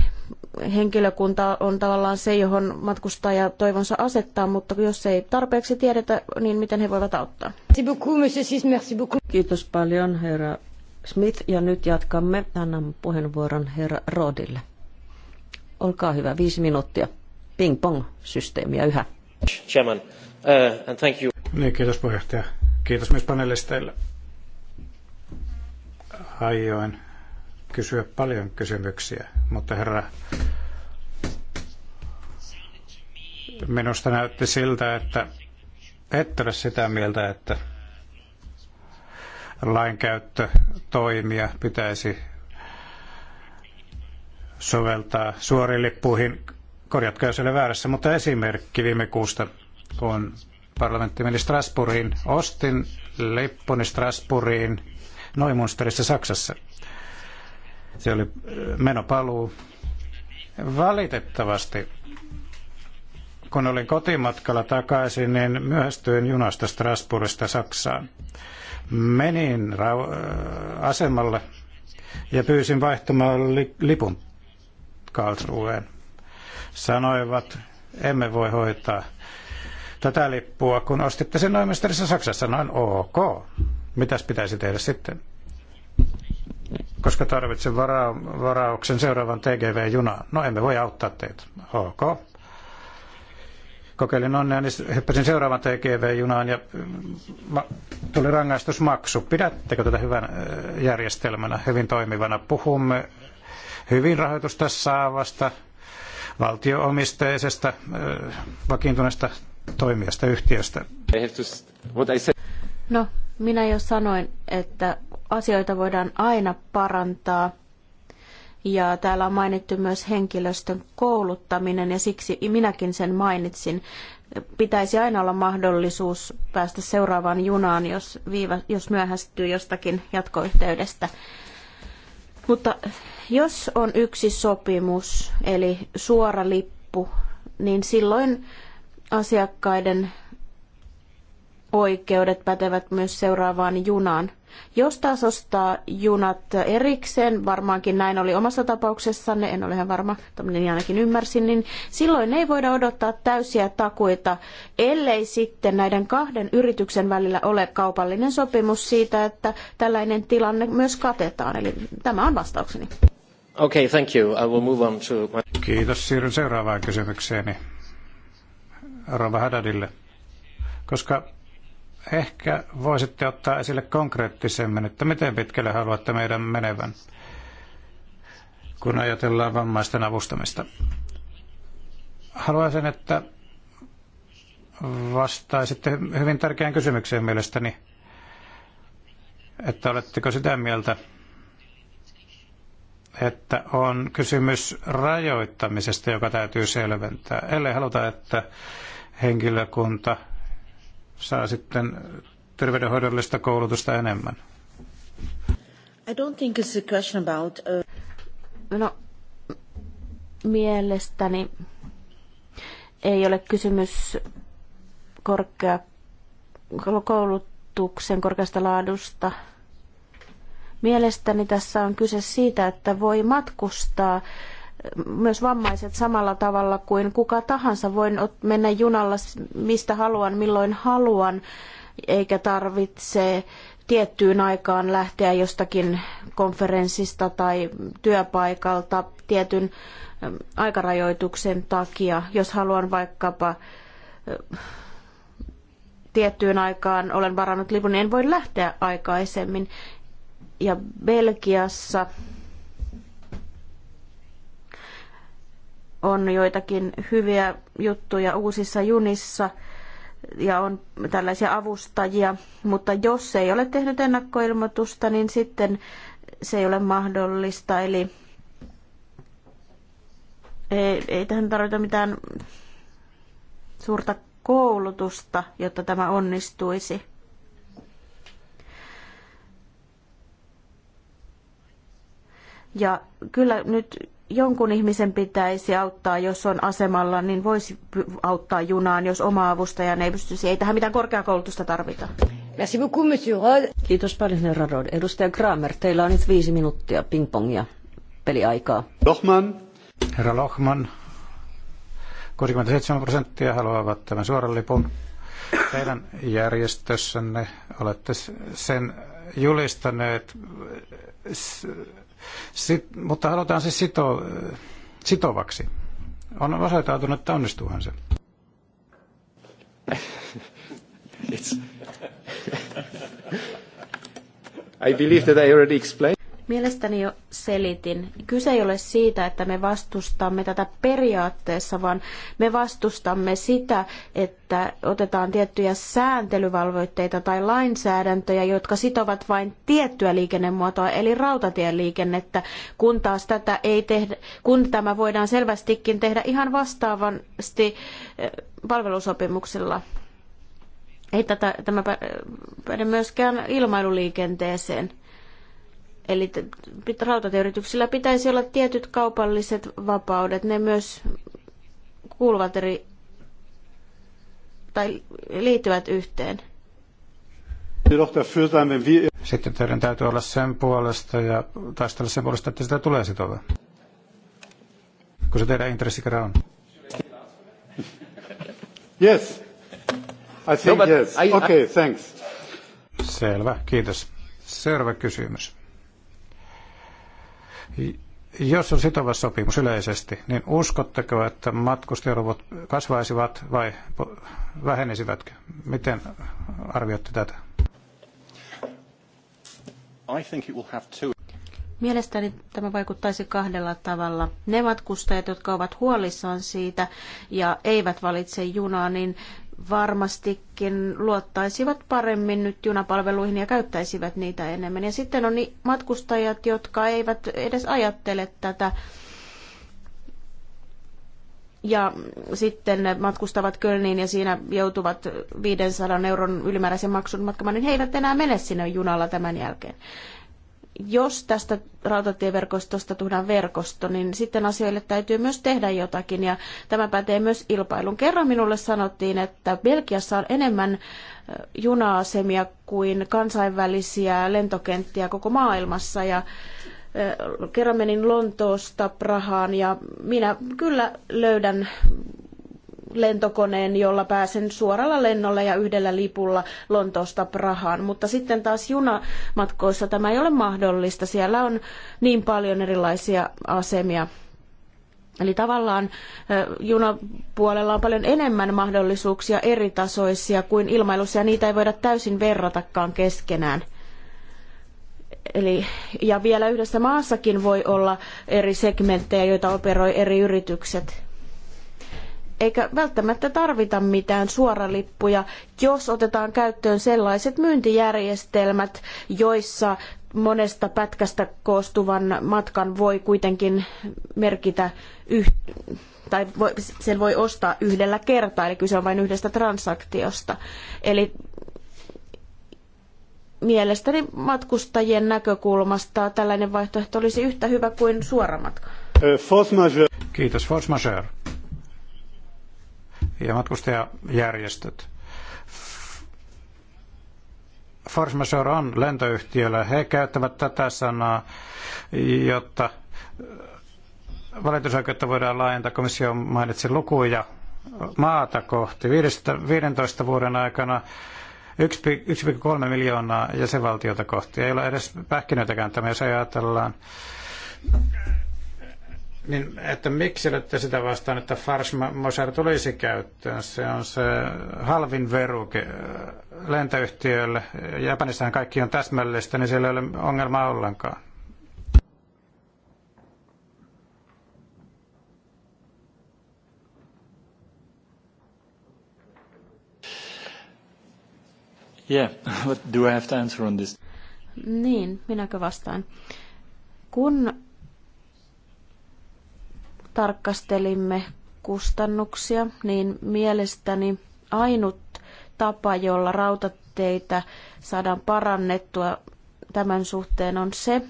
henkilökunta on tavallaan se, johon matkustaja toivonsa asettaa, mutta jos ei tarpeeksi tiedetä, niin miten he voivat auttaa? Kiitos paljon, herra Smith, ja nyt jatkamme. Annan puheenvuoron herra Rodille. Olkaa hyvä, viisi minuuttia. Ping-pong-systeemiä yhä. Chairman, uh, and thank you. Niin, kiitos puheenjohtaja. Kiitos myös panelisteille. Aioin kysyä paljon kysymyksiä, mutta herra, minusta näytti siltä, että et ole sitä mieltä, että lainkäyttötoimia pitäisi soveltaa suoriin lippuihin. Korjatkaa, jos olen väärässä, mutta esimerkki viime kuusta, kun parlamentti meni Strasbourgiin, ostin lippuni Strasbourgiin Noimunsterissa Saksassa. Se oli äh, menopaluu. Valitettavasti, kun olin kotimatkalla takaisin, niin myöhästyin junasta Strasbourgista Saksaan. Menin äh, asemalle ja pyysin vaihtamaan li- lipun Karlsruheen, sanoivat, emme voi hoitaa tätä lippua, kun ostitte sen noimesterissa Saksassa. Noin ok. Mitäs pitäisi tehdä sitten? Koska tarvitsen vara- varauksen seuraavan TGV-junaan. No emme voi auttaa teitä. Ok. Kokeilin onnea, niin hyppäsin seuraavan TGV-junaan ja mm, tuli rangaistusmaksu. Pidättekö tätä hyvän äh, järjestelmänä, hyvin toimivana? Puhumme hyvin rahoitusta saavasta valtioomisteisesta vakiintuneesta toimijasta yhtiöstä. No, minä jo sanoin, että asioita voidaan aina parantaa. Ja täällä on mainittu myös henkilöstön kouluttaminen ja siksi minäkin sen mainitsin. Pitäisi aina olla mahdollisuus päästä seuraavaan junaan, jos, viiva, jos myöhästyy jostakin jatkoyhteydestä. Mutta jos on yksi sopimus, eli suora lippu, niin silloin asiakkaiden oikeudet pätevät myös seuraavaan junaan. Jos taas ostaa junat erikseen, varmaankin näin oli omassa tapauksessanne, en ole ihan varma, niin ainakin ymmärsin, niin silloin ei voida odottaa täysiä takuita, ellei sitten näiden kahden yrityksen välillä ole kaupallinen sopimus siitä, että tällainen tilanne myös katetaan. Eli tämä on vastaukseni. Okay, thank you. I will move on to my... Kiitos. Siirryn seuraavaan kysymykseeni Rova Hadadille. Koska ehkä voisitte ottaa esille konkreettisemmin, että miten pitkälle haluatte meidän menevän, kun ajatellaan vammaisten avustamista. Haluaisin, että vastaisitte hyvin tärkeään kysymykseen mielestäni, että oletteko sitä mieltä, että on kysymys rajoittamisesta, joka täytyy selventää. Ellei haluta, että henkilökunta saa sitten terveydenhoidollista koulutusta enemmän. I don't think it's a question about... Uh... No, mielestäni ei ole kysymys korkeakoulutuksen koulutuksen korkeasta laadusta – Mielestäni tässä on kyse siitä, että voi matkustaa myös vammaiset samalla tavalla kuin kuka tahansa. Voin mennä junalla mistä haluan, milloin haluan, eikä tarvitse tiettyyn aikaan lähteä jostakin konferenssista tai työpaikalta tietyn aikarajoituksen takia, jos haluan vaikkapa tiettyyn aikaan olen varannut lipun, niin en voi lähteä aikaisemmin ja Belgiassa on joitakin hyviä juttuja uusissa junissa ja on tällaisia avustajia, mutta jos ei ole tehnyt ennakkoilmoitusta, niin sitten se ei ole mahdollista. Eli ei, ei tähän tarvita mitään suurta koulutusta, jotta tämä onnistuisi. Ja kyllä nyt jonkun ihmisen pitäisi auttaa, jos on asemalla, niin voisi auttaa junaan, jos oma avustajan ei pystyisi. Ei tähän mitään korkeakoulutusta tarvita. Merci beaucoup, monsieur Rod. Kiitos paljon, herra Rod. Edustaja Kramer, teillä on nyt viisi minuuttia pingpongia peliaikaa. Lohman. Herra Lohman. 67 prosenttia haluavat tämän suoran lipun. Teidän järjestössänne olette sen julistaneet Sit, mutta halutaan se siis sito, sitovaksi. On osoittautunut, että onnistuuhan se. It's... I believe that I already explained. Mielestäni jo selitin. Kyse ei ole siitä, että me vastustamme tätä periaatteessa, vaan me vastustamme sitä, että otetaan tiettyjä sääntelyvalvoitteita tai lainsäädäntöjä, jotka sitovat vain tiettyä liikennemuotoa, eli rautatien liikennettä, kun taas tätä ei tehdä, kun tämä voidaan selvästikin tehdä ihan vastaavasti eh, palvelusopimuksella. Ei tätä, tämä eh, päde myöskään ilmailuliikenteeseen. Eli rautatieyrityksillä pitäisi olla tietyt kaupalliset vapaudet. Ne myös kuuluvat eri tai liittyvät yhteen. Sitten teidän täytyy olla sen puolesta ja taistella sen puolesta, että sitä tulee sitova. Kun se teidän intressi kerran on. Yes. I think no, yes. okay, thanks. Selvä, kiitos. Seuraava kysymys. Jos on sitova sopimus yleisesti, niin uskotteko, että matkustajaluvut kasvaisivat vai vähenisivätkö? Miten arvioitte tätä? I think it will have two. Mielestäni tämä vaikuttaisi kahdella tavalla. Ne matkustajat, jotka ovat huolissaan siitä ja eivät valitse junaa, niin varmastikin luottaisivat paremmin nyt junapalveluihin ja käyttäisivät niitä enemmän. Ja sitten on matkustajat, jotka eivät edes ajattele tätä ja sitten ne matkustavat Kölniin ja siinä joutuvat 500 euron ylimääräisen maksun matkamaan, niin he eivät enää mene sinne junalla tämän jälkeen jos tästä rautatieverkostosta tuhdaan verkosto, niin sitten asioille täytyy myös tehdä jotakin ja tämä pätee myös ilpailun. Kerran minulle sanottiin, että Belgiassa on enemmän juna-asemia kuin kansainvälisiä lentokenttiä koko maailmassa ja kerran menin Lontoosta Prahaan ja minä kyllä löydän lentokoneen, jolla pääsen suoralla lennolla ja yhdellä lipulla Lontoosta Prahaan. Mutta sitten taas junamatkoissa tämä ei ole mahdollista. Siellä on niin paljon erilaisia asemia. Eli tavallaan junapuolella on paljon enemmän mahdollisuuksia eritasoisia kuin ilmailussa, ja niitä ei voida täysin verratakaan keskenään. Eli, ja vielä yhdessä maassakin voi olla eri segmenttejä, joita operoi eri yritykset eikä välttämättä tarvita mitään suoralippuja, jos otetaan käyttöön sellaiset myyntijärjestelmät, joissa monesta pätkästä koostuvan matkan voi kuitenkin merkitä yh... tai sen voi ostaa yhdellä kertaa, eli kyse on vain yhdestä transaktiosta. Eli mielestäni matkustajien näkökulmasta tällainen vaihtoehto olisi yhtä hyvä kuin suoramatka. Kiitos, force majeure ja matkustajajärjestöt. Force Majeure on lentoyhtiöllä. He käyttävät tätä sanaa, jotta valitusoikeutta voidaan laajentaa. Komissio mainitsi lukuja maata kohti. 15 vuoden aikana 1,3 miljoonaa jäsenvaltiota kohti. Ei ole edes pähkinöitäkään tämä, jos ajatellaan niin että miksi olette sitä vastaan, että Fars Moser tulisi käyttöön? Se on se halvin veruke lentäyhtiöille Japanissahan kaikki on täsmällistä, niin siellä ei ole ongelmaa ollenkaan. Yeah, do I have to answer on this? Niin, minäkö vastaan? Kun tarkastelimme kustannuksia, niin mielestäni ainut tapa, jolla rautateitä saadaan parannettua tämän suhteen on se,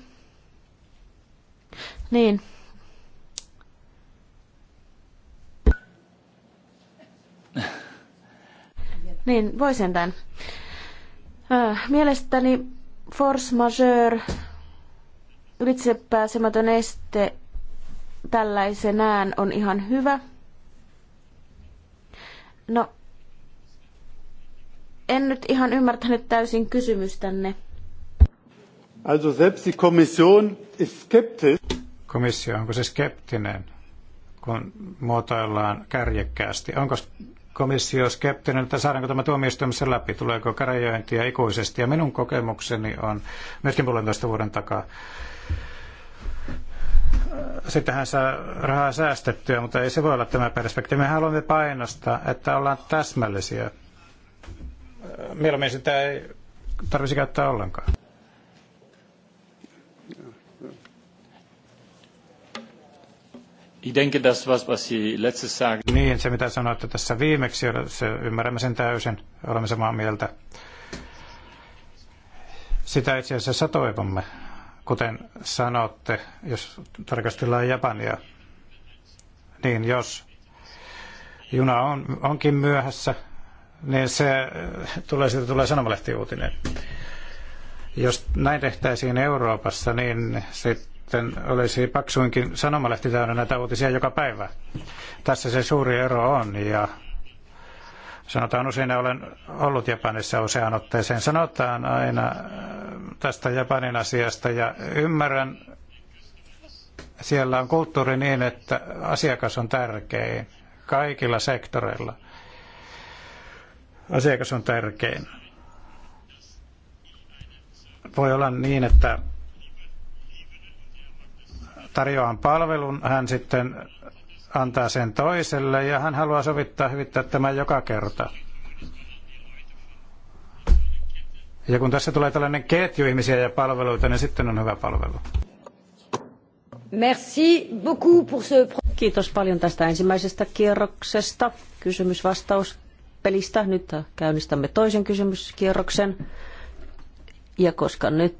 niin. niin, voisin tämän. Mielestäni force majeure, ylitsepääsemätön este, tällaisenään on ihan hyvä. No, en nyt ihan ymmärtänyt täysin kysymystänne. Also selbst die Kommission ist skeptisch. Komissio, onko se skeptinen, kun muotoillaan kärjekkäästi? Onko komissio skeptinen, että saadaanko tämä tuomioistuimessa läpi, tuleeko käräjöintiä ikuisesti? Ja minun kokemukseni on myöskin puolentoista vuoden takaa sitten hän saa rahaa säästettyä, mutta ei se voi olla tämä perspektiivi. Me haluamme painostaa, että ollaan täsmällisiä. Mieluummin sitä ei tarvitsisi käyttää ollenkaan. Ich denke, das, was, was Sie sagen. Niin, se mitä sanoitte tässä viimeksi, se ymmärrämme sen täysin, olemme samaa mieltä. Sitä itse asiassa toivomme kuten sanotte, jos tarkastellaan Japania, niin jos juna on, onkin myöhässä, niin se äh, tulee, siitä tulee sanomalehtiuutinen. Jos näin tehtäisiin Euroopassa, niin sitten olisi paksuinkin sanomalehti täynnä näitä uutisia joka päivä. Tässä se suuri ero on ja Sanotaan usein, olen ollut Japanissa useaan otteeseen, sanotaan aina äh, tästä Japanin asiasta ja ymmärrän, siellä on kulttuuri niin, että asiakas on tärkein kaikilla sektoreilla. Asiakas on tärkein. Voi olla niin, että tarjoan palvelun, hän sitten antaa sen toiselle ja hän haluaa sovittaa hyvittää tämän joka kerta. Ja kun tässä tulee tällainen ketju ihmisiä ja palveluita, niin sitten on hyvä palvelu. Merci beaucoup pour ce... Kiitos paljon tästä ensimmäisestä kierroksesta. kysymys pelistä. Nyt käynnistämme toisen kysymyskierroksen. Ja koska nyt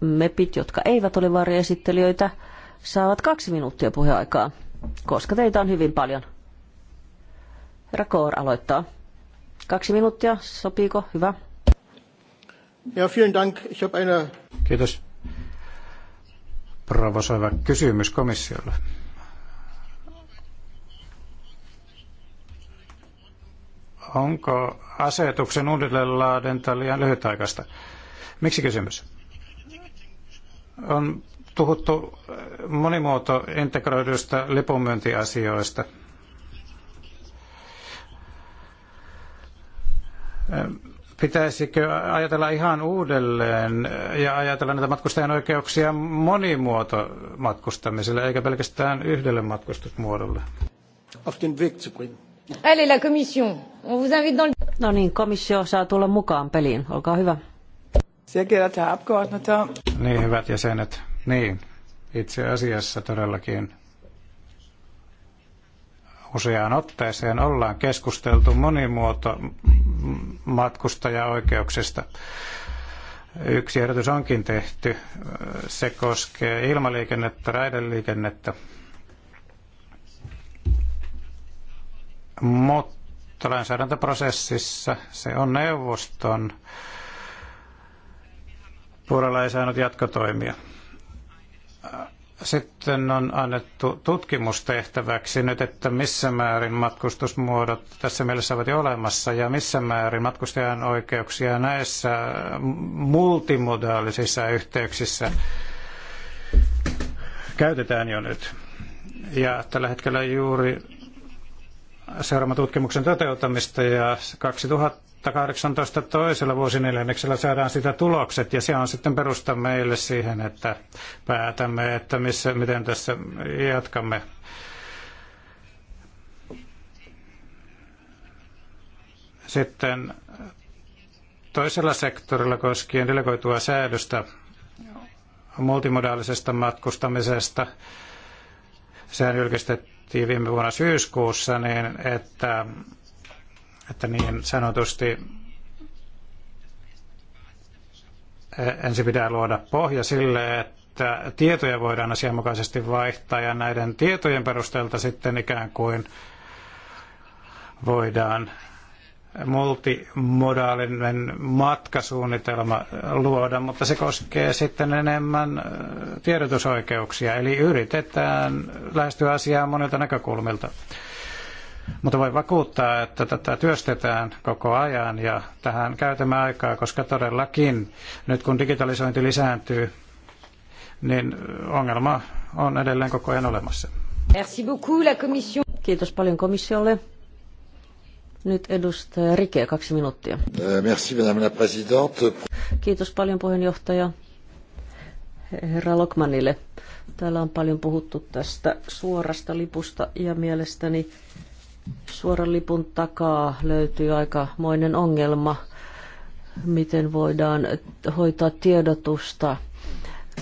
mepit, jotka eivät ole varjoesittelijöitä, saavat kaksi minuuttia puheaikaa koska teitä on hyvin paljon. Herra Koor aloittaa. Kaksi minuuttia, sopiiko? Hyvä. Ja, vielen dank. Ich habe eine... Kiitos. Provosoiva kysymys komissiolle. Onko asetuksen uudelleenlaadinta liian lyhytaikaista? Miksi kysymys? On puhuttu äh, monimuoto integroiduista lipunmyyntiasioista. Äh, pitäisikö ajatella ihan uudelleen ja ajatella näitä matkustajan oikeuksia monimuoto matkustamiselle, eikä pelkästään yhdelle matkustusmuodolle? Allez la commission, on vous invite dans le... No niin, komissio saa tulla mukaan peliin. Olkaa hyvä. Sehr geehrter Herr Niin, hyvät jäsenet. Niin, itse asiassa todellakin useaan otteeseen ollaan keskusteltu monimuoto matkustajaoikeuksista. Yksi ehdotus onkin tehty. Se koskee ilmaliikennettä, raideliikennettä. Mutta lainsäädäntöprosessissa se on neuvoston puolella ei saanut jatkotoimia. Sitten on annettu tutkimustehtäväksi nyt, että missä määrin matkustusmuodot tässä mielessä ovat jo olemassa ja missä määrin matkustajan oikeuksia näissä multimodaalisissa yhteyksissä käytetään jo nyt. Ja tällä hetkellä juuri seuraamme tutkimuksen toteuttamista ja 2000 2018 toisella vuosineljänneksellä saadaan sitä tulokset ja se on sitten perusta meille siihen, että päätämme, että missä, miten tässä jatkamme. Sitten toisella sektorilla koskien delegoitua säädöstä multimodaalisesta matkustamisesta. Sehän julkistettiin viime vuonna syyskuussa, niin että että niin sanotusti e, ensin pitää luoda pohja sille, että tietoja voidaan asianmukaisesti vaihtaa ja näiden tietojen perusteelta sitten ikään kuin voidaan multimodaalinen matkasuunnitelma luoda, mutta se koskee sitten enemmän e, tiedotusoikeuksia, eli yritetään lähestyä asiaa monilta näkökulmilta. Mutta voin vakuuttaa, että tätä työstetään koko ajan ja tähän käytämme aikaa, koska todellakin nyt kun digitalisointi lisääntyy, niin ongelma on edelleen koko ajan olemassa. Merci beaucoup, la commission. Kiitos paljon komissiolle. Nyt edustaja Rike, kaksi minuuttia. Euh, merci, madame la présidente. Kiitos paljon puheenjohtaja herra Lokmanille. Täällä on paljon puhuttu tästä suorasta lipusta ja mielestäni Suoran lipun takaa löytyy aikamoinen ongelma, miten voidaan hoitaa tiedotusta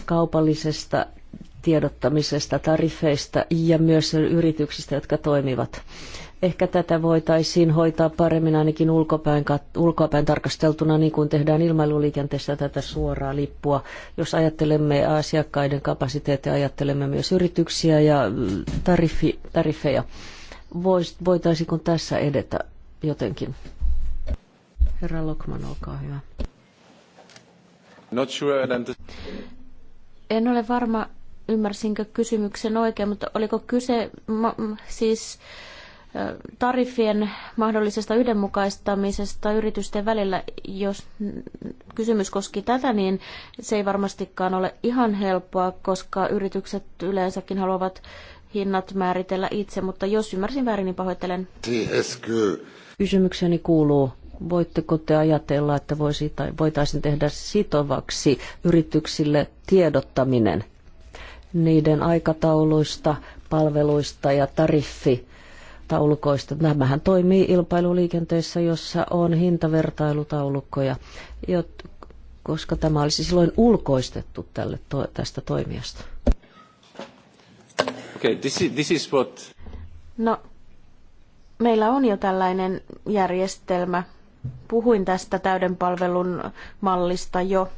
kaupallisesta tiedottamisesta, tarifeista ja myös yrityksistä, jotka toimivat. Ehkä tätä voitaisiin hoitaa paremmin ainakin ulkopäin, ulkopäin tarkasteltuna, niin kuin tehdään ilmailuliikenteessä tätä suoraa lippua. Jos ajattelemme asiakkaiden kapasiteettia, ajattelemme myös yrityksiä ja mm, tariffi, tariffeja. Vois, voitaisiinko tässä edetä jotenkin? Herra Lokman, olkaa hyvä. Not sure en ole varma, ymmärsinkö kysymyksen oikein, mutta oliko kyse siis tariffien mahdollisesta yhdenmukaistamisesta yritysten välillä, jos kysymys koski tätä, niin se ei varmastikaan ole ihan helppoa, koska yritykset yleensäkin haluavat hinnat määritellä itse, mutta jos ymmärsin väärin, niin pahoittelen. Kysymykseni kuuluu, voitteko te ajatella, että voisi, tai voitaisiin tehdä sitovaksi yrityksille tiedottaminen niiden aikatauluista, palveluista ja tariffi taulukoista. Nämähän toimii ilpailuliikenteessä, jossa on hintavertailutaulukkoja, koska tämä olisi silloin ulkoistettu tälle, tästä toimijasta. Okay, this is, this is what... No, meillä on jo tällainen järjestelmä. Puhuin tästä täyden palvelun mallista jo,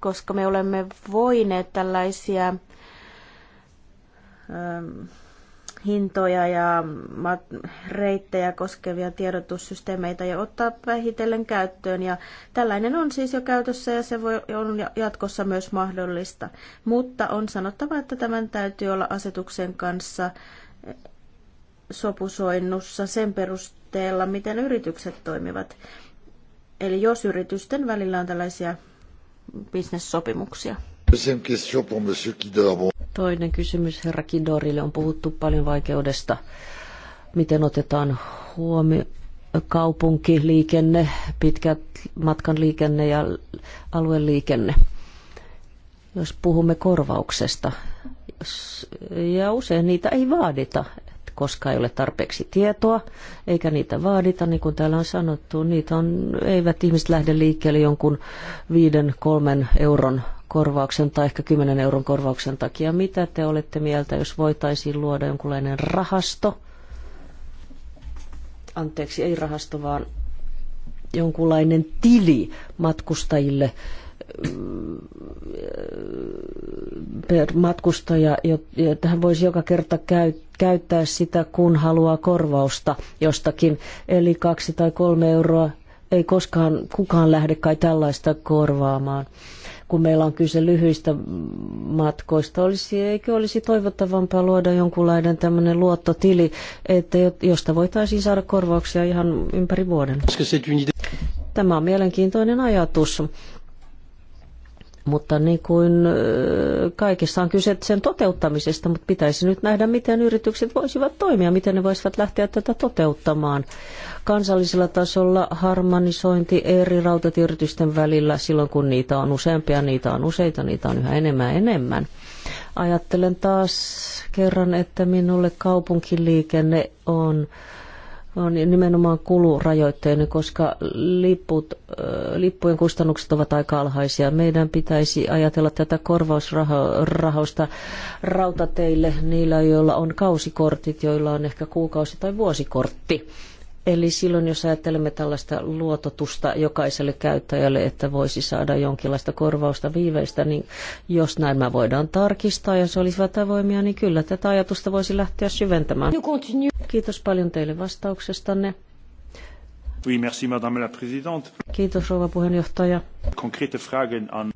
koska me olemme voineet tällaisia ähm, hintoja ja reittejä koskevia tiedotussysteemeitä ja ottaa vähitellen käyttöön. Ja tällainen on siis jo käytössä ja se voi on jatkossa myös mahdollista. Mutta on sanottava, että tämän täytyy olla asetuksen kanssa sopusoinnussa sen perusteella, miten yritykset toimivat. Eli jos yritysten välillä on tällaisia bisnessopimuksia. Deuxième question pour Monsieur Toinen kysymys herra Kidorille. On puhuttu paljon vaikeudesta, miten otetaan huomioon kaupunkiliikenne, pitkät matkan liikenne ja alueliikenne. Jos puhumme korvauksesta, ja usein niitä ei vaadita, koska ei ole tarpeeksi tietoa, eikä niitä vaadita, niin kuin täällä on sanottu, niitä on, eivät ihmiset lähde liikkeelle jonkun viiden, kolmen euron korvauksen tai ehkä 10 euron korvauksen takia. Mitä te olette mieltä, jos voitaisiin luoda jonkunlainen rahasto? Anteeksi, ei rahasto, vaan jonkunlainen tili matkustajille mm, per matkustaja, että hän voisi joka kerta käyttää sitä, kun haluaa korvausta jostakin. Eli kaksi tai kolme euroa ei koskaan kukaan lähde kai tällaista korvaamaan kun meillä on kyse lyhyistä matkoista. Olisi, eikö olisi toivottavampaa luoda jonkunlainen tämmöinen luottotili, että josta voitaisiin saada korvauksia ihan ympäri vuoden? Tämä on mielenkiintoinen ajatus. Mutta niin kuin kaikessa on kyse sen toteuttamisesta, mutta pitäisi nyt nähdä, miten yritykset voisivat toimia, miten ne voisivat lähteä tätä toteuttamaan kansallisella tasolla harmonisointi eri rautatieyritysten välillä silloin, kun niitä on useampia, niitä on useita, niitä on yhä enemmän enemmän. Ajattelen taas kerran, että minulle kaupunkiliikenne on on nimenomaan kulurajoitteinen, koska liput, lippujen kustannukset ovat aika alhaisia. Meidän pitäisi ajatella tätä korvausrahoista rautateille niillä, joilla on kausikortit, joilla on ehkä kuukausi- tai vuosikortti. Eli silloin, jos ajattelemme tällaista luototusta jokaiselle käyttäjälle, että voisi saada jonkinlaista korvausta viiveistä, niin jos nämä voidaan tarkistaa, se olisi vätävoimia, niin kyllä tätä ajatusta voisi lähteä syventämään. Kiitos paljon teille vastauksestanne. Oui, merci, madame la présidente. Kiitos, rouva puheenjohtaja.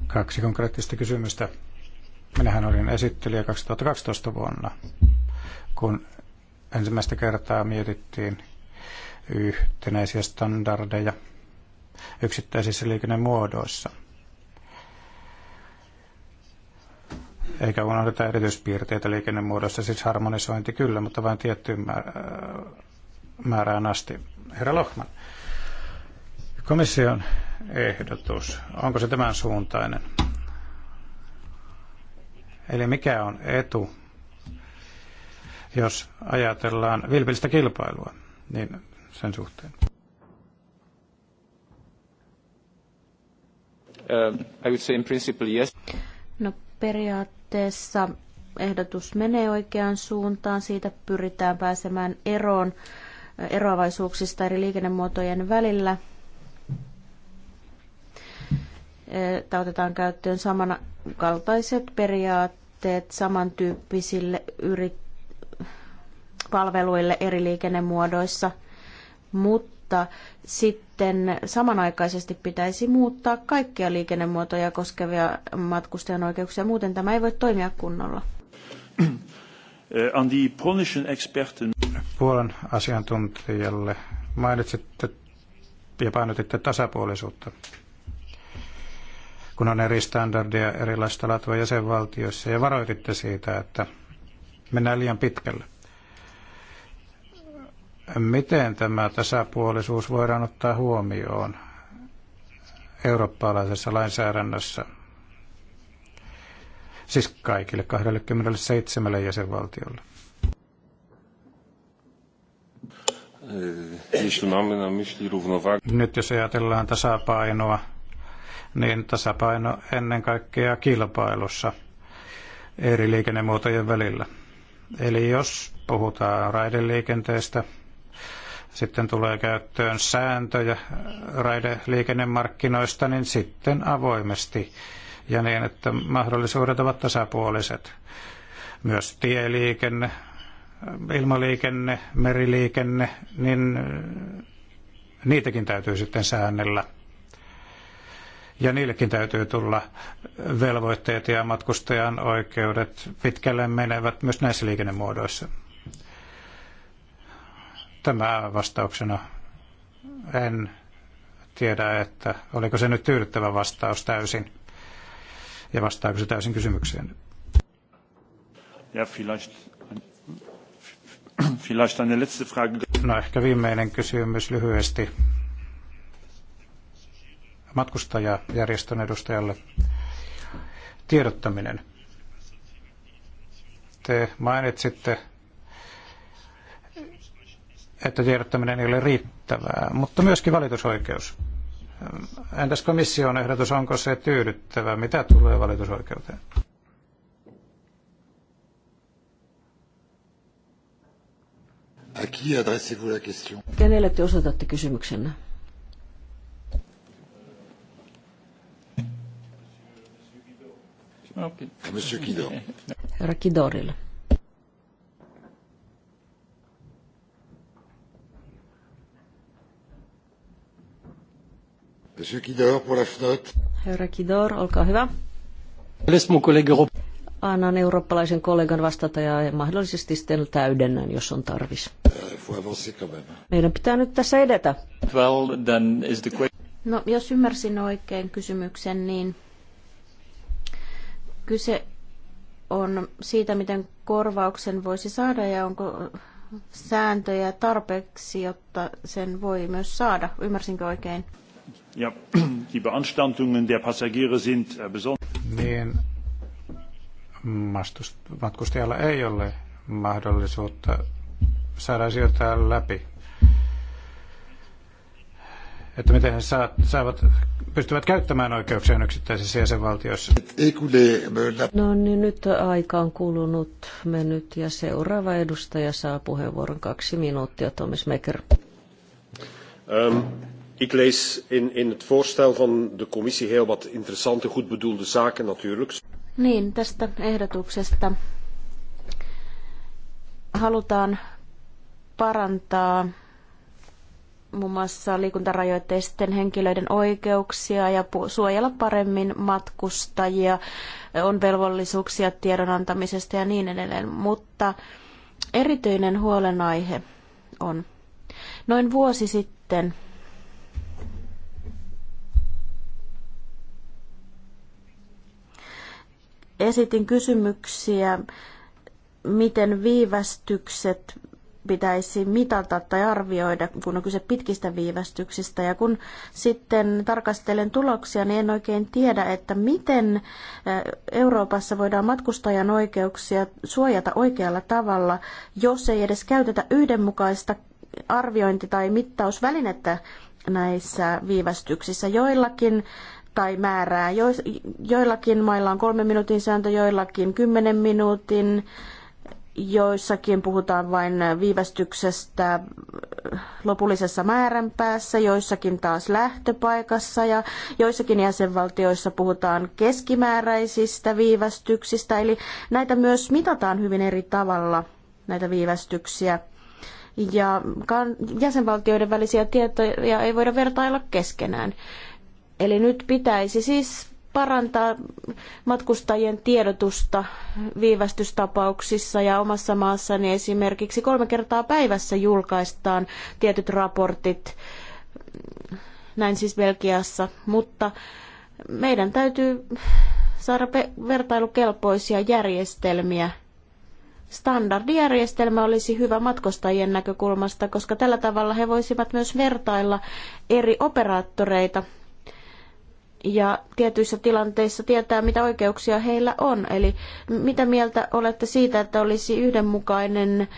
Kaksi konkreettista kysymystä. Minähän olin esittelijä 2012 vuonna, kun ensimmäistä kertaa mietittiin yhtenäisiä standardeja yksittäisissä liikennemuodoissa. Eikä unohdeta erityispiirteitä liikennemuodossa, siis harmonisointi kyllä, mutta vain tiettyyn määrään asti. Herra Lohman, komission ehdotus, onko se tämän suuntainen? Eli mikä on etu, jos ajatellaan vilpillistä kilpailua? Niin sen suhteen? Uh, I would say in principle yes. No periaatteessa ehdotus menee oikeaan suuntaan. Siitä pyritään pääsemään eroon uh, eroavaisuuksista eri liikennemuotojen välillä. Uh, Tämä otetaan käyttöön samankaltaiset periaatteet samantyyppisille yrit- palveluille eri liikennemuodoissa – mutta sitten samanaikaisesti pitäisi muuttaa kaikkia liikennemuotoja koskevia matkustajan oikeuksia. Muuten tämä ei voi toimia kunnolla. Eh, Puolan asiantuntijalle mainitsitte ja painotitte tasapuolisuutta kun on eri standardia erilaista latua jäsenvaltioissa ja varoititte siitä, että mennään liian pitkälle miten tämä tasapuolisuus voidaan ottaa huomioon eurooppalaisessa lainsäädännössä, siis kaikille 27 jäsenvaltiolle? Äh, Nyt jos ajatellaan tasapainoa, niin tasapaino ennen kaikkea kilpailussa eri liikennemuotojen välillä. Eli jos puhutaan raideliikenteestä, sitten tulee käyttöön sääntöjä raideliikennemarkkinoista, niin sitten avoimesti ja niin, että mahdollisuudet ovat tasapuoliset. Myös tieliikenne, ilmaliikenne, meriliikenne, niin niitäkin täytyy sitten säännellä. Ja niillekin täytyy tulla velvoitteet ja matkustajan oikeudet pitkälle menevät myös näissä liikennemuodoissa. Tämä vastauksena en tiedä, että oliko se nyt tyydyttävä vastaus täysin ja vastaako se täysin kysymykseen. Ja vielleicht, vielleicht eine letzte Frage. No ehkä viimeinen kysymys lyhyesti matkustajajärjestön edustajalle. Tiedottaminen. Te mainitsitte että tiedottaminen ei ole riittävää, mutta myöskin valitusoikeus. Entäs komission ehdotus, onko se tyydyttävä? Mitä tulee valitusoikeuteen? la question? Kenelle te osoitatte kysymyksenne? Monsieur Herra Kidorille. Monsieur Kidor pour la FNOT. Herra Kidor, olkaa hyvä. Annan eurooppalaisen kollegan vastata ja mahdollisesti sitten täydennän, jos on tarvis. Meidän pitää nyt tässä edetä. No, jos ymmärsin oikein kysymyksen, niin kyse on siitä, miten korvauksen voisi saada ja onko sääntöjä tarpeeksi, jotta sen voi myös saada. Ymmärsinkö oikein? Ja, die Beanstandungen der Passagiere sind äh, besonders... Niin, matkustajalla ei ole mahdollisuutta saada asioita läpi. Että miten he saat, saavat, pystyvät käyttämään oikeuksiaan yksittäisissä jäsenvaltioissa. No niin, nyt aika on kulunut mennyt ja seuraava edustaja saa puheenvuoron kaksi minuuttia, Tomis Mekker. Um. Ähm, Ik lees in, in het voorstel van de commissie heel wat interessante, goed bedoelde zaken natuurlijk. Niin, tästä ehdotuksesta halutaan parantaa muun mm. muassa liikuntarajoitteisten henkilöiden oikeuksia ja suojella paremmin matkustajia, on velvollisuuksia tiedon antamisesta ja niin edelleen. Mutta erityinen huolenaihe on noin vuosi sitten Esitin kysymyksiä, miten viivästykset pitäisi mitata tai arvioida, kun on kyse pitkistä viivästyksistä. Ja kun sitten tarkastelen tuloksia, niin en oikein tiedä, että miten Euroopassa voidaan matkustajan oikeuksia suojata oikealla tavalla, jos ei edes käytetä yhdenmukaista arviointi- tai mittausvälinettä näissä viivästyksissä. Joillakin tai määrää. joillakin mailla on kolmen minuutin sääntö, joillakin kymmenen minuutin, joissakin puhutaan vain viivästyksestä lopullisessa määränpäässä, joissakin taas lähtöpaikassa ja joissakin jäsenvaltioissa puhutaan keskimääräisistä viivästyksistä. Eli näitä myös mitataan hyvin eri tavalla, näitä viivästyksiä. Ja jäsenvaltioiden välisiä tietoja ei voida vertailla keskenään. Eli nyt pitäisi siis parantaa matkustajien tiedotusta viivästystapauksissa ja omassa maassani esimerkiksi kolme kertaa päivässä julkaistaan tietyt raportit, näin siis Belgiassa, mutta meidän täytyy saada vertailukelpoisia järjestelmiä. Standardijärjestelmä olisi hyvä matkustajien näkökulmasta, koska tällä tavalla he voisivat myös vertailla eri operaattoreita ja tietyissä tilanteissa tietää, mitä oikeuksia heillä on. Eli mitä mieltä olette siitä, että olisi yhdenmukainen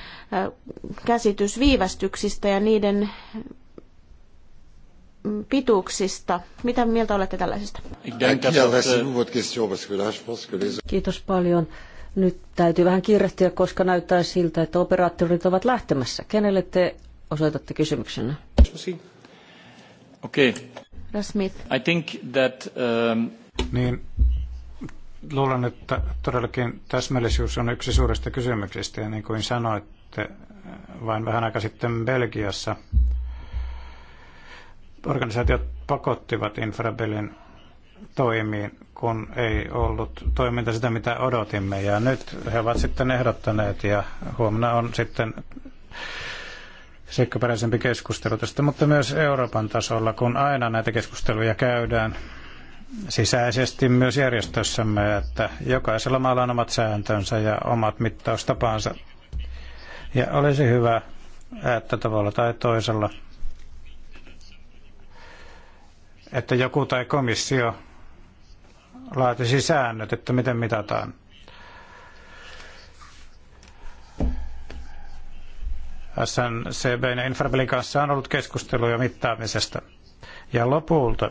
käsitys viivästyksistä ja niiden mm, pituuksista? Mitä mieltä olette tällaisista? Kiitos paljon. Nyt täytyy vähän kiirehtiä, koska näyttää siltä, että operaattorit ovat lähtemässä. Kenelle te osoitatte kysymyksenä? Okei. Okay. Smith. I think that, um... Niin, luulen, että todellakin täsmällisyys on yksi suurista kysymyksistä. Ja niin kuin sanoitte, äh, vain vähän aikaa sitten Belgiassa organisaatiot pakottivat Infrabelin toimiin, kun ei ollut toiminta sitä, mitä odotimme. Ja nyt he ovat sitten ehdottaneet ja huomenna on sitten seikkaperäisempi keskustelu tästä, mutta myös Euroopan tasolla, kun aina näitä keskusteluja käydään sisäisesti myös järjestössämme, että jokaisella maalla on omat sääntönsä ja omat mittaustapansa. Ja olisi hyvä, että tavalla tai toisella, että joku tai komissio laatisi säännöt, että miten mitataan SNCB ja Infrabelin kanssa on ollut keskusteluja mittaamisesta. Ja lopulta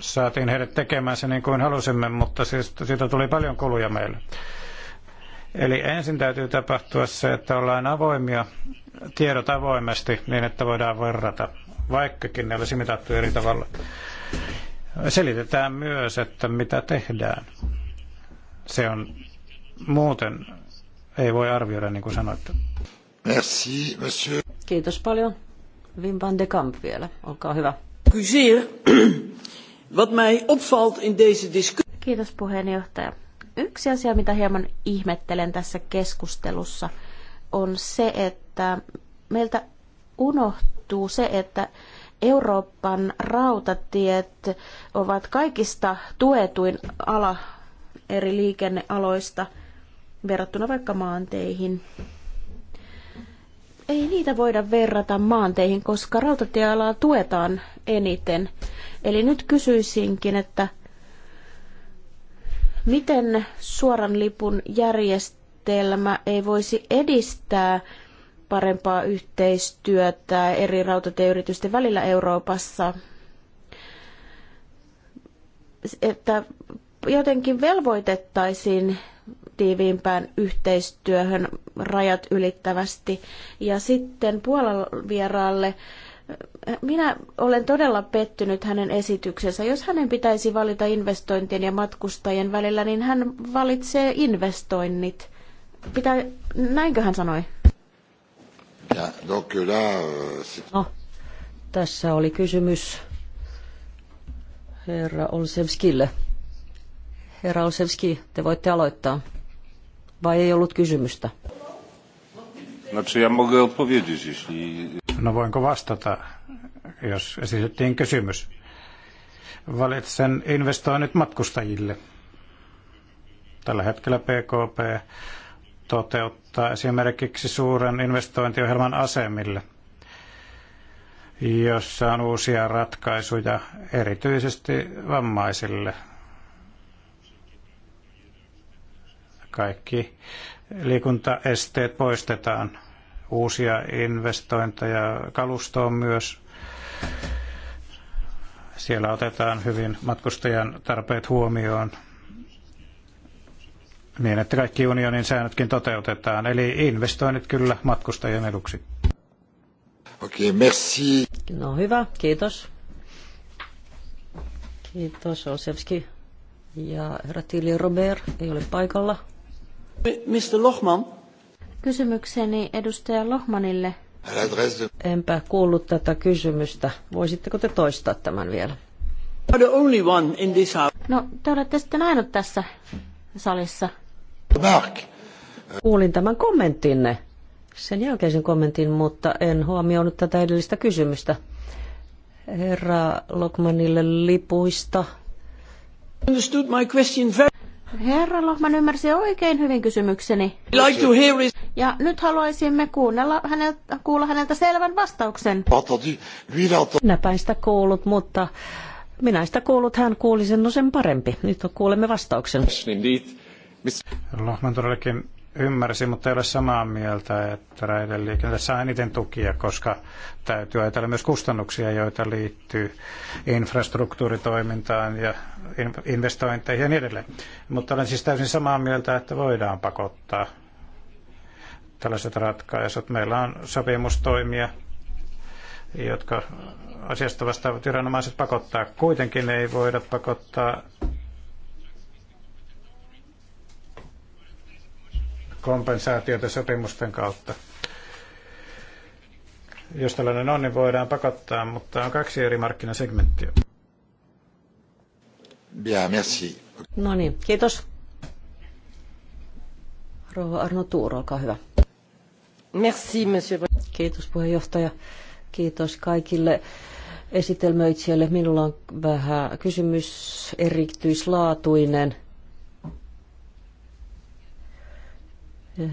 saatiin heidät tekemään se niin kuin halusimme, mutta siis siitä tuli paljon kuluja meille. Eli ensin täytyy tapahtua se, että ollaan avoimia, tiedot avoimesti niin, että voidaan verrata, vaikkakin ne olisi mitattu eri tavalla. Selitetään myös, että mitä tehdään. Se on Muuten ei voi arvioida, niin kuin sanoitte. Merci, monsieur. Kiitos paljon. Wim van de Kamp vielä, olkaa hyvä. Wat mij opvalt in deze discussie... Kiitos puheenjohtaja. Yksi asia, mitä hieman ihmettelen tässä keskustelussa, on se, että meiltä unohtuu se, että Euroopan rautatiet ovat kaikista tuetuin ala eri liikennealoista – verrattuna vaikka maanteihin. Ei niitä voida verrata maanteihin, koska rautatiealaa tuetaan eniten. Eli nyt kysyisinkin, että miten suoran lipun järjestelmä ei voisi edistää parempaa yhteistyötä eri rautatieyritysten välillä Euroopassa, että jotenkin velvoitettaisiin tiiviimpään yhteistyöhön rajat ylittävästi. Ja sitten Puolan vieraalle minä olen todella pettynyt hänen esityksensä. Jos hänen pitäisi valita investointien ja matkustajien välillä, niin hän valitsee investoinnit. Pitä... näinkö hän sanoi? Euh, no, tässä oli kysymys herra Olsevskille. Herra Olsevski, te voitte aloittaa vai ei ollut kysymystä? No voinko vastata, jos esitettiin kysymys? Valitsen investoinnit matkustajille. Tällä hetkellä PKP toteuttaa esimerkiksi suuren investointiohjelman asemille, jossa on uusia ratkaisuja erityisesti vammaisille kaikki liikuntaesteet poistetaan. Uusia investointeja kalustoon myös. Siellä otetaan hyvin matkustajan tarpeet huomioon niin, että kaikki unionin säännötkin toteutetaan. Eli investoinnit kyllä matkustajien eduksi. Okei, okay, merci. No hyvä, kiitos. Kiitos Osevski. Ja herra Robert ei ole paikalla. Mr. Lohman. Kysymykseni edustaja Lohmanille. Enpä kuullut tätä kysymystä. Voisitteko te toistaa tämän vielä? The only one in this house. No, te olette sitten ainut tässä salissa. Mark. Kuulin tämän kommenttinne, sen jälkeisen kommentin, mutta en huomioinut tätä edellistä kysymystä. Herra Lokmanille lipuista. Understood my question very... Herra Lohman ymmärsi oikein hyvin kysymykseni. Like to hear is... Ja nyt haluaisimme kuunnella häneltä, kuulla häneltä selvän vastauksen. Minäpä sitä kuullut, mutta minä sitä kuullut, hän kuuli sen no sen parempi. Nyt kuulemme vastauksen. Lohman todellakin Ymmärsin, mutta ei ole samaa mieltä, että raideliikenne saa eniten tukia, koska täytyy ajatella myös kustannuksia, joita liittyy infrastruktuuritoimintaan ja investointeihin ja niin edelleen. Mutta olen siis täysin samaa mieltä, että voidaan pakottaa tällaiset ratkaisut. Meillä on sopimustoimia, jotka asiasta vastaavat viranomaiset pakottaa. Kuitenkin ei voida pakottaa kompensaatiota sopimusten kautta. Jos tällainen on, niin voidaan pakottaa, mutta on kaksi eri markkinasegmenttiä. Bien, merci. No niin, kiitos. Rouva Arno Tuur, olkaa hyvä. Merci, monsieur. Kiitos puheenjohtaja. Kiitos kaikille esitelmöitsijöille. Minulla on vähän kysymys erityislaatuinen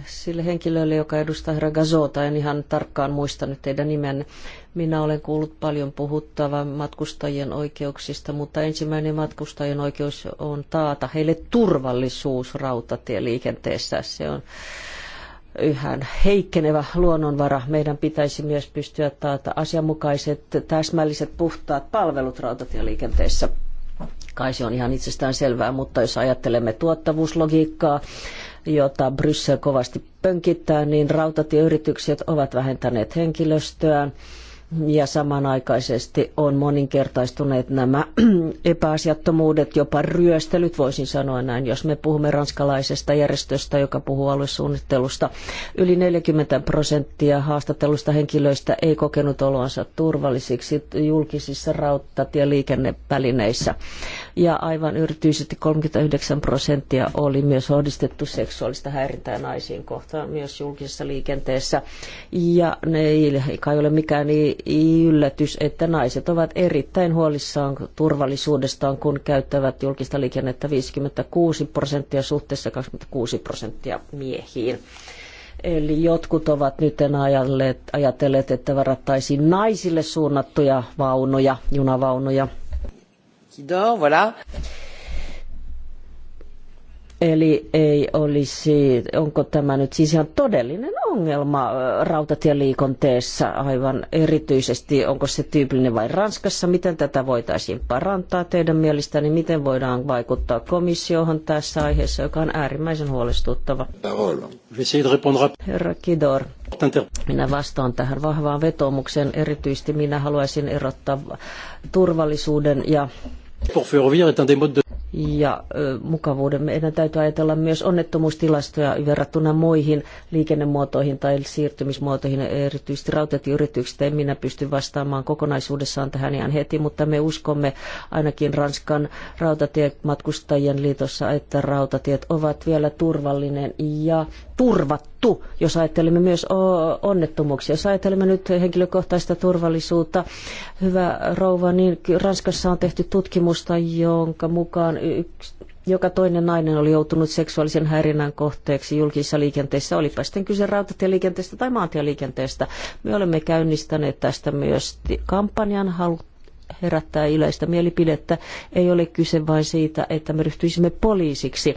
sille henkilölle, joka edustaa herra Gazota, en ihan tarkkaan muista nyt teidän nimenne. Minä olen kuullut paljon puhuttavan matkustajien oikeuksista, mutta ensimmäinen matkustajien oikeus on taata heille turvallisuus rautatieliikenteessä. Se on yhä heikkenevä luonnonvara. Meidän pitäisi myös pystyä taata asianmukaiset, täsmälliset, puhtaat palvelut rautatieliikenteessä. Kai se on ihan itsestään selvää, mutta jos ajattelemme tuottavuuslogiikkaa, jota Bryssel kovasti pönkittää, niin rautatieyritykset ovat vähentäneet henkilöstöään – ja samanaikaisesti on moninkertaistuneet nämä epäasiattomuudet, jopa ryöstelyt, voisin sanoa näin, jos me puhumme ranskalaisesta järjestöstä, joka puhuu aluesuunnittelusta. Yli 40 prosenttia haastattelusta henkilöistä ei kokenut oloansa turvallisiksi julkisissa rautatieliikennevälineissä ja aivan erityisesti 39 prosenttia oli myös kohdistettu seksuaalista häirintää naisiin kohtaan myös julkisessa liikenteessä. Ja ne ei kai ole mikään yllätys, että naiset ovat erittäin huolissaan turvallisuudestaan, kun käyttävät julkista liikennettä 56 prosenttia suhteessa 26 prosenttia miehiin. Eli jotkut ovat nyt ajatelleet, että varattaisiin naisille suunnattuja vaunuja, junavaunuja – qui dort, voilà. Eli ei olisi, onko tämä nyt siis ihan todellinen ongelma rautatieliikonteessa aivan erityisesti, onko se tyypillinen vain Ranskassa, miten tätä voitaisiin parantaa teidän mielestäni, niin miten voidaan vaikuttaa komissiohon tässä aiheessa, joka on äärimmäisen huolestuttava. Herra Kidor, minä vastaan tähän vahvaan vetoomukseen, erityisesti minä haluaisin erottaa turvallisuuden ja ja ö, mukavuuden meidän täytyy ajatella myös onnettomuustilastoja verrattuna muihin liikennemuotoihin tai siirtymismuotoihin, erityisesti rautatieyritykset. En minä pysty vastaamaan kokonaisuudessaan tähän ihan heti, mutta me uskomme ainakin Ranskan rautatiematkustajien liitossa, että rautatiet ovat vielä turvallinen ja turvattu, jos ajattelemme myös onnettomuuksia. Jos ajattelemme nyt henkilökohtaista turvallisuutta, hyvä rouva, niin Ranskassa on tehty tutkimusta, jonka mukaan joka toinen nainen oli joutunut seksuaalisen häirinnän kohteeksi julkisissa liikenteissä, olipa sitten kyse rautatieliikenteestä tai maantieliikenteestä. Me olemme käynnistäneet tästä myös kampanjan, halut herättää yleistä mielipidettä. Ei ole kyse vain siitä, että me ryhtyisimme poliisiksi,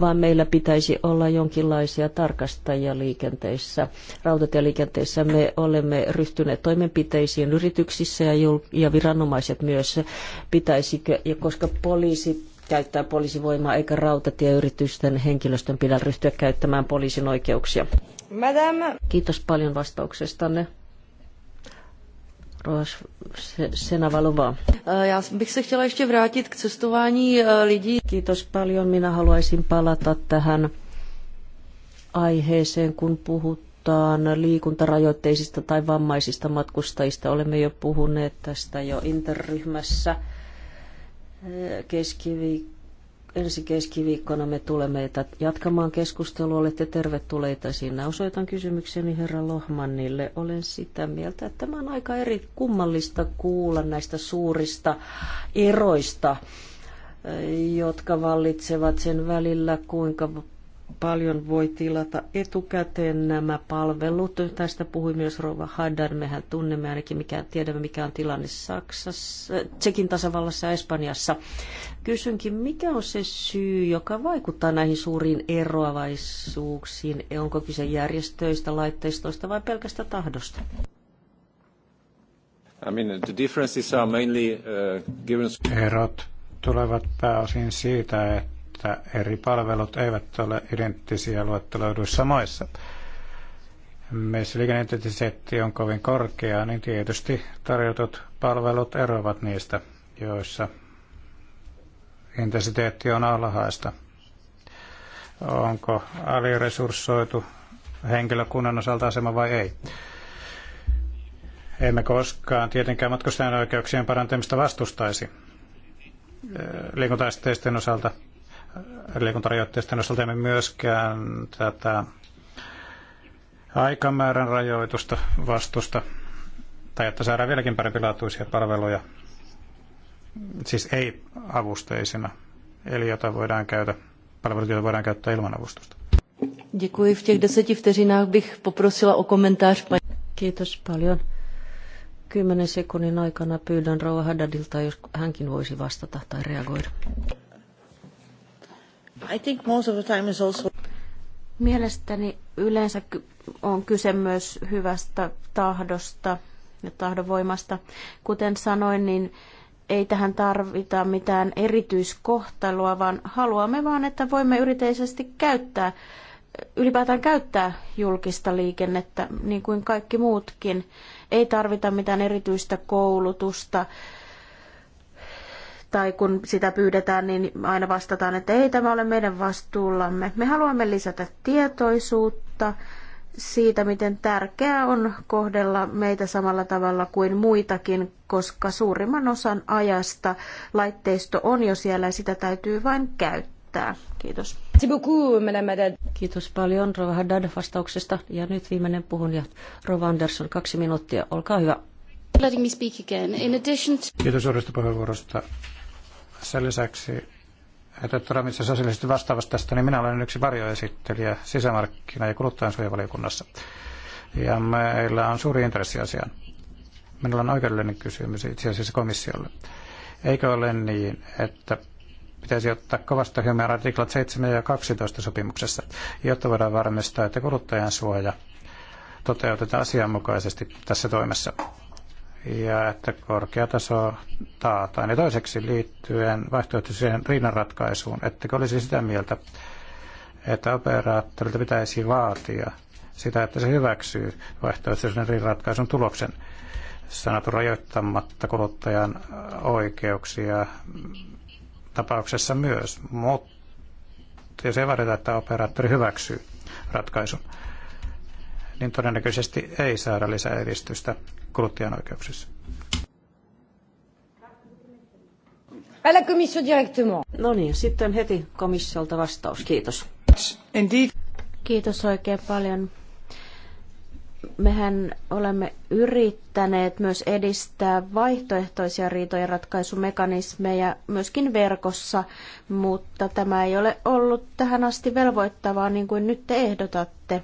vaan meillä pitäisi olla jonkinlaisia tarkastajia liikenteessä, rautatieliikenteessä. Me olemme ryhtyneet toimenpiteisiin yrityksissä ja, jul- ja viranomaiset myös. Pitäisikö, ja koska poliisi käyttää poliisivoimaa eikä rautatieyritysten henkilöstön pidä ryhtyä käyttämään poliisin oikeuksia. Madame. Kiitos paljon vastauksestanne. Senavalova. E, já bych se chtěla ještě vrátit k cestování e, lidí. Kiitos paljon. Minä haluaisin palata tähän aiheeseen, kun puhutaan liikuntarajoitteisista tai vammaisista matkustajista. Olemme jo puhuneet tästä jo interryhmässä e, keskiviikko ensi keskiviikkona me tulemme jatkamaan keskustelua. Olette tervetulleita sinne. Osoitan kysymykseni herra Lohmannille. Olen sitä mieltä, että tämä on aika eri kummallista kuulla näistä suurista eroista eh, jotka vallitsevat sen välillä, kuinka paljon voi tilata etukäteen nämä palvelut. Tästä puhui myös Rova Haddad. Mehän tunnemme ainakin, mikä, tiedämme mikä on tilanne Saksassa, Tsekin tasavallassa ja Espanjassa. Kysynkin, mikä on se syy, joka vaikuttaa näihin suuriin eroavaisuuksiin? Onko kyse järjestöistä, laitteistoista vai pelkästä tahdosta? I mean, the differences are mainly, uh, given... Erot tulevat pääosin siitä, että että eri palvelut eivät ole identtisiä luetteloiduissa maissa. Myös on kovin korkea, niin tietysti tarjotut palvelut eroavat niistä, joissa intensiteetti on alhaista. Onko aliresurssoitu henkilökunnan osalta asema vai ei? Emme koskaan tietenkään matkustajan oikeuksien parantamista vastustaisi liikuntaisteisten osalta liikuntarajoitteisten osalta emme myöskään tätä aikamäärän rajoitusta vastusta, tai että saadaan vieläkin parempilaatuisia palveluja, siis ei avusteisina, eli jota voidaan käytä, palvelut, joita voidaan käyttää ilman avustusta. Děkuji. V těch deseti vteřinách bych poprosila o komentář. Kiitos paljon. Kymmenen sekunnin aikana pyydän Rauha Haddadilta, jos hänkin voisi vastata tai reagoida. I think most of the time is also... Mielestäni yleensä on kyse myös hyvästä tahdosta ja tahdovoimasta. Kuten sanoin, niin ei tähän tarvita mitään erityiskohtelua, vaan haluamme vaan, että voimme yriteisesti käyttää, ylipäätään käyttää julkista liikennettä, niin kuin kaikki muutkin. Ei tarvita mitään erityistä koulutusta tai kun sitä pyydetään, niin aina vastataan, että ei tämä ole meidän vastuullamme. Me haluamme lisätä tietoisuutta siitä, miten tärkeää on kohdella meitä samalla tavalla kuin muitakin, koska suurimman osan ajasta laitteisto on jo siellä ja sitä täytyy vain käyttää. Kiitos. Kiitos paljon Rova Haddad vastauksesta. Ja nyt viimeinen puhunja Rova Andersson, kaksi minuuttia. Olkaa hyvä. Kiitos uudesta puheenvuorosta. Sen lisäksi, että Ramitsa sosiaalisesti vastaavasta tästä, niin minä olen yksi varjoesittelijä sisämarkkina- ja kuluttajansuojavaliokunnassa. Ja meillä on suuri intressi asiaan. Minulla on oikeudellinen kysymys itse asiassa komissiolle. Eikö ole niin, että pitäisi ottaa kovasta huomioon artiklat 7 ja 12 sopimuksessa, jotta voidaan varmistaa, että kuluttajan suoja toteutetaan asianmukaisesti tässä toimessa ja että korkea taso taataan. Ja toiseksi liittyen vaihtoehtoiseen rinnanratkaisuun, ettekö olisi sitä mieltä, että operaattorilta pitäisi vaatia sitä, että se hyväksyy vaihtoehtoisen rinnanratkaisun tuloksen sanottu rajoittamatta kuluttajan oikeuksia tapauksessa myös, mutta jos ei vaadita, että operaattori hyväksyy ratkaisun, niin todennäköisesti ei saada lisää edistystä kuluttajan oikeuksissa. No niin, sitten heti komissiolta vastaus. Kiitos. Indeed. Kiitos oikein paljon. Mehän olemme yrittäneet myös edistää vaihtoehtoisia riitojen ratkaisumekanismeja myöskin verkossa, mutta tämä ei ole ollut tähän asti velvoittavaa niin kuin nyt te ehdotatte.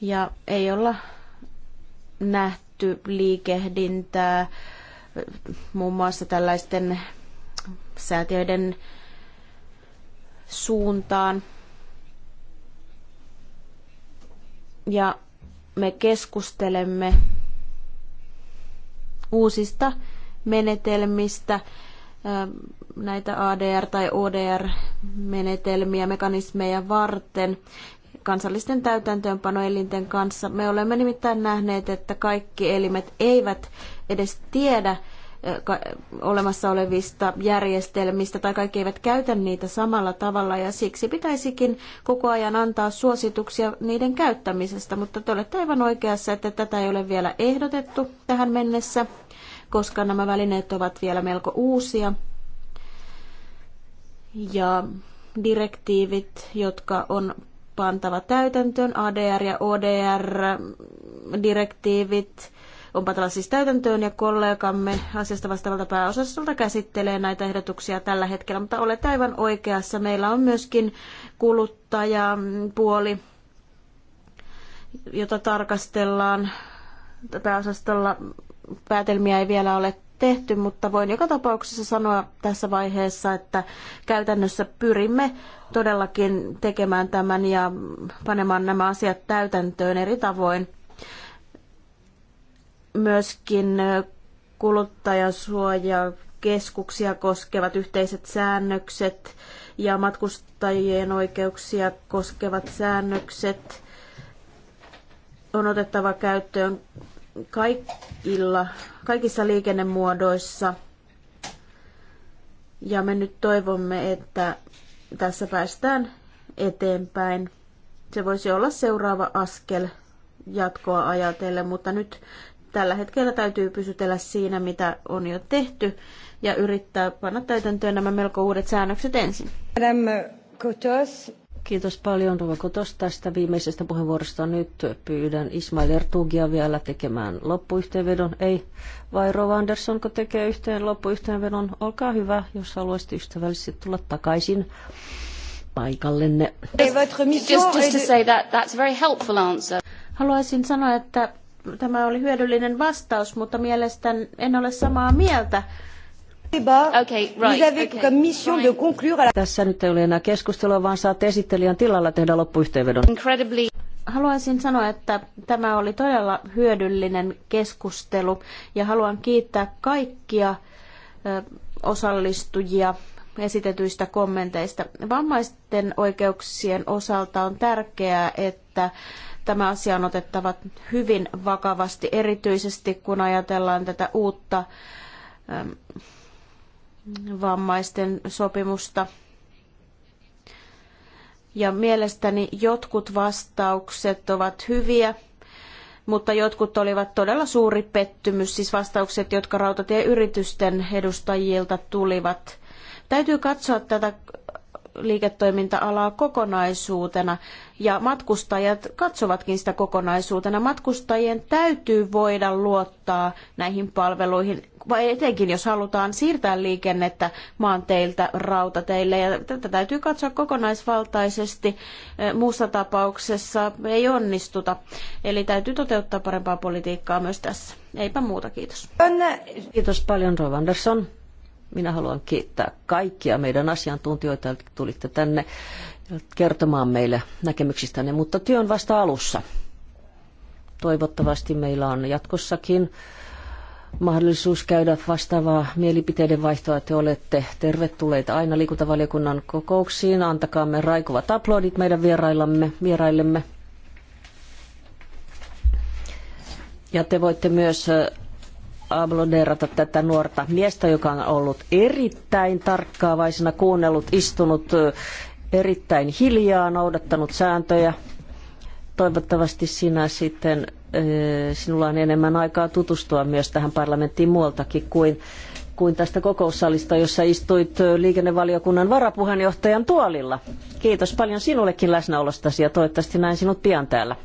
Ja ei olla nähty liikehdintää muun muassa tällaisten säätiöiden suuntaan. Ja me keskustelemme uusista menetelmistä, ähm, näitä ADR- tai ODR-menetelmiä, mekanismeja varten kansallisten täytäntöönpanoelinten kanssa. Me olemme nimittäin nähneet, että kaikki elimet eivät edes tiedä olemassa olevista järjestelmistä tai kaikki eivät käytä niitä samalla tavalla ja siksi pitäisikin koko ajan antaa suosituksia niiden käyttämisestä, mutta te olette aivan oikeassa, että tätä ei ole vielä ehdotettu tähän mennessä, koska nämä välineet ovat vielä melko uusia. Ja direktiivit, jotka on pantava täytäntöön ADR ja ODR-direktiivit. On pantava siis täytäntöön ja kollegamme asiasta vastaavalta pääosastolta käsittelee näitä ehdotuksia tällä hetkellä, mutta olet aivan oikeassa. Meillä on myöskin kuluttajapuoli, jota tarkastellaan pääosastolla päätelmiä ei vielä ole tehty, mutta voin joka tapauksessa sanoa tässä vaiheessa, että käytännössä pyrimme todellakin tekemään tämän ja panemaan nämä asiat täytäntöön eri tavoin. Myöskin kuluttajasuojakeskuksia koskevat yhteiset säännökset ja matkustajien oikeuksia koskevat säännökset on otettava käyttöön kaikilla, kaikissa liikennemuodoissa. Ja me nyt toivomme, että tässä päästään eteenpäin. Se voisi olla seuraava askel jatkoa ajatellen, mutta nyt tällä hetkellä täytyy pysytellä siinä, mitä on jo tehty, ja yrittää panna täytäntöön nämä melko uudet säännökset ensin. Madame Kiitos paljon Rova Kotos tästä viimeisestä puheenvuorosta. Nyt pyydän Ismail Ertugia vielä tekemään loppuyhteenvedon. Ei, vai Rova Andersson, kun tekee yhteen loppuyhteenvedon, olkaa hyvä, jos haluaisit ystävällisesti tulla takaisin paikallenne. Just, just to say that, that's a very helpful answer. Haluaisin sanoa, että tämä oli hyödyllinen vastaus, mutta mielestäni en ole samaa mieltä tässä nyt ei ole enää keskustelua, vaan saatte esittelijän tilalla tehdä loppuyhteenvedon. Incredibly. Haluaisin sanoa, että tämä oli todella hyödyllinen keskustelu ja haluan kiittää kaikkia osallistujia esitetyistä kommenteista. Vammaisten oikeuksien osalta on tärkeää, että tämä asia on otettava hyvin vakavasti, erityisesti kun ajatellaan tätä uutta vammaisten sopimusta. Ja mielestäni jotkut vastaukset ovat hyviä, mutta jotkut olivat todella suuri pettymys, siis vastaukset, jotka rautatieyritysten edustajilta tulivat. Täytyy katsoa tätä liiketoiminta-alaa kokonaisuutena ja matkustajat katsovatkin sitä kokonaisuutena. Matkustajien täytyy voida luottaa näihin palveluihin, vai etenkin jos halutaan siirtää liikennettä maanteiltä rautateille. Ja tätä täytyy katsoa kokonaisvaltaisesti. Muussa tapauksessa ei onnistuta. Eli täytyy toteuttaa parempaa politiikkaa myös tässä. Eipä muuta, kiitos. Kiitos paljon, Rov Anderson minä haluan kiittää kaikkia meidän asiantuntijoita, jotka tulitte tänne kertomaan meille näkemyksistänne, mutta työ on vasta alussa. Toivottavasti meillä on jatkossakin mahdollisuus käydä vastaavaa mielipiteiden vaihtoa, että olette tervetulleita aina liikuntavaliokunnan kokouksiin. Antakaamme raikuvat aplodit meidän vieraillamme, vieraillemme. Ja te voitte myös ablodeerata tätä nuorta miestä, joka on ollut erittäin tarkkaavaisena, kuunnellut, istunut erittäin hiljaa, noudattanut sääntöjä. Toivottavasti sinä sitten, sinulla on enemmän aikaa tutustua myös tähän parlamenttiin muualtakin kuin, kuin tästä kokoussalista, jossa istuit liikennevaliokunnan varapuheenjohtajan tuolilla. Kiitos paljon sinullekin läsnäolostasi ja toivottavasti näin sinut pian täällä.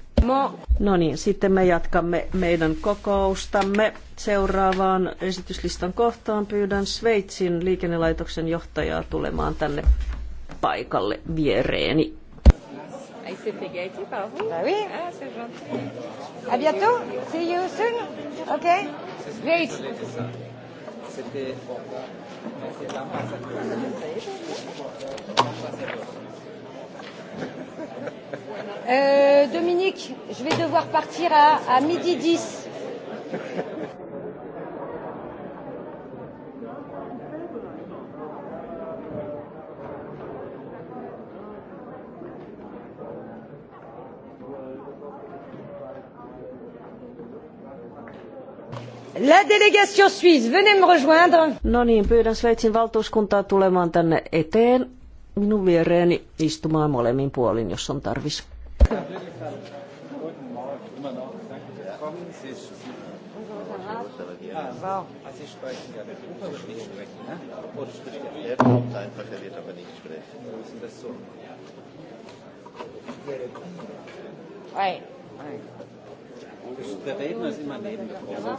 No niin, sitten me jatkamme meidän kokoustamme. Seuraavaan esityslistan kohtaan pyydän Sveitsin liikennelaitoksen johtajaa tulemaan tänne paikalle viereeni. Ah, à bientôt. See you soon. Okay. Great. C'était Euh, Dominique, je vais devoir partir à, à midi 10. La délégation suisse, venez me rejoindre. No niin, pyydän Sveitsin valtuuskuntaa tulemaan tänne eteen minun viereeni istumaan molemmin puolin, jos on tarvis. Right. Right der Redner ist immer neben der Frau.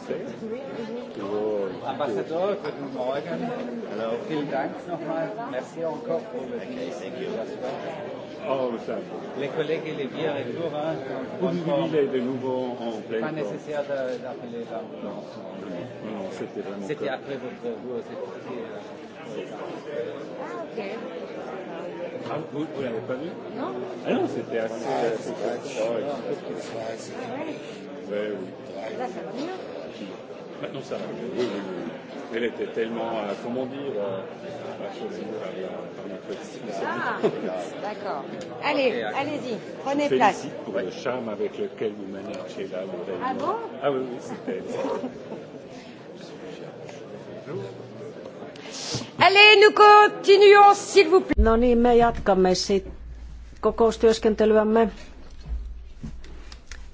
Ambassador, guten Morgen. Hello. Vielen Dank nochmal. Merci encore le Oh, Les collègues et les vieux recours. Hein, oui, il de nouveau en pleine Pas nécessaire d'appeler là. Non, non, non c'était vraiment. C'était après votre vous, c'était. Euh. Ah, ok. Ah, vous ne l'avez pas vu Non. Ah non, c'était assez. Euh, assez, assez, ah, assez fait. Ou... Là, ça va mieux Maintenant, ça va mieux. Oui, oui, oui. Elle était tellement, euh, comment dire, euh, choisie par, par notre expérience. Ah, d'accord. Allez, okay, allez-y, prenez je place. Merci pour oui. le charme avec lequel vous menez chez la ah bon Ah oui, oui, c'était. Allez, nous continuons, s'il vous plaît. No niin, me jatkamme sitten kokoustyöskentelyämme.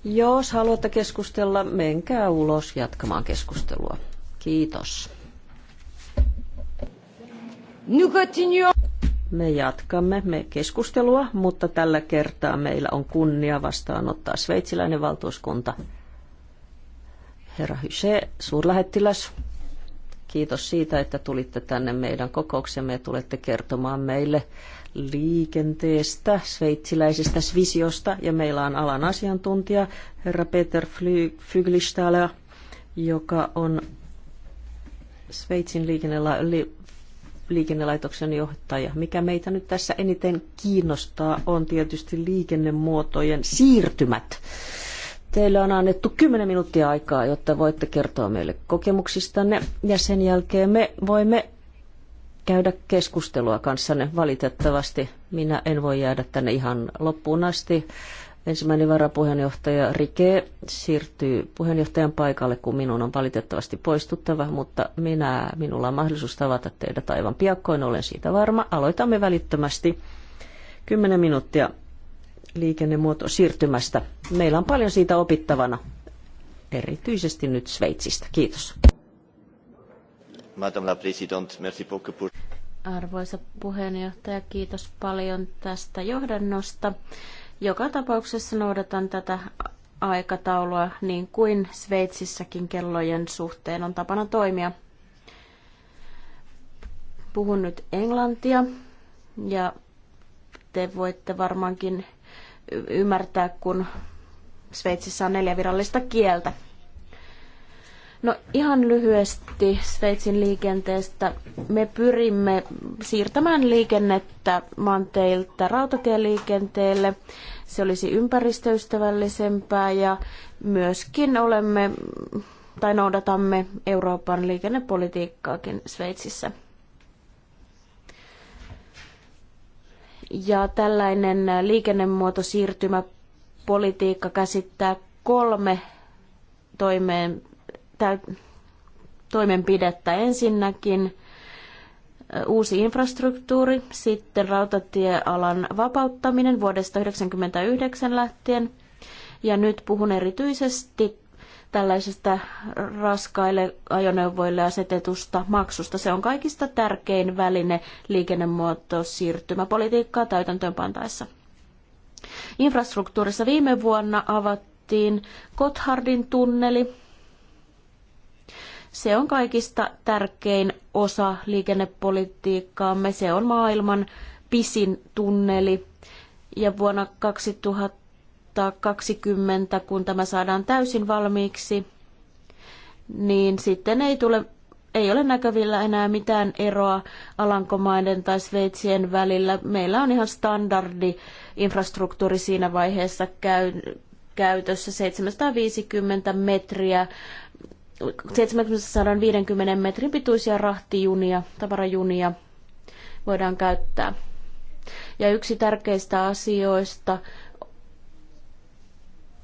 Jos haluatte keskustella, menkää ulos jatkamaan keskustelua. Kiitos. Me jatkamme me keskustelua, mutta tällä kertaa meillä on kunnia vastaanottaa sveitsiläinen valtuuskunta. Herra Hyse, suurlähettiläs, kiitos siitä, että tulitte tänne meidän kokouksemme ja tulette kertomaan meille liikenteestä, sveitsiläisestä Svisiosta, ja meillä on alan asiantuntija, herra Peter Flyglistäälä, joka on Sveitsin liikennelaitoksen johtaja. Mikä meitä nyt tässä eniten kiinnostaa, on tietysti liikennemuotojen siirtymät. Teille on annettu 10 minuuttia aikaa, jotta voitte kertoa meille kokemuksistanne ja sen jälkeen me voimme käydä keskustelua kanssanne. Valitettavasti minä en voi jäädä tänne ihan loppuun asti. Ensimmäinen varapuheenjohtaja Rike siirtyy puheenjohtajan paikalle, kun minun on valitettavasti poistuttava, mutta minä, minulla on mahdollisuus tavata teidät aivan piakkoin, olen siitä varma. Aloitamme välittömästi 10 minuuttia liikennemuoto siirtymästä. Meillä on paljon siitä opittavana, erityisesti nyt Sveitsistä. Kiitos. Madame la Présidente, merci beaucoup pour... Arvoisa puheenjohtaja, kiitos paljon tästä johdannosta. Joka tapauksessa noudatan tätä aikataulua niin kuin Sveitsissäkin kellojen suhteen on tapana toimia. Puhun nyt englantia ja te voitte varmaankin ymmärtää, kun Sveitsissä on neljä virallista kieltä. No ihan lyhyesti Sveitsin liikenteestä. Me pyrimme siirtämään liikennettä maanteilta rautatieliikenteelle. Se olisi ympäristöystävällisempää ja myöskin olemme tai noudatamme Euroopan liikennepolitiikkaakin Sveitsissä. Ja tällainen liikennemuoto siirtymä politiikka käsittää kolme toimeen toimenpidettä. Ensinnäkin uusi infrastruktuuri, sitten rautatiealan vapauttaminen vuodesta 1999 lähtien. Ja nyt puhun erityisesti tällaisesta raskaille ajoneuvoille asetetusta maksusta. Se on kaikista tärkein väline liikennemuoto siirtymäpolitiikkaa täytäntöönpantaessa. Infrastruktuurissa viime vuonna avattiin Gotthardin tunneli, se on kaikista tärkein osa liikennepolitiikkaamme. Se on maailman pisin tunneli. Ja vuonna 2020, kun tämä saadaan täysin valmiiksi, niin sitten ei tule ei ole näkövillä enää mitään eroa Alankomaiden tai Sveitsien välillä. Meillä on ihan standardi infrastruktuuri siinä vaiheessa käy, käytössä 750 metriä 750 metrin pituisia rahtijunia, tavarajunia voidaan käyttää. Ja yksi tärkeistä asioista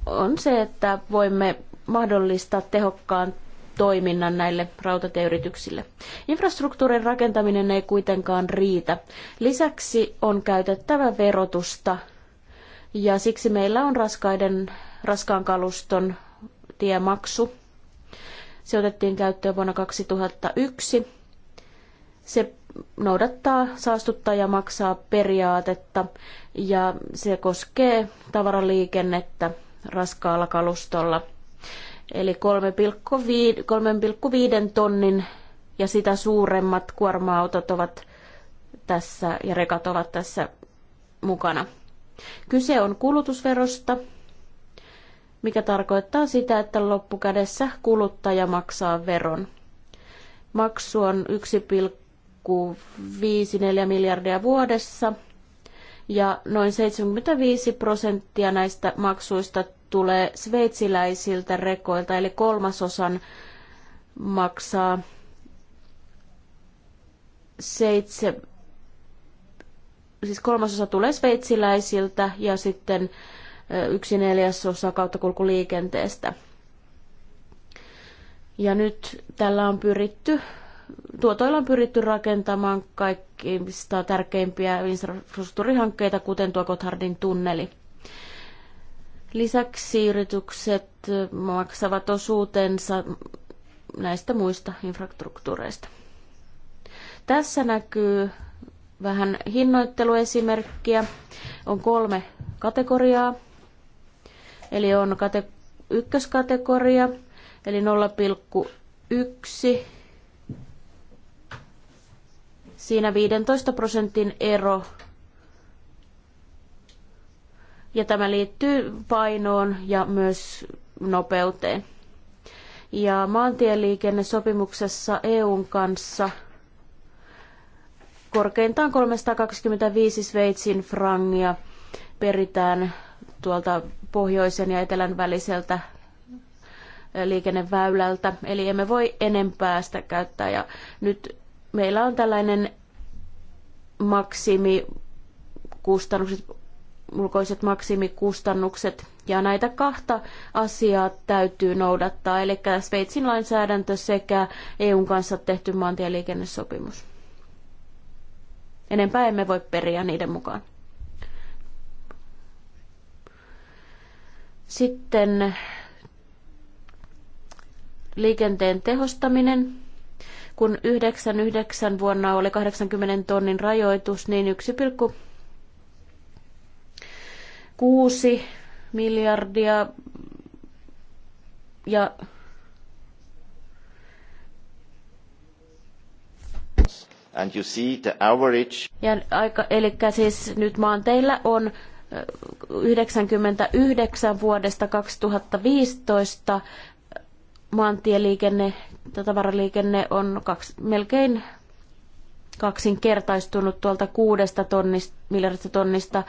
on se, että voimme mahdollistaa tehokkaan toiminnan näille rautatieyrityksille. Infrastruktuurin rakentaminen ei kuitenkaan riitä. Lisäksi on käytettävä verotusta ja siksi meillä on raskaiden, raskaan kaluston tiemaksu se otettiin käyttöön vuonna 2001. Se noudattaa saastuttaja maksaa periaatetta ja se koskee tavaraliikennettä raskaalla kalustolla. Eli 3,5 tonnin ja sitä suuremmat kuorma-autot ovat tässä ja rekat ovat tässä mukana. Kyse on kulutusverosta, mikä tarkoittaa sitä, että loppukädessä kuluttaja maksaa veron. Maksu on 1,54 miljardia vuodessa ja noin 75 prosenttia näistä maksuista tulee sveitsiläisiltä rekoilta, eli kolmasosan maksaa 7, siis kolmasosa tulee sveitsiläisiltä ja sitten yksi neljäsosa kauttakulkuliikenteestä. Ja nyt tällä on pyritty, tuotoilla on pyritty rakentamaan kaikista tärkeimpiä infrastruktuurihankkeita, kuten tuo Gotthardin tunneli. Lisäksi yritykset maksavat osuutensa näistä muista infrastruktuureista. Tässä näkyy vähän hinnoitteluesimerkkiä. On kolme kategoriaa. Eli on kate, ykköskategoria, eli 0,1. Siinä 15 prosentin ero. Ja tämä liittyy painoon ja myös nopeuteen. Ja maantieliikennesopimuksessa EUn kanssa korkeintaan 325 Sveitsin frangia peritään tuolta pohjoisen ja etelän väliseltä eh, liikenneväylältä, eli emme voi enempää sitä käyttää. Ja nyt meillä on tällainen maksimikustannukset, ulkoiset maksimikustannukset, ja näitä kahta asiaa täytyy noudattaa, eli Sveitsin lainsäädäntö sekä EUn kanssa tehty maantieliikennesopimus. Enempää emme voi periä niiden mukaan. Sitten liikenteen tehostaminen. Kun 99 vuonna oli 80 tonnin rajoitus, niin 1,6 miljardia ja And you see the average. Ja aika, eli siis nyt maanteillä on 99 vuodesta 2015 maantieliikenne ja tavaraliikenne on kaksi, melkein kaksinkertaistunut tuolta kuudesta tonnista, miljardista tonnista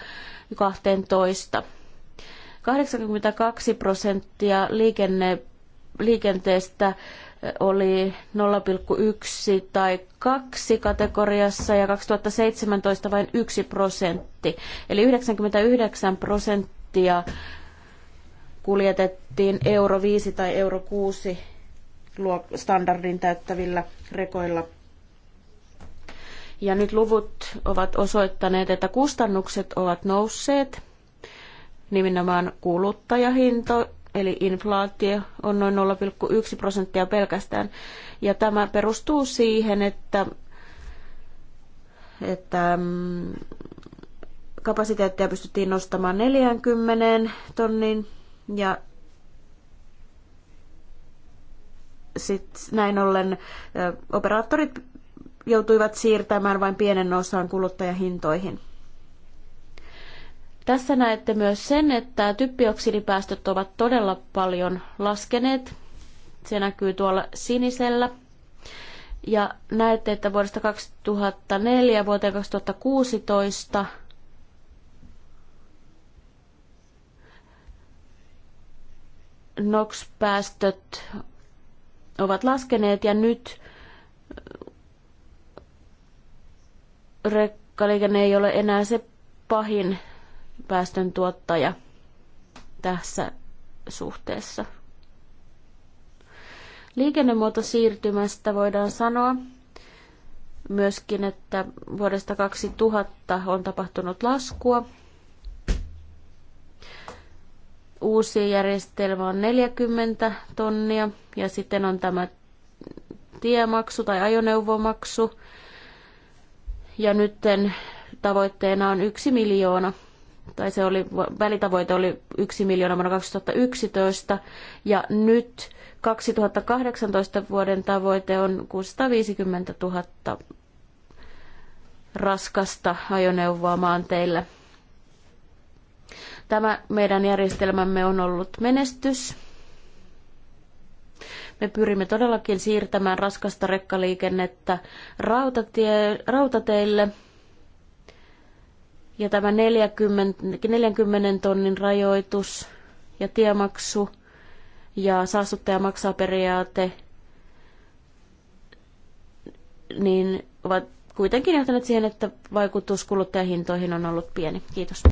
12. 82 prosenttia liikenne, liikenteestä oli 0,1 tai 2 kategoriassa ja 2017 vain 1 prosentti. Eli 99 prosenttia kuljetettiin euro 5 tai euro 6 standardin täyttävillä rekoilla. Ja nyt luvut ovat osoittaneet, että kustannukset ovat nousseet nimenomaan kuluttajahinto, eli inflaatio on noin 0,1 prosenttia pelkästään. Ja tämä perustuu siihen, että, että mm, kapasiteettia pystyttiin nostamaan 40 tonnin ja sitten näin ollen operaattorit joutuivat siirtämään vain pienen osan kuluttajahintoihin. Tässä näette myös sen, että typpioksidipäästöt ovat todella paljon laskeneet. Se näkyy tuolla sinisellä. Ja näette, että vuodesta 2004 vuoteen 2016 NOx-päästöt ovat laskeneet ja nyt rekkaliikenne ei ole enää se pahin päästön tuottaja tässä suhteessa. Liikennemuotosiirtymästä voidaan sanoa myöskin, että vuodesta 2000 on tapahtunut laskua. Uusi järjestelmä on 40 tonnia ja sitten on tämä tiemaksu tai ajoneuvomaksu. Ja nyt tavoitteena on yksi miljoona tai se oli, välitavoite oli 1 miljoona vuonna 2011, ja nyt 2018 vuoden tavoite on 650 000 raskasta ajoneuvoa maanteillä. Tämä meidän järjestelmämme on ollut menestys. Me pyrimme todellakin siirtämään raskasta rekkaliikennettä rautatie, rautateille – ja tämä 40, 40 tonnin rajoitus ja tiemaksu ja saastuttaja maksaa periaate, niin ovat kuitenkin johtaneet siihen, että vaikutus kuluttajahintoihin on ollut pieni. Kiitos.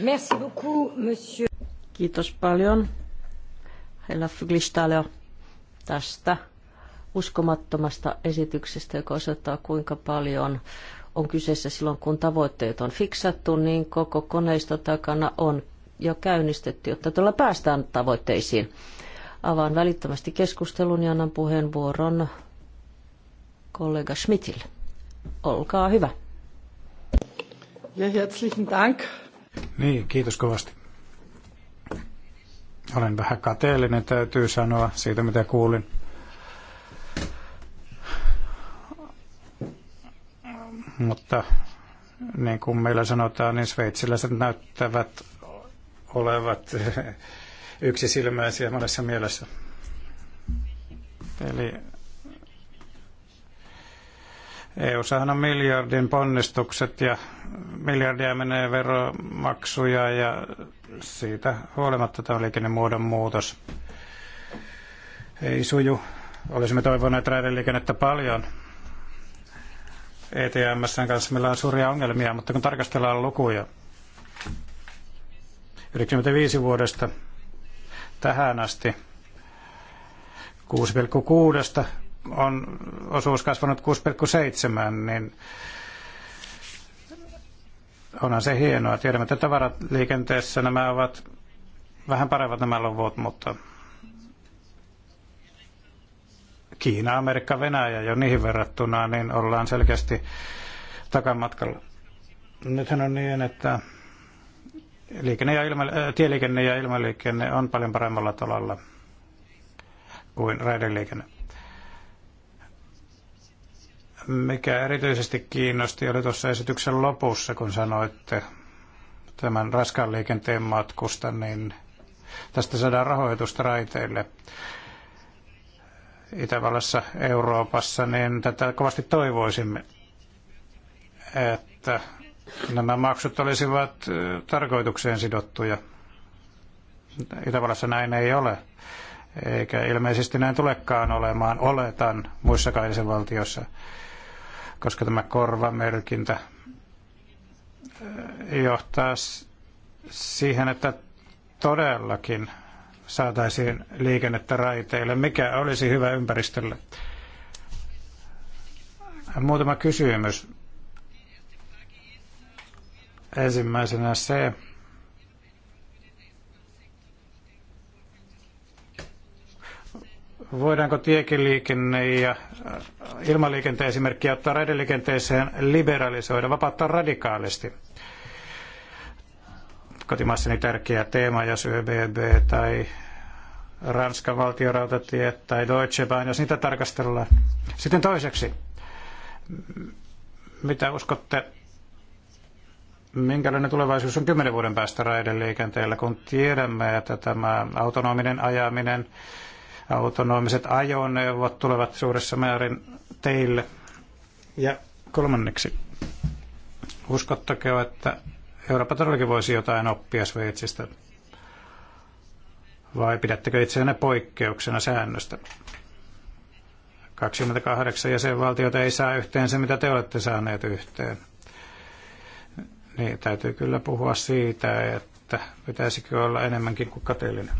Merci beaucoup, monsieur. Kiitos paljon, Heillä Fuglistaleo, tästä uskomattomasta esityksestä, joka osoittaa kuinka paljon on kyseessä silloin, kun tavoitteet on fiksattu, niin koko koneisto takana on jo käynnistetty, jotta tuolla päästään tavoitteisiin. Avaan välittömästi keskustelun ja annan puheenvuoron kollega Schmidtille. Olkaa hyvä. Ja herzlichen Dank. Niin, kiitos kovasti. Olen vähän kateellinen, täytyy sanoa, siitä mitä kuulin. Mutta niin kuin meillä sanotaan, niin sveitsiläiset näyttävät olevat yksisilmäisiä monessa mielessä. Eli eu on miljardin ponnistukset ja miljardia menee veromaksuja ja siitä huolimatta tämä liikennemuodon muutos ei suju. Olisimme toivoneet raideliikennettä paljon, ETMSn kanssa meillä on suuria ongelmia, mutta kun tarkastellaan lukuja 95 vuodesta tähän asti 6,6 on osuus kasvanut 6,7, niin onhan se hienoa. Tiedämme, että tavaraliikenteessä nämä ovat vähän paremmat nämä luvut, mutta Kiina, Amerikka, Venäjä jo niihin verrattuna, niin ollaan selkeästi takamatkalla. Nythän on niin, että liikenne ja ilma, äh, tieliikenne ja ilmaliikenne on paljon paremmalla tolalla kuin raideliikenne. Mikä erityisesti kiinnosti oli tuossa esityksen lopussa, kun sanoitte tämän raskaan liikenteen matkusta, niin tästä saadaan rahoitusta raiteille. Itävallassa, Euroopassa, niin tätä kovasti toivoisimme, että nämä maksut olisivat tarkoitukseen sidottuja. Itävallassa näin ei ole, eikä ilmeisesti näin tulekaan olemaan, oletan, muissa jäsenvaltioissa, koska tämä korvamerkintä johtaa siihen, että todellakin saataisiin liikennettä raiteille. Mikä olisi hyvä ympäristölle? Muutama kysymys. Ensimmäisenä se, voidaanko tiekiliikenne ja ilmaliikenteen esimerkkiä ottaa raideliikenteeseen liberalisoida, vapauttaa radikaalisti? Kotimaassani tärkeä teema, jos ÖBB tai Ranskan valtiorautatiet tai Deutsche Bahn, jos niitä tarkastellaan. Sitten toiseksi, mitä uskotte, minkälainen tulevaisuus on kymmenen vuoden päästä raideliikenteellä, kun tiedämme, että tämä autonominen ajaminen, autonomiset ajoneuvot tulevat suuressa määrin teille. Ja kolmanneksi, uskotteko, että Eurooppa todellakin voisi jotain oppia Sveitsistä? vai pidättekö itseänne poikkeuksena säännöstä? 28 jäsenvaltiota ei saa yhteen se, mitä te olette saaneet yhteen. Niin, täytyy kyllä puhua siitä, että pitäisikö olla enemmänkin kuin kateellinen.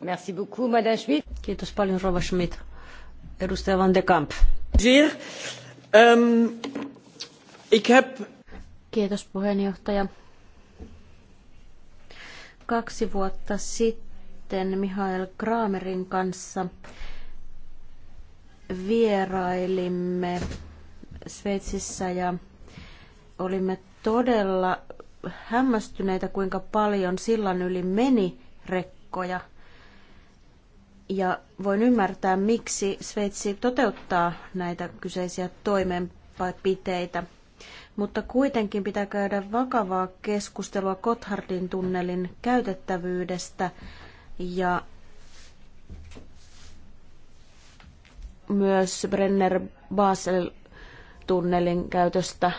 Merci beaucoup, Madame Schmidt. Kiitos paljon, Rova Schmidt. Edustaja Van de Kamp. Ehm, Kiitos puheenjohtaja kaksi vuotta sitten Mihail Kramerin kanssa vierailimme Sveitsissä ja olimme todella hämmästyneitä, kuinka paljon sillan yli meni rekkoja. Ja voin ymmärtää, miksi Sveitsi toteuttaa näitä kyseisiä toimenpiteitä mutta kuitenkin pitää käydä vakavaa keskustelua Gotthardin tunnelin käytettävyydestä ja myös Brenner Basel tunnelin käytöstä.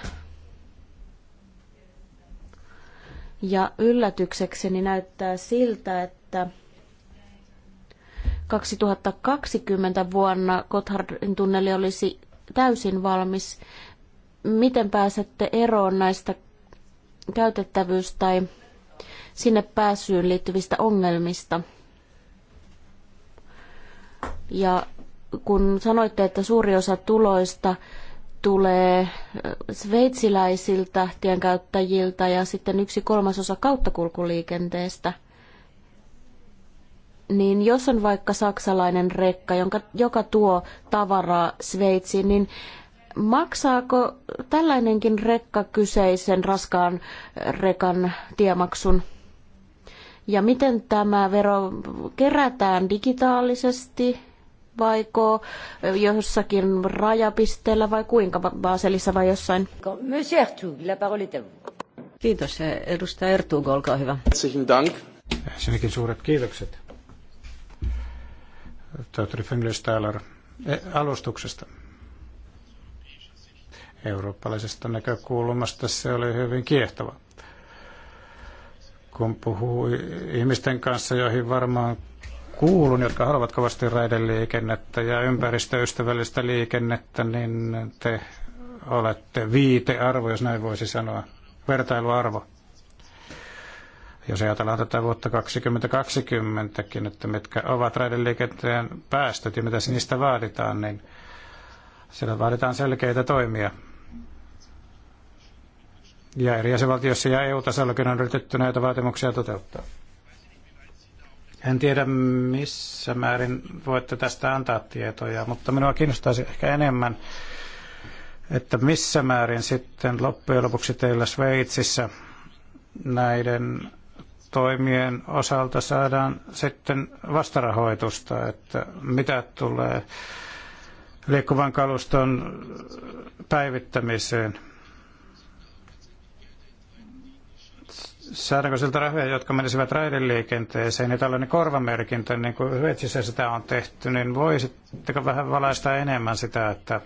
Ja yllätyksekseni näyttää siltä, että 2020 vuonna Gotthardin tunneli olisi täysin valmis miten pääsette eroon näistä käytettävyys- tai sinne pääsyyn liittyvistä ongelmista. Ja kun sanoitte, että suuri osa tuloista tulee sveitsiläisiltä tienkäyttäjiltä ja sitten yksi kolmasosa kauttakulkuliikenteestä, niin jos on vaikka saksalainen rekka, jonka, joka tuo tavaraa Sveitsiin, niin Maksaako tällainenkin rekka kyseisen raskaan rekan tiemaksun? Ja miten tämä vero kerätään digitaalisesti vaiko jossakin rajapisteellä vai kuinka Baselissa vai jossain? Monsieur Ertug, Kiitos. Edustaja Ertug, olkaa hyvä. Dank. Ensinnäkin suuret kiitokset. Tohtori Fenglestaler eh, alustuksesta. Eurooppalaisesta näkökulmasta se oli hyvin kiehtova. Kun puhuu ihmisten kanssa, joihin varmaan kuulun, jotka haluavat kovasti raideliikennettä ja ympäristöystävällistä liikennettä, niin te olette viitearvo, jos näin voisi sanoa, vertailuarvo. Jos ajatellaan tätä vuotta 2020kin, että mitkä ovat raideliikenteen päästöt ja mitä niistä vaaditaan, niin siellä vaaditaan selkeitä toimia ja eri jäsenvaltioissa ja EU-tasollakin on yritetty näitä vaatimuksia toteuttaa. En tiedä, missä määrin voitte tästä antaa tietoja, mutta minua kiinnostaisi ehkä enemmän, että missä määrin sitten loppujen lopuksi teillä Sveitsissä näiden toimien osalta saadaan sitten vastarahoitusta, että mitä tulee liikkuvan kaluston päivittämiseen – saadaanko siltä rahoja, jotka menisivät raideliikenteeseen, niin tällainen korvamerkintä, niin kuin Sveitsissä sitä on tehty, niin voisitteko vähän valaista enemmän sitä, että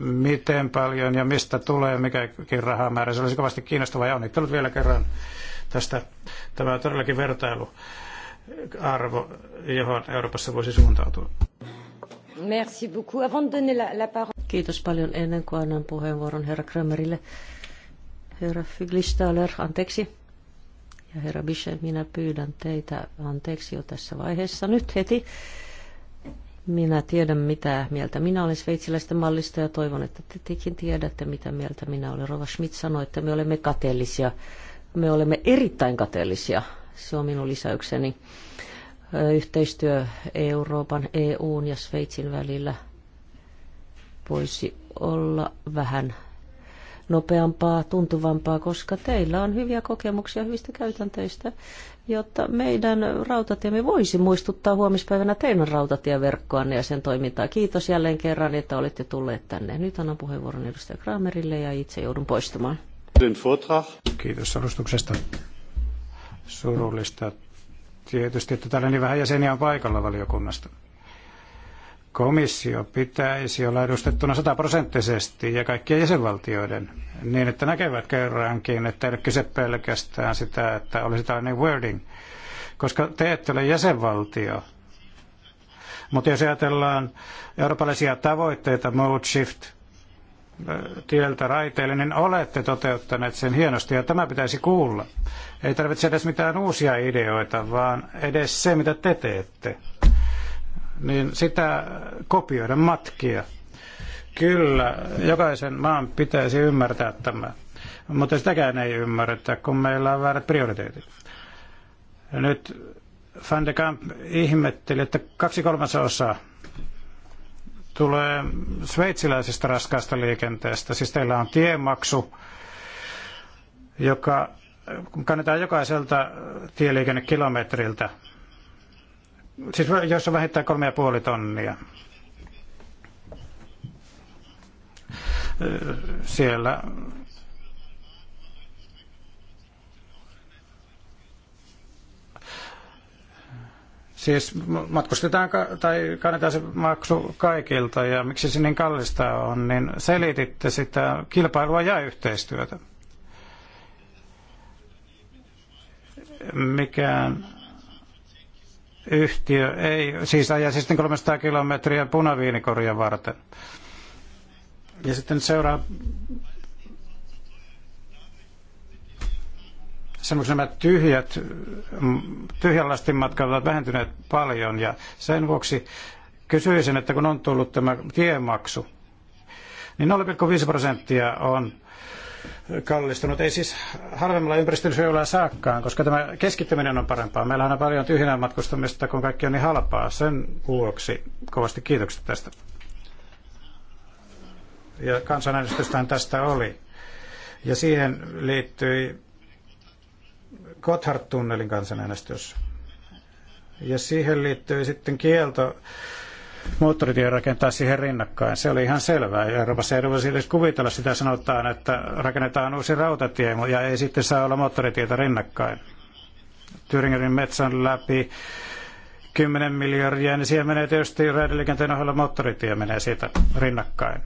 miten paljon ja mistä tulee mikäkin rahamäärä. Se olisi kovasti kiinnostavaa ja onnittelut vielä kerran tästä. Tämä on todellakin vertailuarvo, johon Euroopassa voisi suuntautua. Merci beaucoup. Avant de donner la, la parole... Kiitos paljon ennen kuin annan puheenvuoron herra Kramerille. Herra Figlistaler, anteeksi. Ja herra Bischof, minä pyydän teitä anteeksi jo tässä vaiheessa nyt heti. Minä tiedän, mitä mieltä minä olen sveitsiläistä mallista ja toivon, että te tekin tiedätte, mitä mieltä minä olen. Rova Schmidt sanoi, että me olemme kateellisia. Me olemme erittäin kateellisia. Se on minun lisäykseni. Yhteistyö Euroopan, EUn ja Sveitsin välillä voisi olla vähän nopeampaa, tuntuvampaa, koska teillä on hyviä kokemuksia hyvistä käytänteistä, jotta meidän rautatiemme voisi muistuttaa huomispäivänä teidän rautatieverkkoanne ja sen toimintaa. Kiitos jälleen kerran, että olette tulleet tänne. Nyt annan puheenvuoron edustaja Kramerille ja itse joudun poistumaan. Kiitos alustuksesta. Surullista tietysti, että täällä niin vähän jäseniä on paikalla valiokunnasta komissio pitäisi olla edustettuna sataprosenttisesti ja kaikkien jäsenvaltioiden niin, että näkevät kerrankin, että ei ole kyse pelkästään sitä, että olisi tällainen wording, koska te ette ole jäsenvaltio. Mutta jos ajatellaan eurooppalaisia tavoitteita, mode shift, tieltä raiteille, niin olette toteuttaneet sen hienosti ja tämä pitäisi kuulla. Ei tarvitse edes mitään uusia ideoita, vaan edes se, mitä te teette niin sitä kopioida, matkia. Kyllä, jokaisen maan pitäisi ymmärtää tämä, mutta sitäkään ei ymmärretä, kun meillä on väärät prioriteetit. Nyt Van de Kamp ihmetteli, että kaksi kolmasosaa tulee sveitsiläisestä raskaasta liikenteestä. Siis teillä on tiemaksu, joka kannetaan jokaiselta tieliikennekilometriltä siis jos on vähintään kolme ja puoli tonnia. Siellä Siis matkustetaan tai kannetaan se maksu kaikilta ja miksi se niin kallista on, niin selititte sitä kilpailua ja yhteistyötä. Mikään yhtiö ei, siis ajaisi sitten 300 kilometriä punaviinikoria varten. Ja sitten seuraa semmoiset nämä tyhjät, lastin matkat ovat vähentyneet paljon ja sen vuoksi kysyisin, että kun on tullut tämä tiemaksu, niin 0,5 prosenttia on kallistunut. Ei siis halvemmalla ympäristönsuojelua saakkaan, koska tämä keskittyminen on parempaa. Meillähän on paljon tyhjänä matkustamista, kun kaikki on niin halpaa. Sen vuoksi kovasti kiitokset tästä. Ja kansanäänestystähän tästä oli. Ja siihen liittyi Gotthard-tunnelin kansanäänestys. Ja siihen liittyy sitten kielto moottoritie rakentaa siihen rinnakkain. Se oli ihan selvää. Euroopassa ei voisi edes kuvitella sitä sanotaan, että rakennetaan uusi rautatie ja ei sitten saa olla moottoritietä rinnakkain. Thüringenin metsän läpi 10 miljardia, niin siihen menee tietysti raideliikenteen ohella moottoritie menee siitä rinnakkain.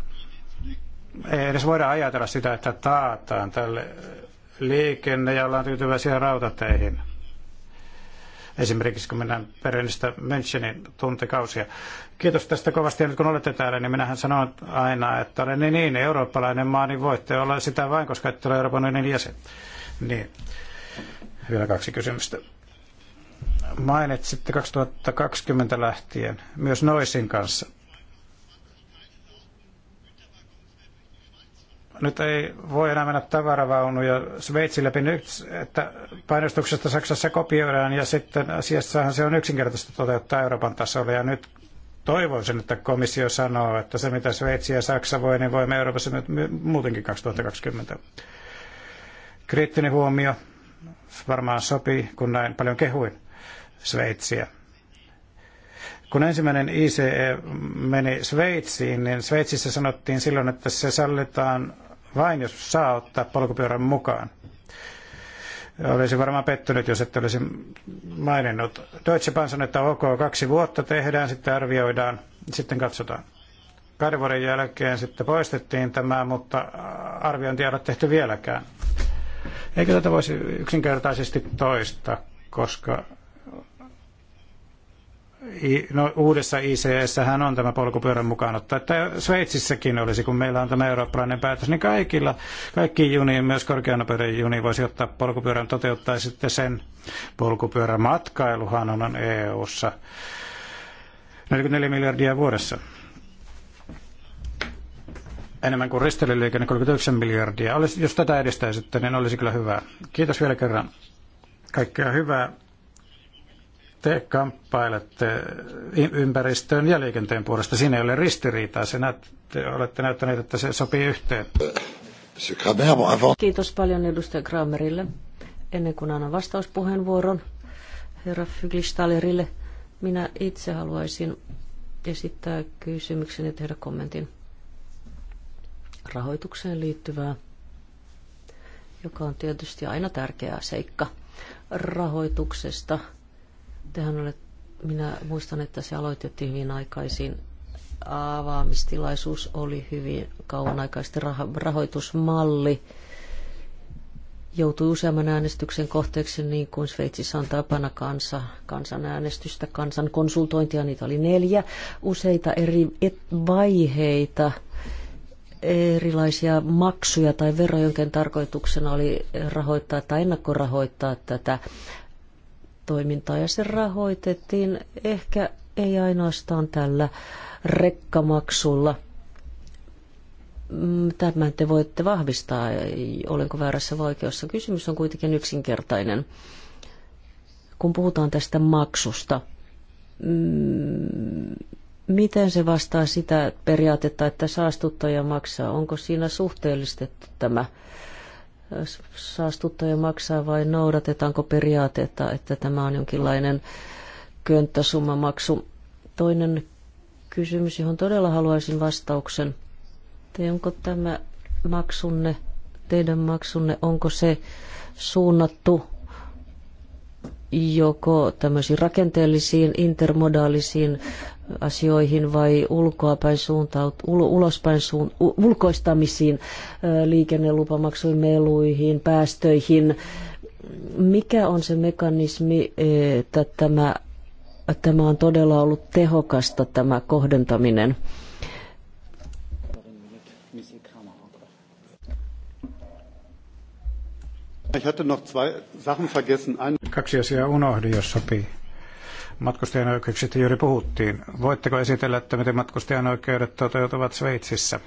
Ei edes voida ajatella sitä, että taataan tälle liikenne ja ollaan tyytyväisiä rautateihin. Esimerkiksi kun mennään Berliinistä Münchenin tuntikausia. Kiitos tästä kovasti. Ja nyt kun olette täällä, niin minähän sanon aina, että olen niin, niin eurooppalainen maa, niin voitte olla sitä vain, koska ette ole Euroopan unionin jäsen. Niin. Vielä kaksi kysymystä mainitsitte 2020 lähtien myös Noisin kanssa nyt ei voi enää mennä tavaravaunuja Sveitsin läpi nyt, että painostuksesta Saksassa kopioidaan ja sitten asiassahan se on yksinkertaista toteuttaa Euroopan tasolla ja nyt toivoisin, että komissio sanoo, että se mitä Sveitsi ja Saksa voi, niin voimme Euroopassa muutenkin 2020. Kriittinen huomio varmaan sopii, kun näin paljon kehuin Sveitsiä. Kun ensimmäinen ICE meni Sveitsiin, niin Sveitsissä sanottiin silloin, että se sallitaan vain jos saa ottaa polkupyörän mukaan. Olisin varmaan pettynyt, jos et olisi maininnut. Deutsche Bahn sanoi, että ok, kaksi vuotta tehdään, sitten arvioidaan, sitten katsotaan. Kahden vuoden jälkeen sitten poistettiin tämä, mutta arviointi ei ole tehty vieläkään. Eikö tätä voisi yksinkertaisesti toista, koska no, uudessa ics hän on tämä polkupyörän mukaan ottaa, että Sveitsissäkin olisi, kun meillä on tämä eurooppalainen päätös, niin kaikilla, kaikki juniin, myös korkeanopeuden juni voisi ottaa polkupyörän, toteuttaa sitten sen polkupyörämatkailuhan on EU-ssa 44 miljardia vuodessa. Enemmän kuin risteilyliikenne 39 miljardia. Olisi, jos tätä edistäisitte, niin olisi kyllä hyvä. Kiitos vielä kerran. Kaikkea hyvää te kamppailette ympäristön ja liikenteen puolesta. Siinä ei ole ristiriitaa. Se näet, te olette näyttäneet, että se sopii yhteen. Kiitos paljon edustaja Kramerille. Ennen kuin annan vastauspuheenvuoron herra Fyglistalerille, minä itse haluaisin esittää kysymyksen ja tehdä kommentin rahoitukseen liittyvää, joka on tietysti aina tärkeä seikka rahoituksesta – Tähän olet, minä muistan, että se aloitettiin hyvin aikaisin. Avaamistilaisuus oli hyvin kauan aikaisesti rahoitusmalli joutui useamman äänestyksen kohteeksi, niin kuin Sveitsissä on tapana kansa, kansanäänestystä, kansan konsultointia, niitä oli neljä, useita eri vaiheita, erilaisia maksuja tai veroja, jonka tarkoituksena oli rahoittaa tai ennakkorahoittaa tätä toimintaa ja se rahoitettiin ehkä ei ainoastaan tällä rekkamaksulla. Mm, tämän te voitte vahvistaa, olenko väärässä vaikeassa. Kysymys on kuitenkin yksinkertainen. Kun puhutaan tästä maksusta, mm, miten se vastaa sitä periaatetta, että saastuttaja maksaa? Onko siinä suhteellistettu tämä saastuttaja maksaa vai noudatetaanko periaatetta, että tämä on jonkinlainen könttäsummamaksu? Toinen kysymys, johon todella haluaisin vastauksen. Te, onko tämä maksunne, teidän maksunne, onko se suunnattu joko tämmöisiin rakenteellisiin, intermodaalisiin asioihin vai ulkoapäin suuntaut, ul, ulospäin suun, u, ulkoistamisiin, liikennelupamaksuihin, meluihin, päästöihin. Mikä on se mekanismi, että tämä, tämä on todella ollut tehokasta tämä kohdentaminen? Kaksi asiaa unohdin, jos sopii. Matkustajan oikeuksista juuri puhuttiin. Voitteko esitellä, että miten matkustajan oikeudet toteutuvat Sveitsissä?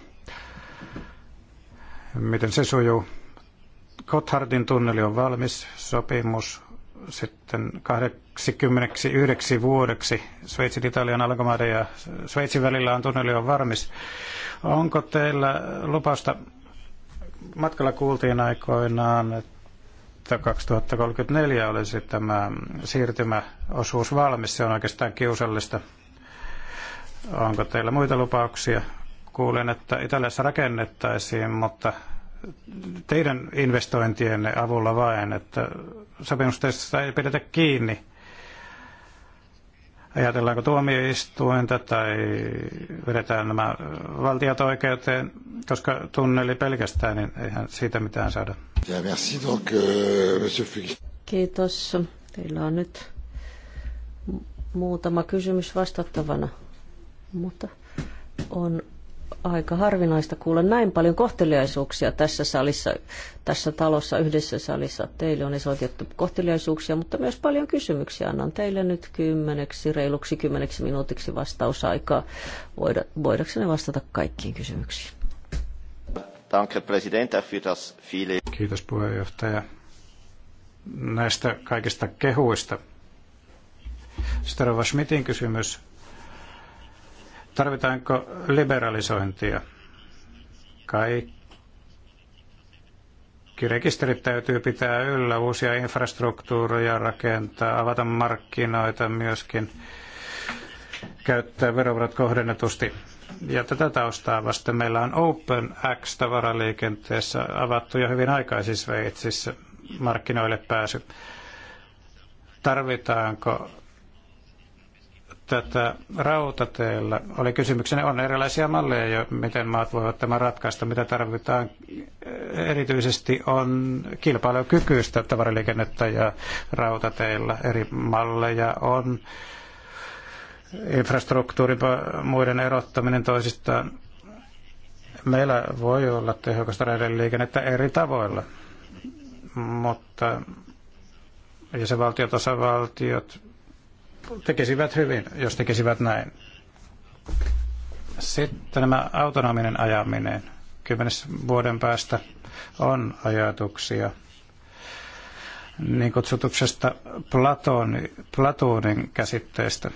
Miten se sujuu? Gotthardin tunneli on valmis, sopimus sitten 89 vuodeksi Sveitsin, Italian, Alkomaiden ja Sveitsin välillä on tunneli on varmis. Onko teillä lupausta? Matkalla kuultiin aikoinaan, että että 2034 olisi tämä siirtymäosuus valmis. Se on oikeastaan kiusallista. Onko teillä muita lupauksia? Kuulen, että Italiassa rakennettaisiin, mutta teidän investointienne avulla vain, että sopimusteista ei pidetä kiinni ajatellaanko tuomioistuinta tai vedetään nämä valtiot oikeuteen, koska tunneli pelkästään, niin eihän siitä mitään saada. Euh, Kiitos. Teillä on nyt muutama kysymys vastattavana, mutta on aika harvinaista kuulla näin paljon kohteliaisuuksia tässä salissa, tässä talossa, yhdessä salissa. Teille on esitetty kohteliaisuuksia, mutta myös paljon kysymyksiä. Annan teille nyt kymmeneksi, reiluksi kymmeneksi minuutiksi vastausaikaa. Voida, voidaksenne vastata kaikkiin kysymyksiin? Kiitos puheenjohtaja näistä kaikista kehuista. Starova Schmidtin kysymys Tarvitaanko liberalisointia? Kaikki rekisterit täytyy pitää yllä, uusia infrastruktuureja rakentaa, avata markkinoita myöskin, käyttää verovarat kohdennetusti. Ja tätä taustaa vasten meillä on X tavaraliikenteessä avattu jo hyvin aikaisissa siis Sveitsissä markkinoille pääsy. Tarvitaanko tätä rautateillä. Oli kysymyksenä, on erilaisia malleja, miten maat voivat tämän ratkaista, mitä tarvitaan. Erityisesti on kilpailukykyistä tavaraliikennettä ja rautateillä. Eri malleja on infrastruktuurin muiden erottaminen toisistaan. Meillä voi olla tehokasta raideliikennettä eri tavoilla, mutta jäsenvaltiot, osavaltiot, tekisivät hyvin, jos tekisivät näin. Sitten tämä autonominen ajaminen. Kymmenes vuoden päästä on ajatuksia niin kutsutuksesta Platon, Platonin käsitteestä.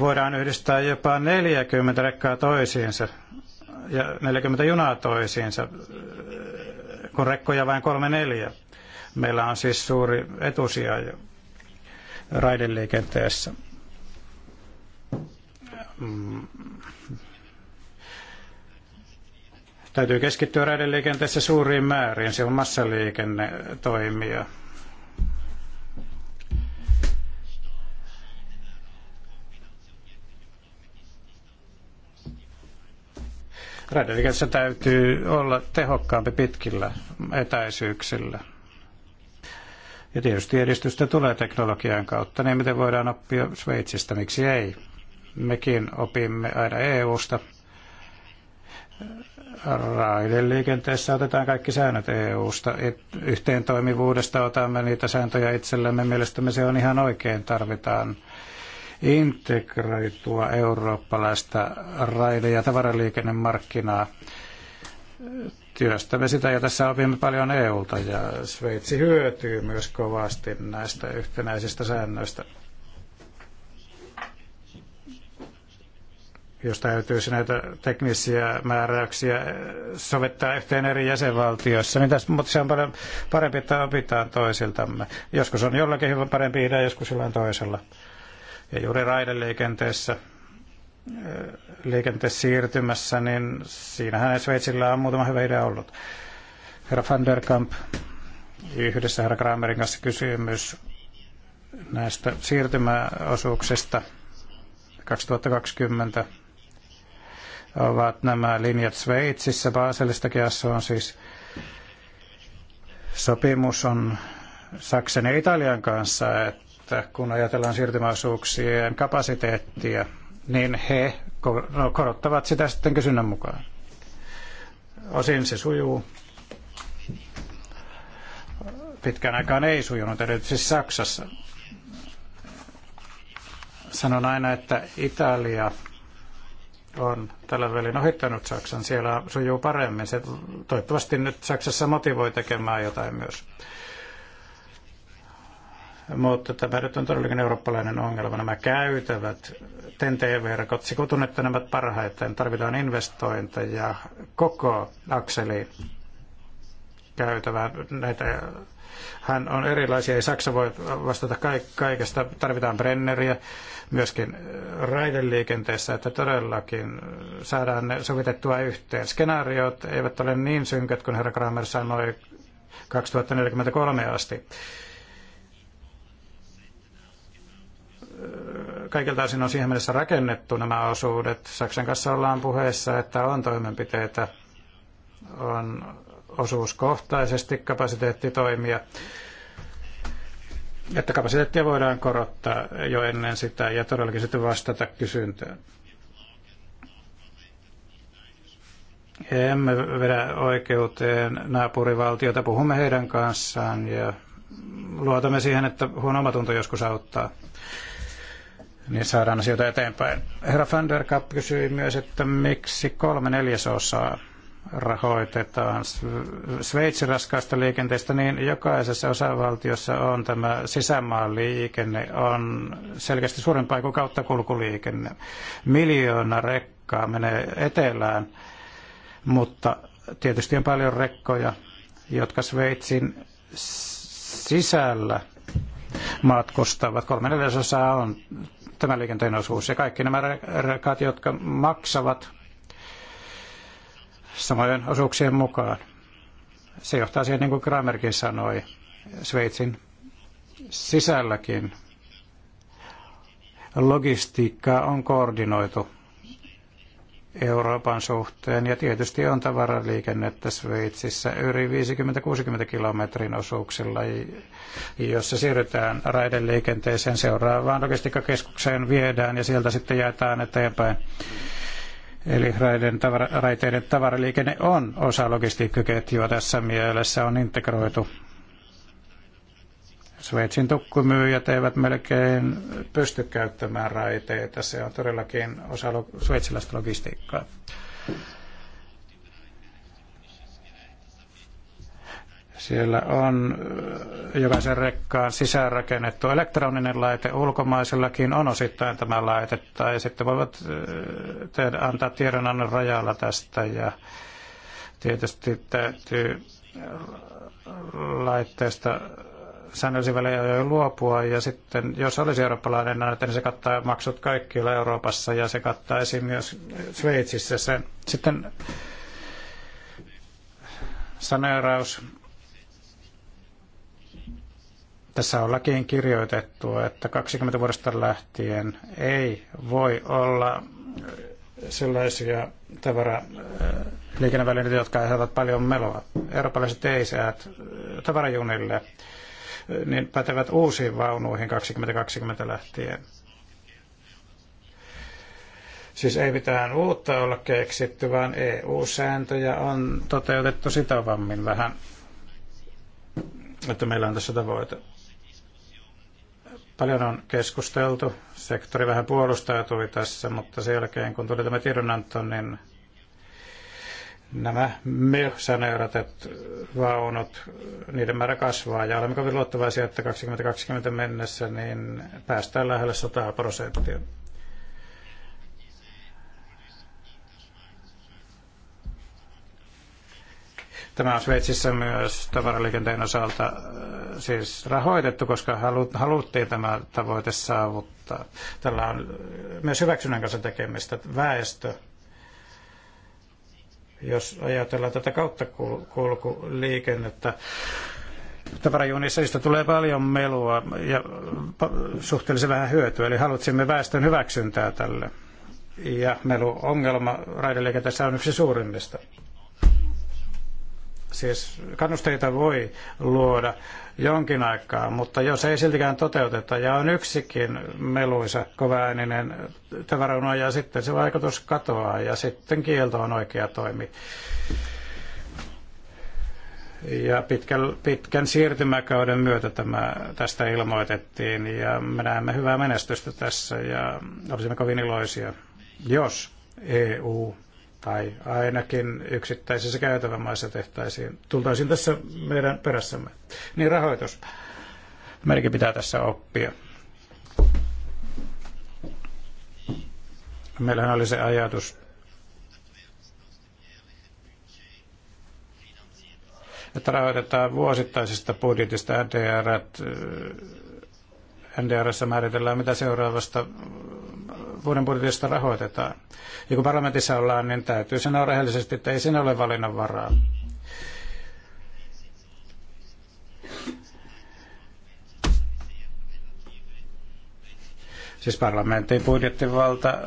Voidaan yhdistää jopa 40 rekkaa toisiinsa ja 40 junaa toisiinsa, kun rekkoja vain kolme neljä. Meillä on siis suuri etusija raideliikenteessä. Mm. Täytyy keskittyä raideliikenteessä suuriin määriin. Se on toimia. Raideliikenteessä täytyy olla tehokkaampi pitkillä etäisyyksillä. Ja tietysti edistystä tulee teknologian kautta, niin miten voidaan oppia Sveitsistä, miksi ei? Mekin opimme aina EU-sta. Raideliikenteessä otetaan kaikki säännöt EU-sta. Yhteen toimivuudesta otamme niitä sääntöjä itsellemme. Mielestämme se on ihan oikein. Tarvitaan integroitua eurooppalaista raide- ja tavaraliikennemarkkinaa Työstämme sitä ja tässä opimme paljon EUlta ja Sveitsi hyötyy myös kovasti näistä yhtenäisistä säännöistä. jos täytyisi näitä teknisiä määräyksiä sovittaa yhteen eri jäsenvaltioissa, niin tässä, mutta se on paljon parempi, että opitaan toisiltamme. Joskus on jollakin hyvä parempi idea, joskus jollain toisella. Ja juuri raideliikenteessä liikenteen siirtymässä, niin siinähän Sveitsillä on muutama hyvä idea ollut. Herra van der Kamp, yhdessä herra Kramerin kanssa kysymys näistä siirtymäosuuksista 2020 ovat nämä linjat Sveitsissä. Baselista kiassa on siis sopimus on Saksan ja Italian kanssa, että kun ajatellaan siirtymäosuuksien kapasiteettia, niin he no, korottavat sitä sitten kysynnän mukaan. Osin se sujuu. Pitkän aikaan ei sujunut, erityisesti Saksassa. Sanon aina, että Italia on tällä välin ohittanut Saksan. Siellä sujuu paremmin. Se toivottavasti nyt Saksassa motivoi tekemään jotain myös mutta tämä nyt on todellakin eurooppalainen ongelma. Nämä käytävät TNT-verkot, se nämä parhaiten, tarvitaan investointeja koko akseli käytävää. Näitä, hän on erilaisia, ei Saksa voi vastata kaikesta, tarvitaan Brenneriä myöskin raideliikenteessä, että todellakin saadaan ne sovitettua yhteen. Skenaariot eivät ole niin synkät kuin herra Kramer sanoi 2043 asti kaikilta osin on siihen mielessä rakennettu nämä osuudet. Saksan kanssa ollaan puheessa, että on toimenpiteitä, on osuuskohtaisesti kapasiteettitoimia, että kapasiteettia voidaan korottaa jo ennen sitä ja todellakin sitten vastata kysyntään. Emme vedä oikeuteen naapurivaltiota, puhumme heidän kanssaan ja luotamme siihen, että huono omatunto joskus auttaa niin saadaan asioita eteenpäin. Herra Fanderkamp kysyi myös, että miksi kolme neljäsosaa rahoitetaan Sveitsin raskaasta liikenteestä, niin jokaisessa osavaltiossa on tämä sisämaan liikenne, on selkeästi suurempaa kuin kauttakulkuliikenne. Miljoona rekkaa menee etelään, mutta tietysti on paljon rekkoja, jotka Sveitsin sisällä matkustavat. Kolme neljäsosaa on tämä liikenteen osuus. Ja kaikki nämä rekat, jotka maksavat samojen osuuksien mukaan. Se johtaa siihen, niin kuin Kramerkin sanoi, Sveitsin sisälläkin logistiikkaa on koordinoitu Euroopan suhteen. Ja tietysti on tavaraliikennettä Sveitsissä yli 50-60 kilometrin osuuksilla, jossa siirrytään raideliikenteeseen seuraavaan logistiikkakeskukseen viedään ja sieltä sitten jaetaan eteenpäin. Eli raiden tavara, raiteiden tavaraliikenne on osa logistiikkaketjua tässä mielessä, on integroitu Sveitsin tukkumyyjät eivät melkein pysty käyttämään raiteita. Se on todellakin osa sveitsiläistä logistiikkaa. Siellä on äh, jokaisen rekkaan sisään rakennettu elektroninen laite. Ulkomaisellakin on osittain tämä laite. Tai sitten voivat äh, tehdä, antaa tiedonannon rajalla tästä. Ja tietysti täytyy äh, laitteesta säännöllisiä jo luopua. Ja sitten, jos olisi eurooppalainen näyte, niin se kattaa maksut kaikkialla Euroopassa ja se kattaisi myös Sveitsissä sen. Sitten saneeraus. Tässä on lakiin kirjoitettu, että 20 vuodesta lähtien ei voi olla sellaisia tavara äh, liikennevälineitä, jotka aiheuttavat paljon meloa. Eurooppalaiset ei seät äh, tavarajunille niin pätevät uusiin vaunuihin 2020 lähtien. Siis ei mitään uutta olla keksitty, vaan EU-sääntöjä on toteutettu sitovammin vähän, että meillä on tässä tavoite. Paljon on keskusteltu, sektori vähän puolustautui tässä, mutta sen jälkeen kun tuli tämä tiedonanto, niin nämä mersaneuratet vaunut, niiden määrä kasvaa ja olemme kovin luottavaisia, että 2020 mennessä niin päästään lähelle 100 prosenttia. Tämä on Sveitsissä myös tavaraliikenteen osalta äh, siis rahoitettu, koska haluttiin tämä tavoite saavuttaa. Tällä on äh, myös hyväksynnän kanssa tekemistä. Väestö jos ajatellaan tätä kautta kulkuliikennettä, tavarajunissa, josta tulee paljon melua ja suhteellisen vähän hyötyä, eli halutsimme väestön hyväksyntää tälle. Ja meluongelma raideliikenteessä on yksi suurimmista siis kannusteita voi luoda jonkin aikaa, mutta jos ei siltikään toteuteta ja on yksikin meluisa kovaääninen tavaraunoja, sitten se vaikutus katoaa ja sitten kielto on oikea toimi. Ja pitkän, pitkän siirtymäkauden myötä tämä, tästä ilmoitettiin ja me näemme hyvää menestystä tässä ja olisimme kovin iloisia, jos EU tai ainakin yksittäisissä käytävämaissa tehtäisiin. Tultaisiin tässä meidän perässämme. Niin rahoitus. Meidänkin pitää tässä oppia. Meillähän oli se ajatus, että rahoitetaan vuosittaisesta budjetista NDR, NDRssä määritellään, mitä seuraavasta vuoden budjetista rahoitetaan. Ja kun parlamentissa ollaan, niin täytyy sanoa rehellisesti, että ei siinä ole valinnanvaraa. Siis parlamentin budjettivalta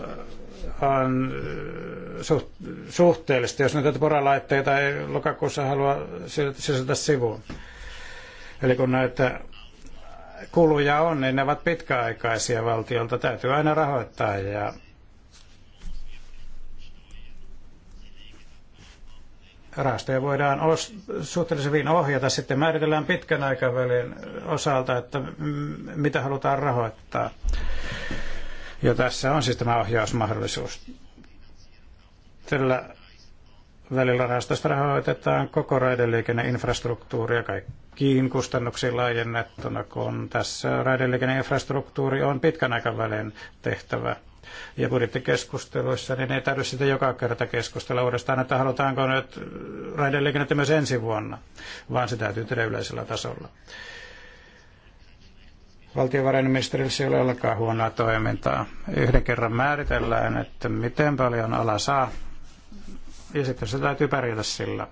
on äh, suht, suhteellista, jos näitä poralaitteita ei lokakuussa halua sisältä sivuun. Eli kun näitä kuluja on, niin ne ovat pitkäaikaisia valtiolta. Täytyy aina rahoittaa ja rahastoja voidaan os- suhteellisen hyvin ohjata. Sitten määritellään pitkän aikavälin osalta, että mitä halutaan rahoittaa. Ja tässä on siis tämä ohjausmahdollisuus. Tällä välillä rahastosta rahoitetaan koko raideliikenneinfrastruktuuria kaikkiin kustannuksiin laajennettuna, kun tässä raideliikenneinfrastruktuuri on pitkän aikavälin tehtävä. Ja budjettikeskusteluissa, niin ei tarvitse sitä joka kerta keskustella uudestaan, että halutaanko nyt raideliikennettä myös ensi vuonna, vaan se täytyy tehdä yleisellä tasolla. Valtiovarainministerillä ei ole ollenkaan huonoa toimintaa. Yhden kerran määritellään, että miten paljon ala saa ja sitten se täytyy pärjätä sillä.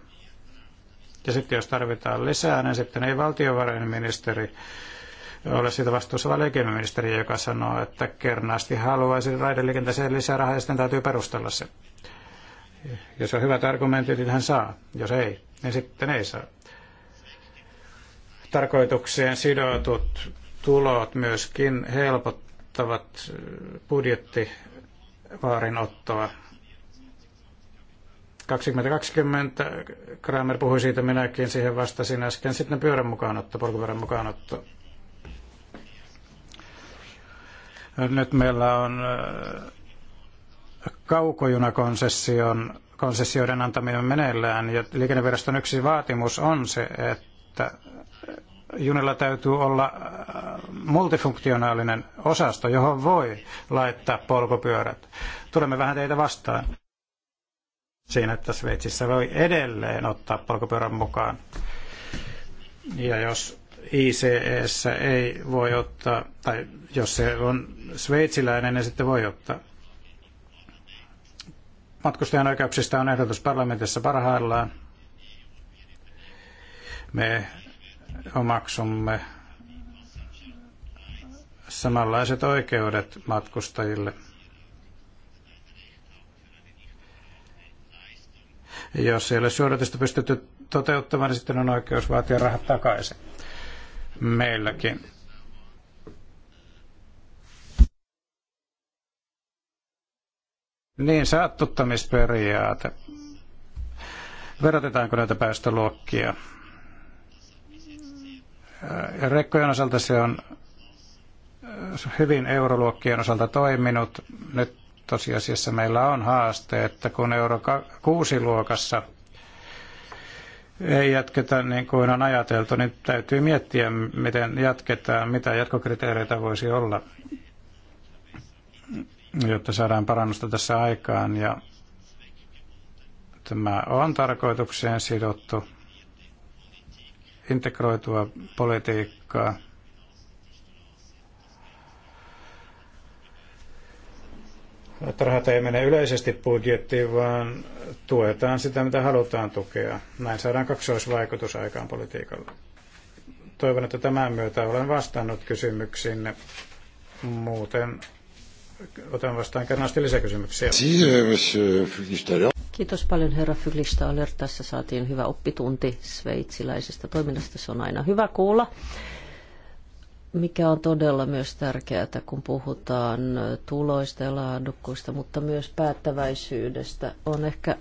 Ja sitten jos tarvitaan lisää, niin sitten ei valtiovarainministeri ole siitä vastuussa, vaan liikenneministeri, joka sanoo, että kernaasti haluaisi raideliikenteeseen lisää rahaa ja sitten täytyy perustella se. Jos on hyvät argumentit, niin hän saa. Jos ei, niin sitten ei saa. Tarkoitukseen sidotut tulot myöskin helpottavat budjettivaarinottoa. 2020, Kramer puhui siitä, minäkin siihen vastasin äsken. Sitten pyörän mukaanotto, polkupyörän mukaanotto. Nyt meillä on äh, kaukojunakonsession konsessioiden antaminen meneillään. Ja liikenneviraston yksi vaatimus on se, että äh, junilla täytyy olla äh, multifunktionaalinen osasto, johon voi laittaa polkupyörät. Tulemme vähän teitä vastaan siinä, että Sveitsissä voi edelleen ottaa polkupyörän mukaan. Ja jos ICEssä ei voi ottaa, tai jos se on sveitsiläinen, niin sitten voi ottaa. Matkustajan oikeuksista on ehdotus parlamentissa parhaillaan. Me omaksumme samanlaiset oikeudet matkustajille – Jos ei ole suodatusta pystytty toteuttamaan, niin sitten on oikeus vaatia rahat takaisin. Meilläkin. Niin, saattuttamisperiaate. Verotetaanko näitä päästöluokkia? Rekkojen osalta se on hyvin euroluokkien osalta toiminut. Nyt tosiasiassa meillä on haaste, että kun euro 6 luokassa ei jatketa niin kuin on ajateltu, niin täytyy miettiä, miten jatketaan, mitä jatkokriteereitä voisi olla, jotta saadaan parannusta tässä aikaan. Ja tämä on tarkoitukseen sidottu integroitua politiikkaa, että rahat ei mene yleisesti budjettiin, vaan tuetaan sitä, mitä halutaan tukea. Näin saadaan kaksoisvaikutus aikaan politiikalla. Toivon, että tämän myötä olen vastannut kysymyksiin. Muuten otan vastaan kannasti lisäkysymyksiä. Kiitos paljon herra Oler. Tässä saatiin hyvä oppitunti sveitsiläisestä toiminnasta. Se on aina hyvä kuulla mikä on todella myös tärkeää, kun puhutaan tuloista ja laadukkuista, mutta myös päättäväisyydestä, on ehkä,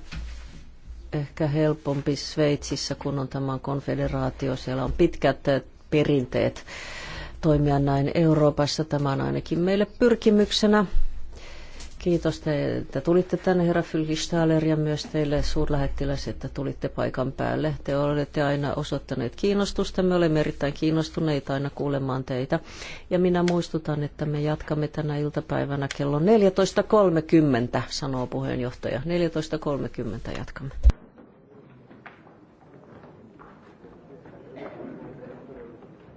ehkä helpompi Sveitsissä, kun on tämä konfederaatio. Siellä on pitkät perinteet toimia näin Euroopassa. Tämä on ainakin meille pyrkimyksenä Kiitos, te, että tulitte tänne, herra Fylkistaler, ja myös teille suurlähettiläs, että tulitte paikan päälle. Te olette aina osoittaneet kiinnostusta. Me olemme erittäin kiinnostuneita aina kuulemaan teitä. Ja minä muistutan, että me jatkamme tänä iltapäivänä kello 14.30, sanoo puheenjohtaja. 14.30 jatkamme.